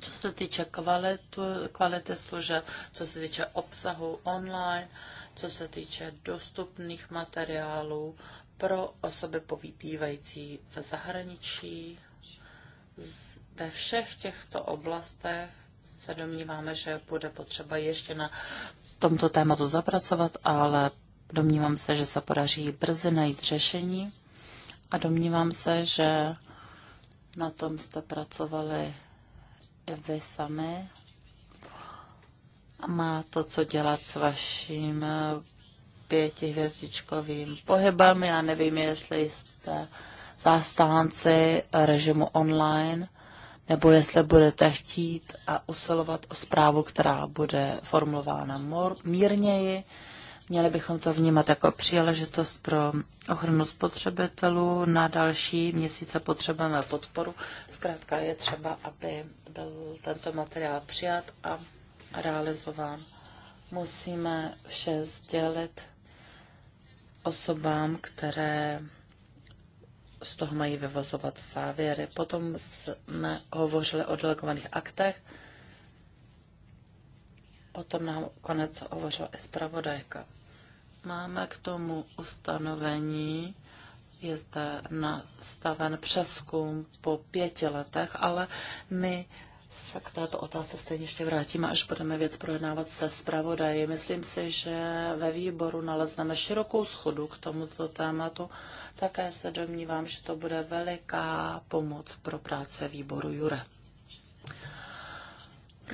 [SPEAKER 3] Co se týče kvalitu, kvality služeb, co se týče obsahu online, co se týče dostupných materiálů pro osoby povýpívající v zahraničí, ve všech těchto oblastech se domníváme, že bude potřeba ještě na tomto tématu zapracovat, ale domnívám se, že se podaří brzy najít řešení a domnívám se, že na tom jste pracovali i vy sami. Má to co dělat s vaším pětihvězdičkovým pohybem. Já nevím, jestli jste zástánci režimu online – nebo jestli budete chtít a usilovat o zprávu, která bude formulována mor, mírněji. Měli bychom to vnímat jako příležitost pro ochranu spotřebitelů. Na další měsíce potřebujeme podporu. Zkrátka je třeba, aby byl tento materiál přijat a realizován. Musíme vše sdělit osobám, které z toho mají vyvozovat závěry. Potom jsme hovořili o delegovaných aktech. Potom nám konec hovořila i zpravodajka. Máme k tomu ustanovení, je zde nastaven přeskum po pěti letech, ale my se k této otázce stejně ještě vrátíme, až budeme věc projednávat se zpravodaji. Myslím si, že ve výboru nalezneme širokou schodu k tomuto tématu. Také se domnívám, že to bude veliká pomoc pro práce výboru Jure.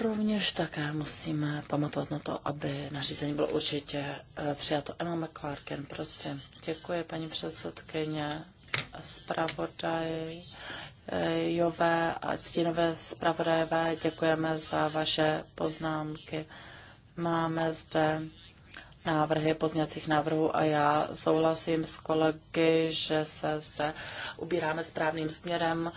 [SPEAKER 3] Rovněž také musíme pamatovat na to, aby nařízení bylo určitě eh, přijato. Emma McClarken, prosím. Děkuji, paní předsedkyně zpravodaj Jové a Ctinové zpravodajové, děkujeme za vaše poznámky. Máme zde návrhy pozněcích návrhů a já souhlasím s kolegy, že se zde ubíráme správným směrem,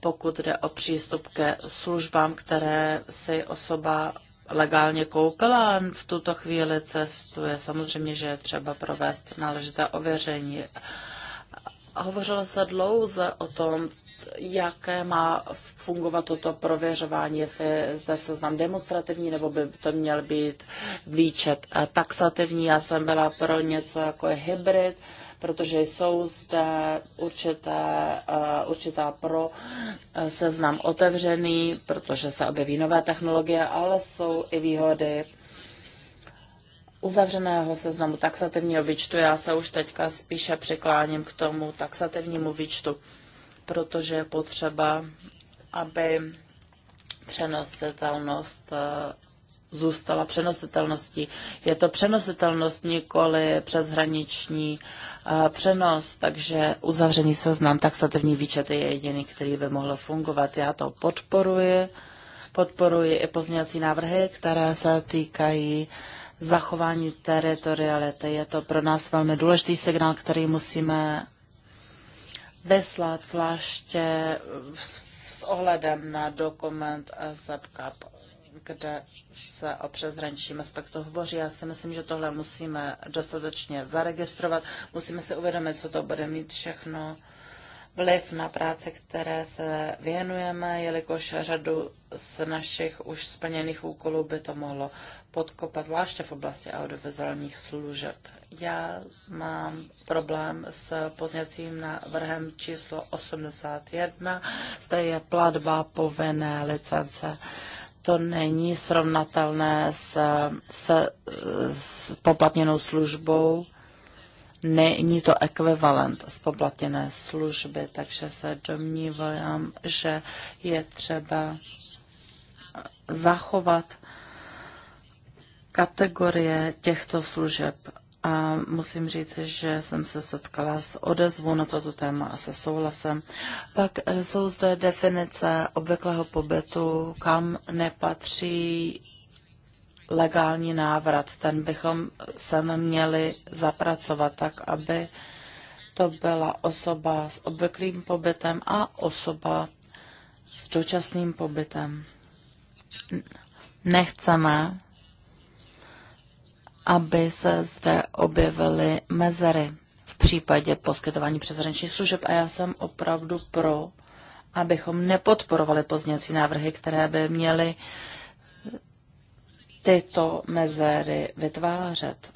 [SPEAKER 3] pokud jde o přístup ke službám, které si osoba legálně koupila a v tuto chvíli cestuje. Samozřejmě, že je třeba provést náležité ověření. Hovořilo se dlouze o tom, jaké má fungovat toto prověřování, jestli je zde seznam demonstrativní, nebo by to měl být výčet eh, taxativní. Já jsem byla pro něco jako je hybrid, protože jsou zde určité, eh, určitá pro eh, seznam otevřený, protože se objeví nové technologie, ale jsou i výhody uzavřeného seznamu taxativního výčtu. Já se už teďka spíše přikláním k tomu taxativnímu výčtu protože je potřeba, aby přenositelnost eh, zůstala přenositelností. Je to přenositelnost, nikoli přeshraniční eh, přenos, takže uzavřený seznam taxativní výčet je jediný, který by mohl fungovat. Já to podporuji. Podporuji i pozměňovací návrhy, které se týkají zachování teritoriality. Je to pro nás velmi důležitý signál, který musíme vyslat, zvláště s ohledem na dokument ZEPCAP, kde se o přeshraničním aspektu hovoří. Já si myslím, že tohle musíme dostatečně zaregistrovat. Musíme si uvědomit, co to bude mít všechno vliv na práce, které se věnujeme, jelikož řadu z našich už splněných úkolů by to mohlo podkopat, zvláště v oblasti audiovizuálních služeb. Já mám problém s pozněcím návrhem číslo 81, zde je platba povinné licence to není srovnatelné s, s, s poplatněnou službou není to ekvivalent z poplatněné služby, takže se domnívám, že je třeba zachovat kategorie těchto služeb. A musím říct, že jsem se setkala s odezvou na toto téma a se souhlasem. Pak jsou zde definice obvyklého pobytu, kam nepatří legální návrat. Ten bychom sem měli zapracovat tak, aby to byla osoba s obvyklým pobytem a osoba s dočasným pobytem. Nechceme, aby se zde objevily mezery v případě poskytování přeshraničních služeb a já jsem opravdu pro, abychom nepodporovali pozněcí návrhy, které by měly uh, tyto mezery vytvářet.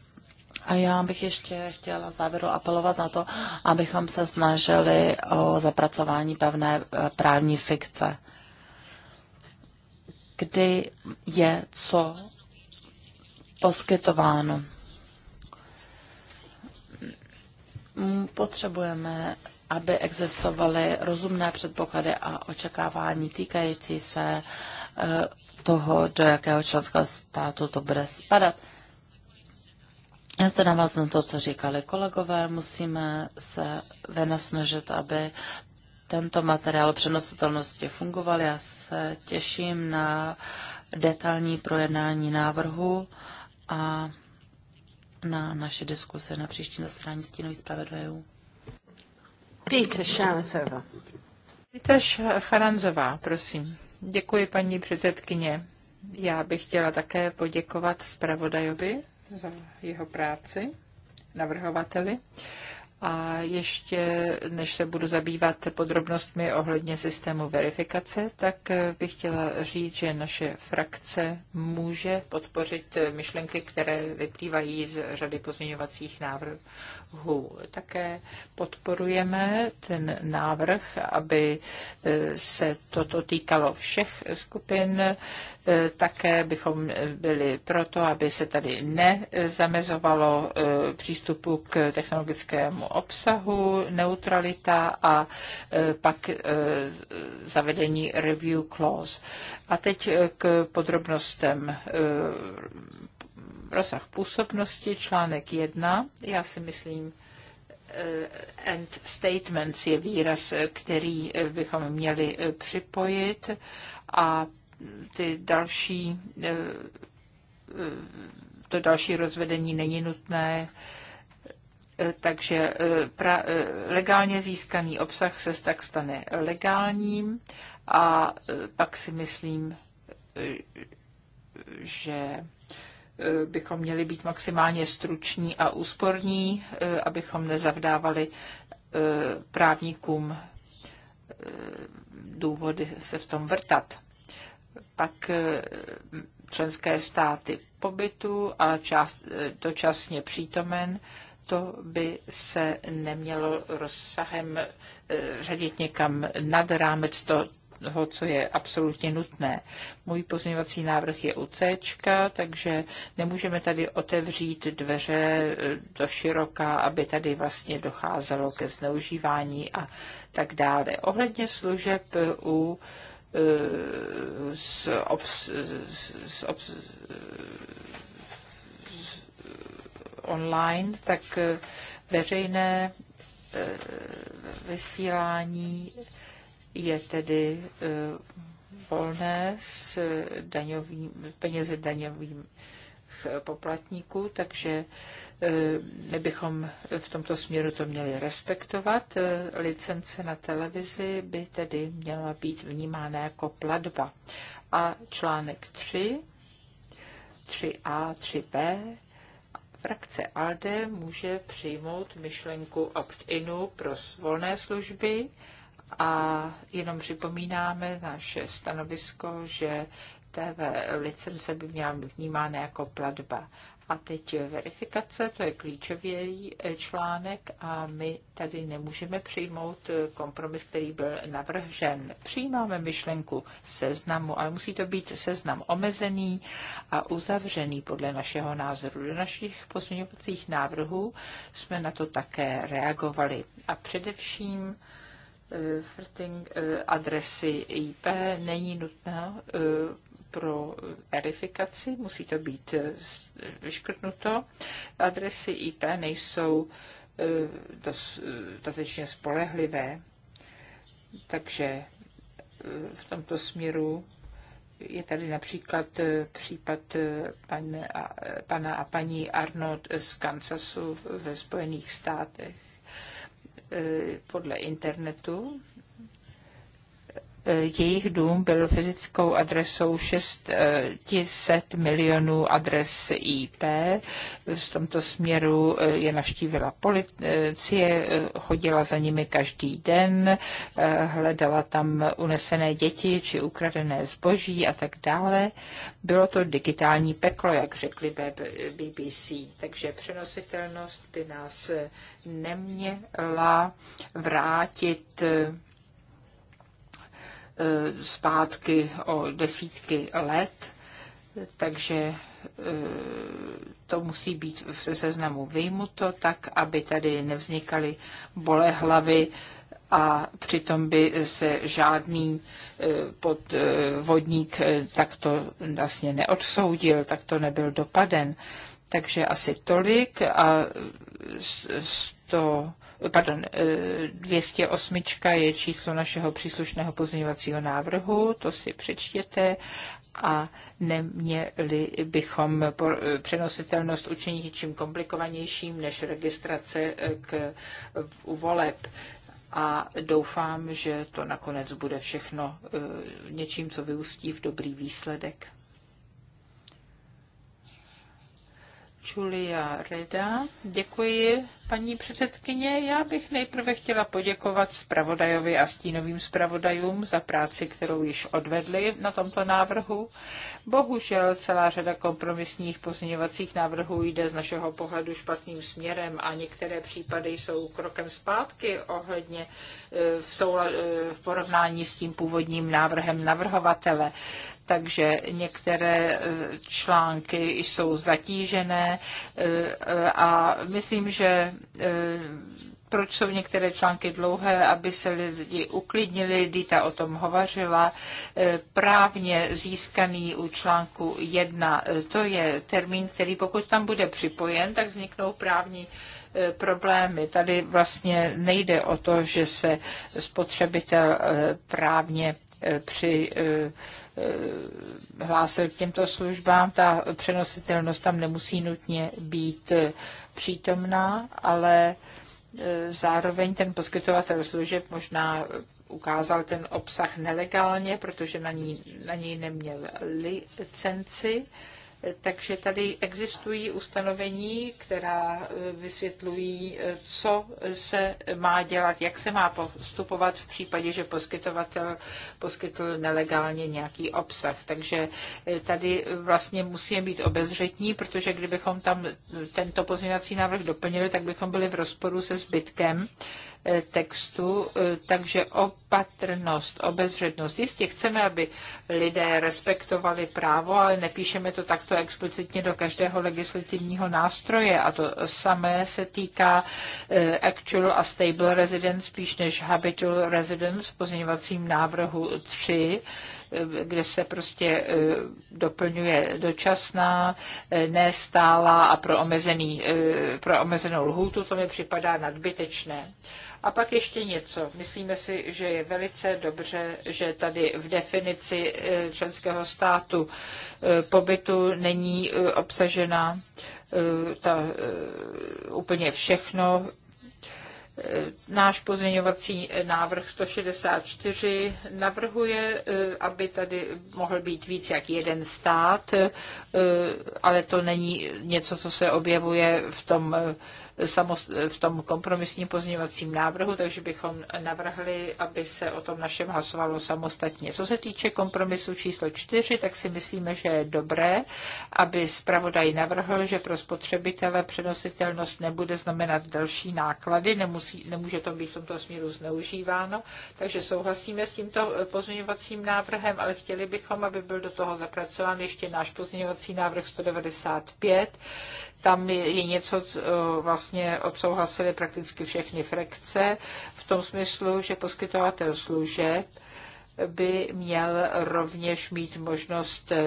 [SPEAKER 3] A já bych ještě chtěla závěru apelovat na to, abychom se snažili o zapracování pevné eh, právní fikce. Kdy je co poskytováno? Potřebujeme, aby existovaly rozumné předpoklady a očekávání týkající se eh, toho, do jakého členského státu to bude spadat. Já se navaz na to, co říkali kolegové, musíme se vynasnažit, aby tento materiál přenositelnosti fungoval. Já se těším na detailní projednání návrhu a na naše diskuse na příští zasedání stínových spravedlivů.
[SPEAKER 1] Dieter Charanzová. Dieter Charanzová, prosím. Děkuji, paní předsedkyně. Já bych chtěla také poděkovat zpravodajovi za jeho práci, navrhovateli. A ještě, než se budu zabývat podrobnostmi ohledně systému verifikace, tak bych chtěla říct, že naše frakce může podpořit myšlenky, které vyplývají z řady pozměňovacích návrhů. Také podporujeme ten návrh, aby se toto týkalo všech skupin E, také bychom byli proto, aby se tady nezamezovalo e, přístupu k technologickému obsahu, neutralita a e, pak zavedení review clause. A teď k podrobnostem rozsah působnosti, článek 1. Já si myslím, and statements je výraz, který bychom měli připojit a ty další, eh, eh, to další rozvedení není nutné, eh, takže pra, legálně získaný obsah se tak stane legálním a pak si myslím, že bychom měli být maximálně struční a úsporní, abychom nezavdávali právníkům důvody se v tom vrtat pak eh, členské státy pobytu a část, eh, dočasně přítomen, to by se nemělo rozsahem eh, ředit někam nad rámec toho, toho, co je absolutně nutné. Můj pozměňovací návrh je u C, takže nemůžeme tady otevřít dveře do široka, aby tady vlastně docházelo ke zneužívání a tak dále. Ohledně služeb u uh, s, obs, s, s online, tak eh, veřejné eh, vysílání je tedy eh, volné s daňovým, penězi daňovým poplatníků, takže Eh, my bychom v tomto směru to měli respektovat. Eh, licence na televizi by tedy měla být vnímána jako platba. A článek 3, 3a, 3b, frakce ALDE může přijmout myšlenku opt-inu pro volné služby a jenom připomínáme naše stanovisko, že TV licence by měla být vnímána jako platba. A teď verifikace, to je klíčový eh, článek a my tady nemůžeme přijmout eh, kompromis, který byl navržen. Přijímáme myšlenku seznamu, ale musí to být seznam omezený a uzavřený podle našeho názoru. Do našich pozměňovacích návrhů jsme na to také reagovali. A především eh, flirting adresy IP není nutné pro verifikaci, musí to být eh, vyškrtnuto. Adresy IP nejsou eh, eh, dostatečně spolehlivé, takže v tomto směru je tady například případ pan a, pana a paní Arnold z Kansasu ve Spojených státech podle internetu jejich dům byl fyzickou adresou 600 milionů adres IP. V tomto směru eh, je navštívila policie, eh, chodila za nimi každý den, eh, hledala tam unesené děti či ukradené zboží a tak dále. Bylo to digitální peklo, jak řekli BBC, takže přenositelnost by nás neměla vrátit Eh, zpátky o desítky let, takže eh, to musí být se seznamu vyjmuto tak, aby tady nevznikaly hlavy a přitom by se žádný eh, podvodník takto vlastně neodsoudil, tak to nebyl dopaden. Takže asi tolik a z to, pardon, 208 eh, je číslo našeho příslušného pozměňovacího návrhu, to si přečtěte a neměli bychom přenositelnost učinit něčím komplikovanějším než registrace eh, k voleb. A doufám, že to nakonec bude všechno eh, něčím, co vyústí v dobrý výsledek. Julia Reda. Děkuji. Paní předsedkyně, já bych nejprve chtěla poděkovat zpravodajovi a stínovým zpravodajům za práci, kterou již odvedli na tomto návrhu. Bohužel celá řada kompromisních pozměňovacích návrhů jde z našeho pohledu špatným směrem a některé případy jsou krokem zpátky ohledně e, v, soula, e, v porovnání s tím původním návrhem navrhovatele takže některé e, články jsou zatížené a myslím, že E, proč jsou některé články dlouhé, aby se lidi uklidnili, Dita o tom hovařila, e, právně získaný u článku 1, e, to je termín, který pokud tam bude připojen, tak vzniknou právní problémy. Tady vlastně nejde o to, že se spotřebitel právně při hlásil k těmto službám, ta přenositelnost tam nemusí nutně být přítomná, ale e, zároveň ten poskytovatel služeb možná ukázal ten obsah nelegálně, protože na, ní, na něj neměl licenci takže tady existují ustanovení, která e, vysvětlují, e, co se má dělat, jak se má postupovat v případě, že poskytovatel poskytl nelegálně nějaký obsah. Takže e, tady vlastně musíme být obezřetní, protože kdybychom tam tento pozměňovací návrh doplnili, tak bychom byli v rozporu se zbytkem Eh, textu, eh, takže opatrnost, obezřednost. Jistě chceme, aby lidé respektovali právo, ale nepíšeme to takto explicitně do každého legislativního nástroje a to samé se týká eh, Actual a Stable Residence spíš než Habitual Residence v pozměňovacím návrhu 3, kde se prostě doplňuje dočasná, nestálá a pro, omezený, pro omezenou lhůtu, to mi připadá nadbytečné. A pak ještě něco. Myslíme si, že je velice dobře, že tady v definici eh, členského státu eh, pobytu není eh, obsažena ta, úplně všechno, Náš pozměňovací návrh 164 navrhuje, aby tady mohl být víc jak jeden stát, ale to není něco, co se objevuje v tom v tom kompromisním pozměňovacím návrhu, takže bychom navrhli, aby se o tom našem hlasovalo samostatně. Co se týče kompromisu číslo 4, tak si myslíme, že je dobré, aby zpravodaj navrhl, že pro spotřebitele přenositelnost nebude znamenat další náklady, nemusí, nemůže to být v tomto směru zneužíváno, takže souhlasíme s tímto pozměňovacím návrhem, ale chtěli bychom, aby byl do toho zapracován ještě náš pozměňovací návrh 195, tam je něco co eh, vlastně odsouhlasili prakticky všechny frakce v tom smyslu, že poskytovatel služeb by měl rovněž mít možnost eh,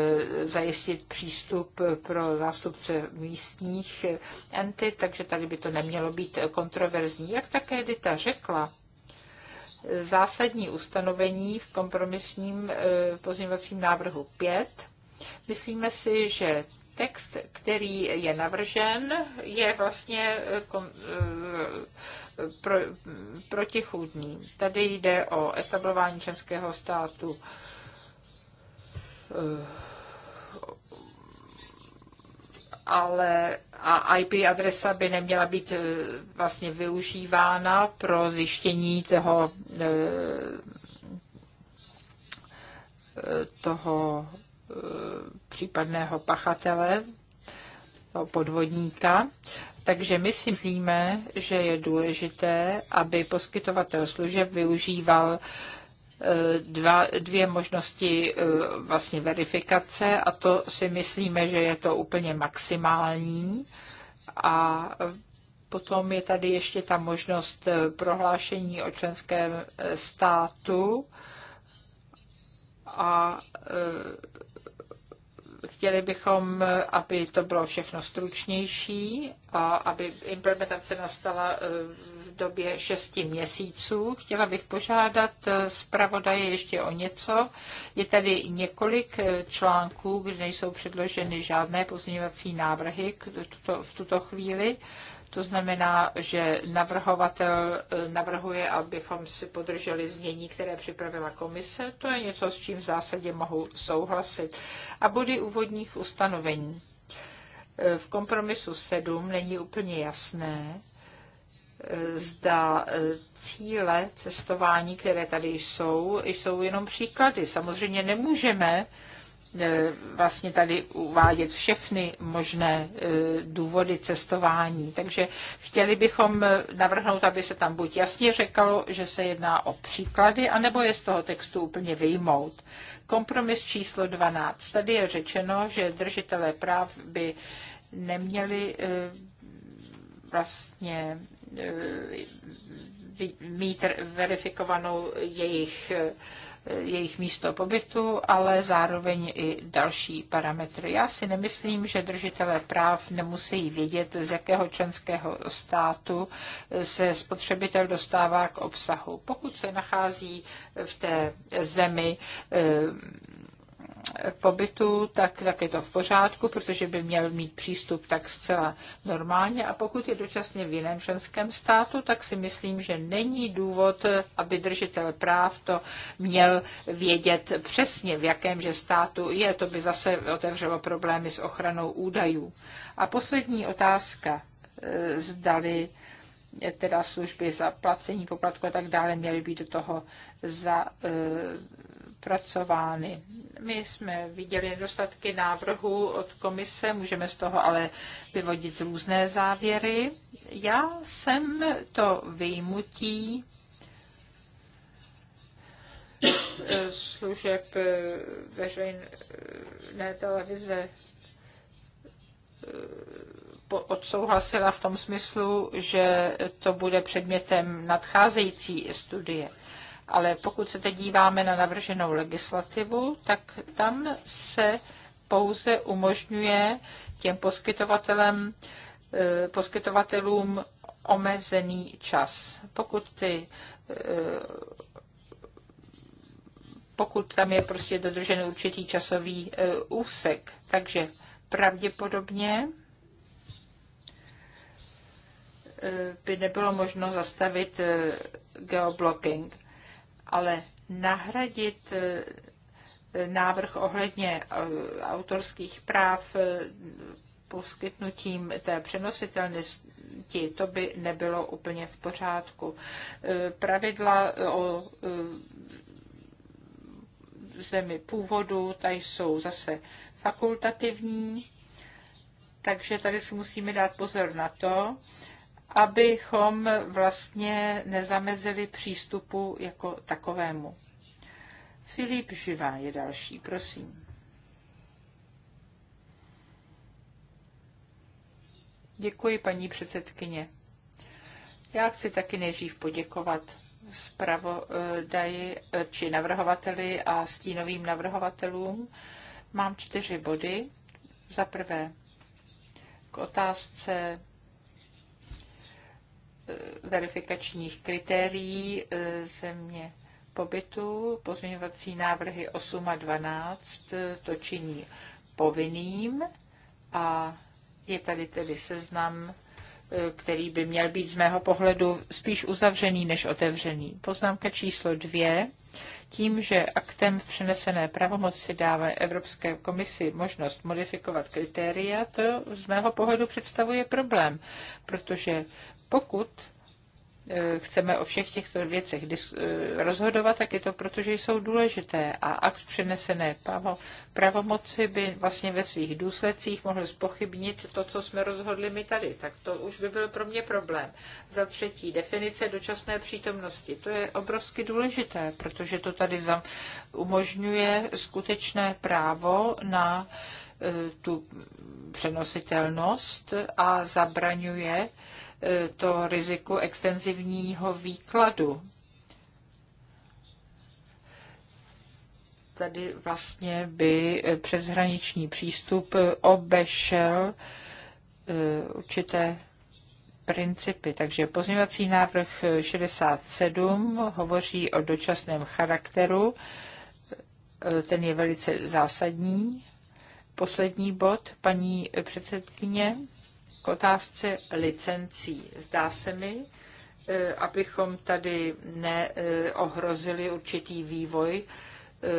[SPEAKER 1] zajistit přístup pro zástupce místních entit, takže tady by to nemělo být kontroverzní. Jak také Dita řekla, zásadní ustanovení v kompromisním eh, pozměňovacím návrhu 5. Myslíme si, že text, který je navržen, je vlastně eh, kon, eh, pro, protichůdný. Tady jde o etablování českého státu eh, ale a IP adresa by neměla být vlastně využívána pro zjištění toho toho Eh, případného pachatele, toho podvodníka. Takže my si myslíme, že je důležité, aby poskytovatel služeb využíval eh, dva, dvě možnosti eh, vlastně verifikace a to si myslíme, že je to úplně maximální. A potom je tady ještě ta možnost prohlášení o členském státu a Chtěli bychom, aby to bylo všechno stručnější a aby implementace nastala eh, v době šesti měsíců. Chtěla bych požádat eh, zpravodaje ještě o něco. Je tady několik eh, článků, kde nejsou předloženy žádné pozměňovací návrhy v tuto chvíli. To znamená, že navrhovatel eh, navrhuje, abychom si podrželi znění, které připravila komise. To je něco, s čím v zásadě mohu souhlasit. A body úvodních ustanovení. Eh, v kompromisu 7 není úplně jasné, eh, zda cíle cestování, které tady jsou, jsou jenom příklady. Samozřejmě nemůžeme E, vlastně tady uvádět všechny možné e, důvody cestování. Takže chtěli bychom navrhnout, aby se tam buď jasně řekalo, že se jedná o příklady, anebo je z toho textu úplně vyjmout. Kompromis číslo 12. Tady je řečeno, že držitelé práv by neměli e, vlastně mít verifikovanou jejich jejich místo pobytu, ale zároveň i další parametry. Já si nemyslím, že držitelé práv nemusí vědět, z jakého členského státu se spotřebitel dostává k obsahu. Pokud se nachází v té zemi eh, pobytu, tak, tak je to v pořádku, protože by měl mít přístup tak zcela normálně. A pokud je dočasně v jiném členském státu, tak si myslím, že není důvod, aby držitel práv to měl vědět přesně, v jakém státu je. To by zase otevřelo problémy s ochranou údajů. A poslední otázka. E, zdali teda služby za placení poplatku a tak dále měly být do toho za, e, Pracovány. My jsme viděli nedostatky návrhu od komise, můžeme z toho ale vyvodit různé závěry. Já jsem to vyjmutí eh, služeb eh, veřejné televize eh, odsouhlasila v tom smyslu, že to bude předmětem nadcházející studie. Ale pokud se teď díváme na navrženou legislativu, tak tam se pouze umožňuje těm poskytovatelem, eh, poskytovatelům omezený čas. Pokud ty eh, pokud tam je prostě dodržen určitý časový eh, úsek. Takže pravděpodobně by nebylo možno zastavit geoblocking ale nahradit eh, návrh ohledně eh, autorských práv eh, poskytnutím té přenositelnosti, to by nebylo úplně v pořádku. Pravidla o zemi původu, tady jsou zase fakultativní, takže tady si musíme dát pozor na to, abychom vlastně nezamezili přístupu jako takovému. Filip Živá je další, prosím. Děkuji, paní předsedkyně. Já chci taky nejdřív poděkovat zpravodaji či navrhovateli a stínovým navrhovatelům. Mám čtyři body. Za prvé k otázce verifikačních kritérií eh, země pobytu. Pozměňovací návrhy 8 a 12 eh, to činí povinným a je tady tedy seznam, eh, který by měl být z mého pohledu spíš uzavřený než otevřený. Poznámka číslo dvě. Tím, že aktem v přenesené pravomoci dává Evropské komisi možnost modifikovat kritéria, to z mého pohledu představuje problém, protože pokud eh, chceme o všech těchto věcech eh, rozhodovat, tak je to proto, že jsou důležité a akt přenesené pravomoci by vlastně ve svých důsledcích mohl spochybnit to, co jsme rozhodli my tady. Tak to už by byl pro mě problém. Za třetí, definice dočasné přítomnosti. To je obrovsky důležité, protože to tady umožňuje skutečné právo na eh, tu přenositelnost a zabraňuje to riziko extenzivního výkladu. Tady vlastně by přeshraniční přístup obešel eh, určité principy. Takže pozměňovací návrh 67 hovoří o dočasném charakteru. Eh, ten je velice zásadní. Poslední bod, paní předsedkyně k otázce licencí. Zdá se mi, eh, abychom tady neohrozili eh, určitý vývoj eh,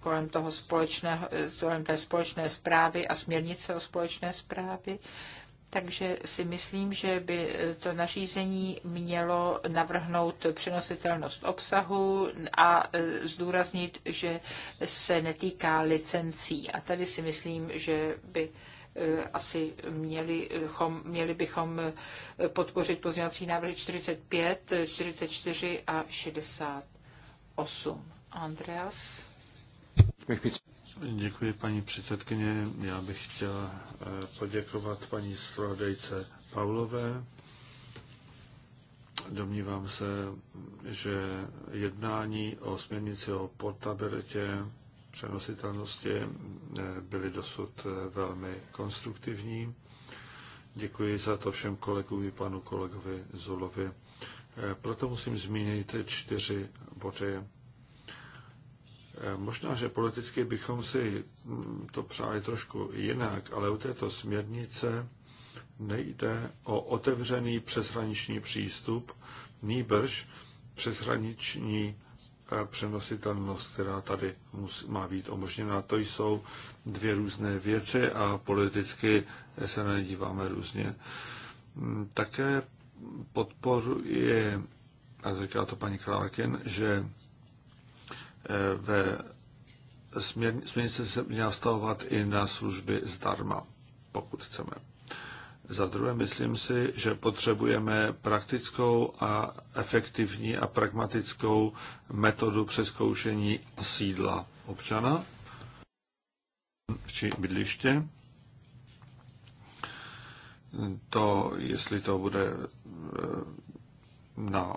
[SPEAKER 1] kolem, toho společného, kolem té společné zprávy a směrnice o společné zprávě. Takže si myslím, že by to nařízení mělo navrhnout přenositelnost obsahu a zdůraznit, že se netýká licencí. A tady si myslím, že by Eh, asi měli, chom, měli bychom eh, podpořit pozměňovací návrhy 45, 44 a 68. Andreas?
[SPEAKER 2] Děkuji, paní předsedkyně. Já bych chtěl eh, poděkovat paní zpravodajce Pavlové. Domnívám se, že jednání o směrnici o portabilitě přenositelnosti eh, byli dosud eh, velmi konstruktivní. Děkuji za to všem kolegům i panu kolegovi Zulovi. Eh, proto musím zmínit čtyři body. Možná, že politicky bychom si hm, to přáli trošku jinak, ale u této směrnice nejde o otevřený přeshraniční přístup, nýbrž přeshraniční Eh, přenositelnost, která tady musí, má být umožněna. To jsou dvě různé věci a politicky se na ně díváme různě. Mm, také podporuje, a říká to paní Králkin, že eh, ve směrnice se měla stavovat i na služby zdarma, pokud chceme. Za druhé, myslím si, že potřebujeme praktickou a efektivní a pragmatickou metodu přeskoušení sídla občana či bydliště. To, jestli to bude eh, na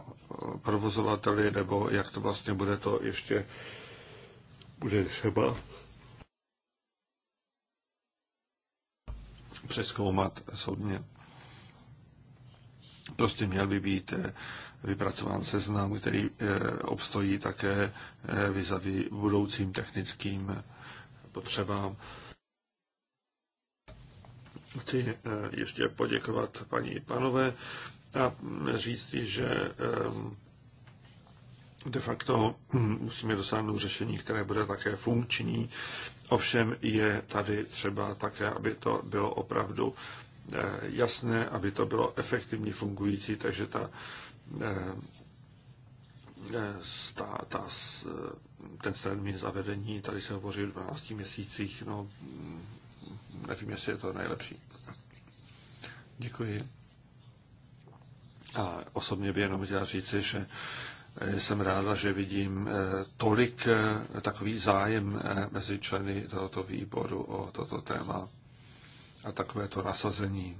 [SPEAKER 2] provozovateli, nebo jak to vlastně bude, to ještě bude třeba přeskoumat soudně. Prostě měl by být eh, vypracován seznam, který eh, obstojí také eh, vizavy budoucím technickým potřebám. Chci ještě poděkovat paní panové a hm, říct, že ehm, de facto hm, musíme dosáhnout řešení, které bude také funkční Ovšem je tady třeba také, aby to bylo opravdu eh, jasné, aby to bylo efektivně fungující, takže ta, eh, eh, ta, ta ten termín zavedení, tady se hovoří o 12 měsících, no hm, nevím, jestli je to nejlepší. Děkuji. A osobně by jenom chtěla říci, že jsem ráda, že vidím eh, tolik eh, takový zájem eh, mezi členy tohoto výboru o toto téma a takové to nasazení.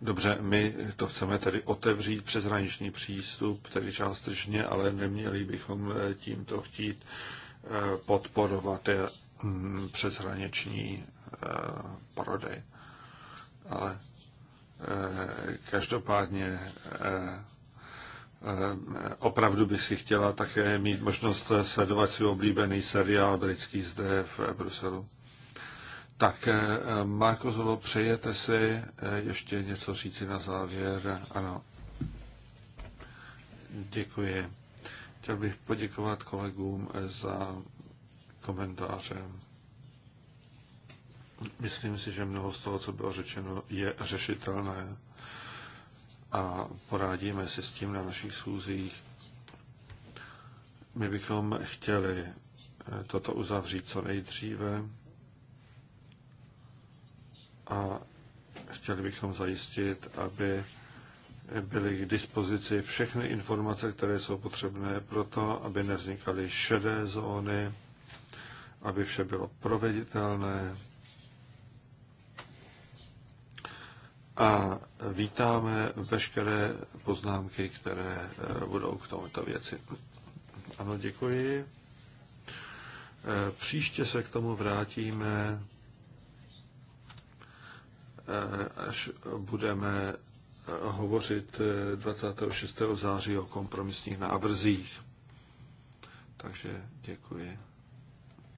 [SPEAKER 2] Dobře, my to chceme tedy otevřít přeshraniční přístup, tedy částečně, ale neměli bychom tímto chtít podporovat přeshraniční prodej. Ale Eh, každopádně eh, eh, opravdu by si chtěla také mít možnost sledovat svůj oblíbený seriál britský zde v Bruselu. Tak, Marko Zolo, přejete si ještě něco říci na závěr? Ano. Děkuji. Chtěl bych poděkovat kolegům za komentáře. Myslím si, že mnoho z toho, co bylo řečeno, je řešitelné a porádíme si s tím na našich schůzích. My bychom chtěli eh, toto uzavřít co nejdříve a chtěli bychom zajistit, aby byly k dispozici všechny informace, které jsou potřebné pro to, aby nevznikaly šedé zóny, aby vše bylo proveditelné a vítáme veškeré poznámky, které eh, budou k tomuto věci. Ano, děkuji. Eh, příště se k tomu vrátíme, eh, až budeme hovořit 26. září o kompromisních návrzích. Takže děkuji.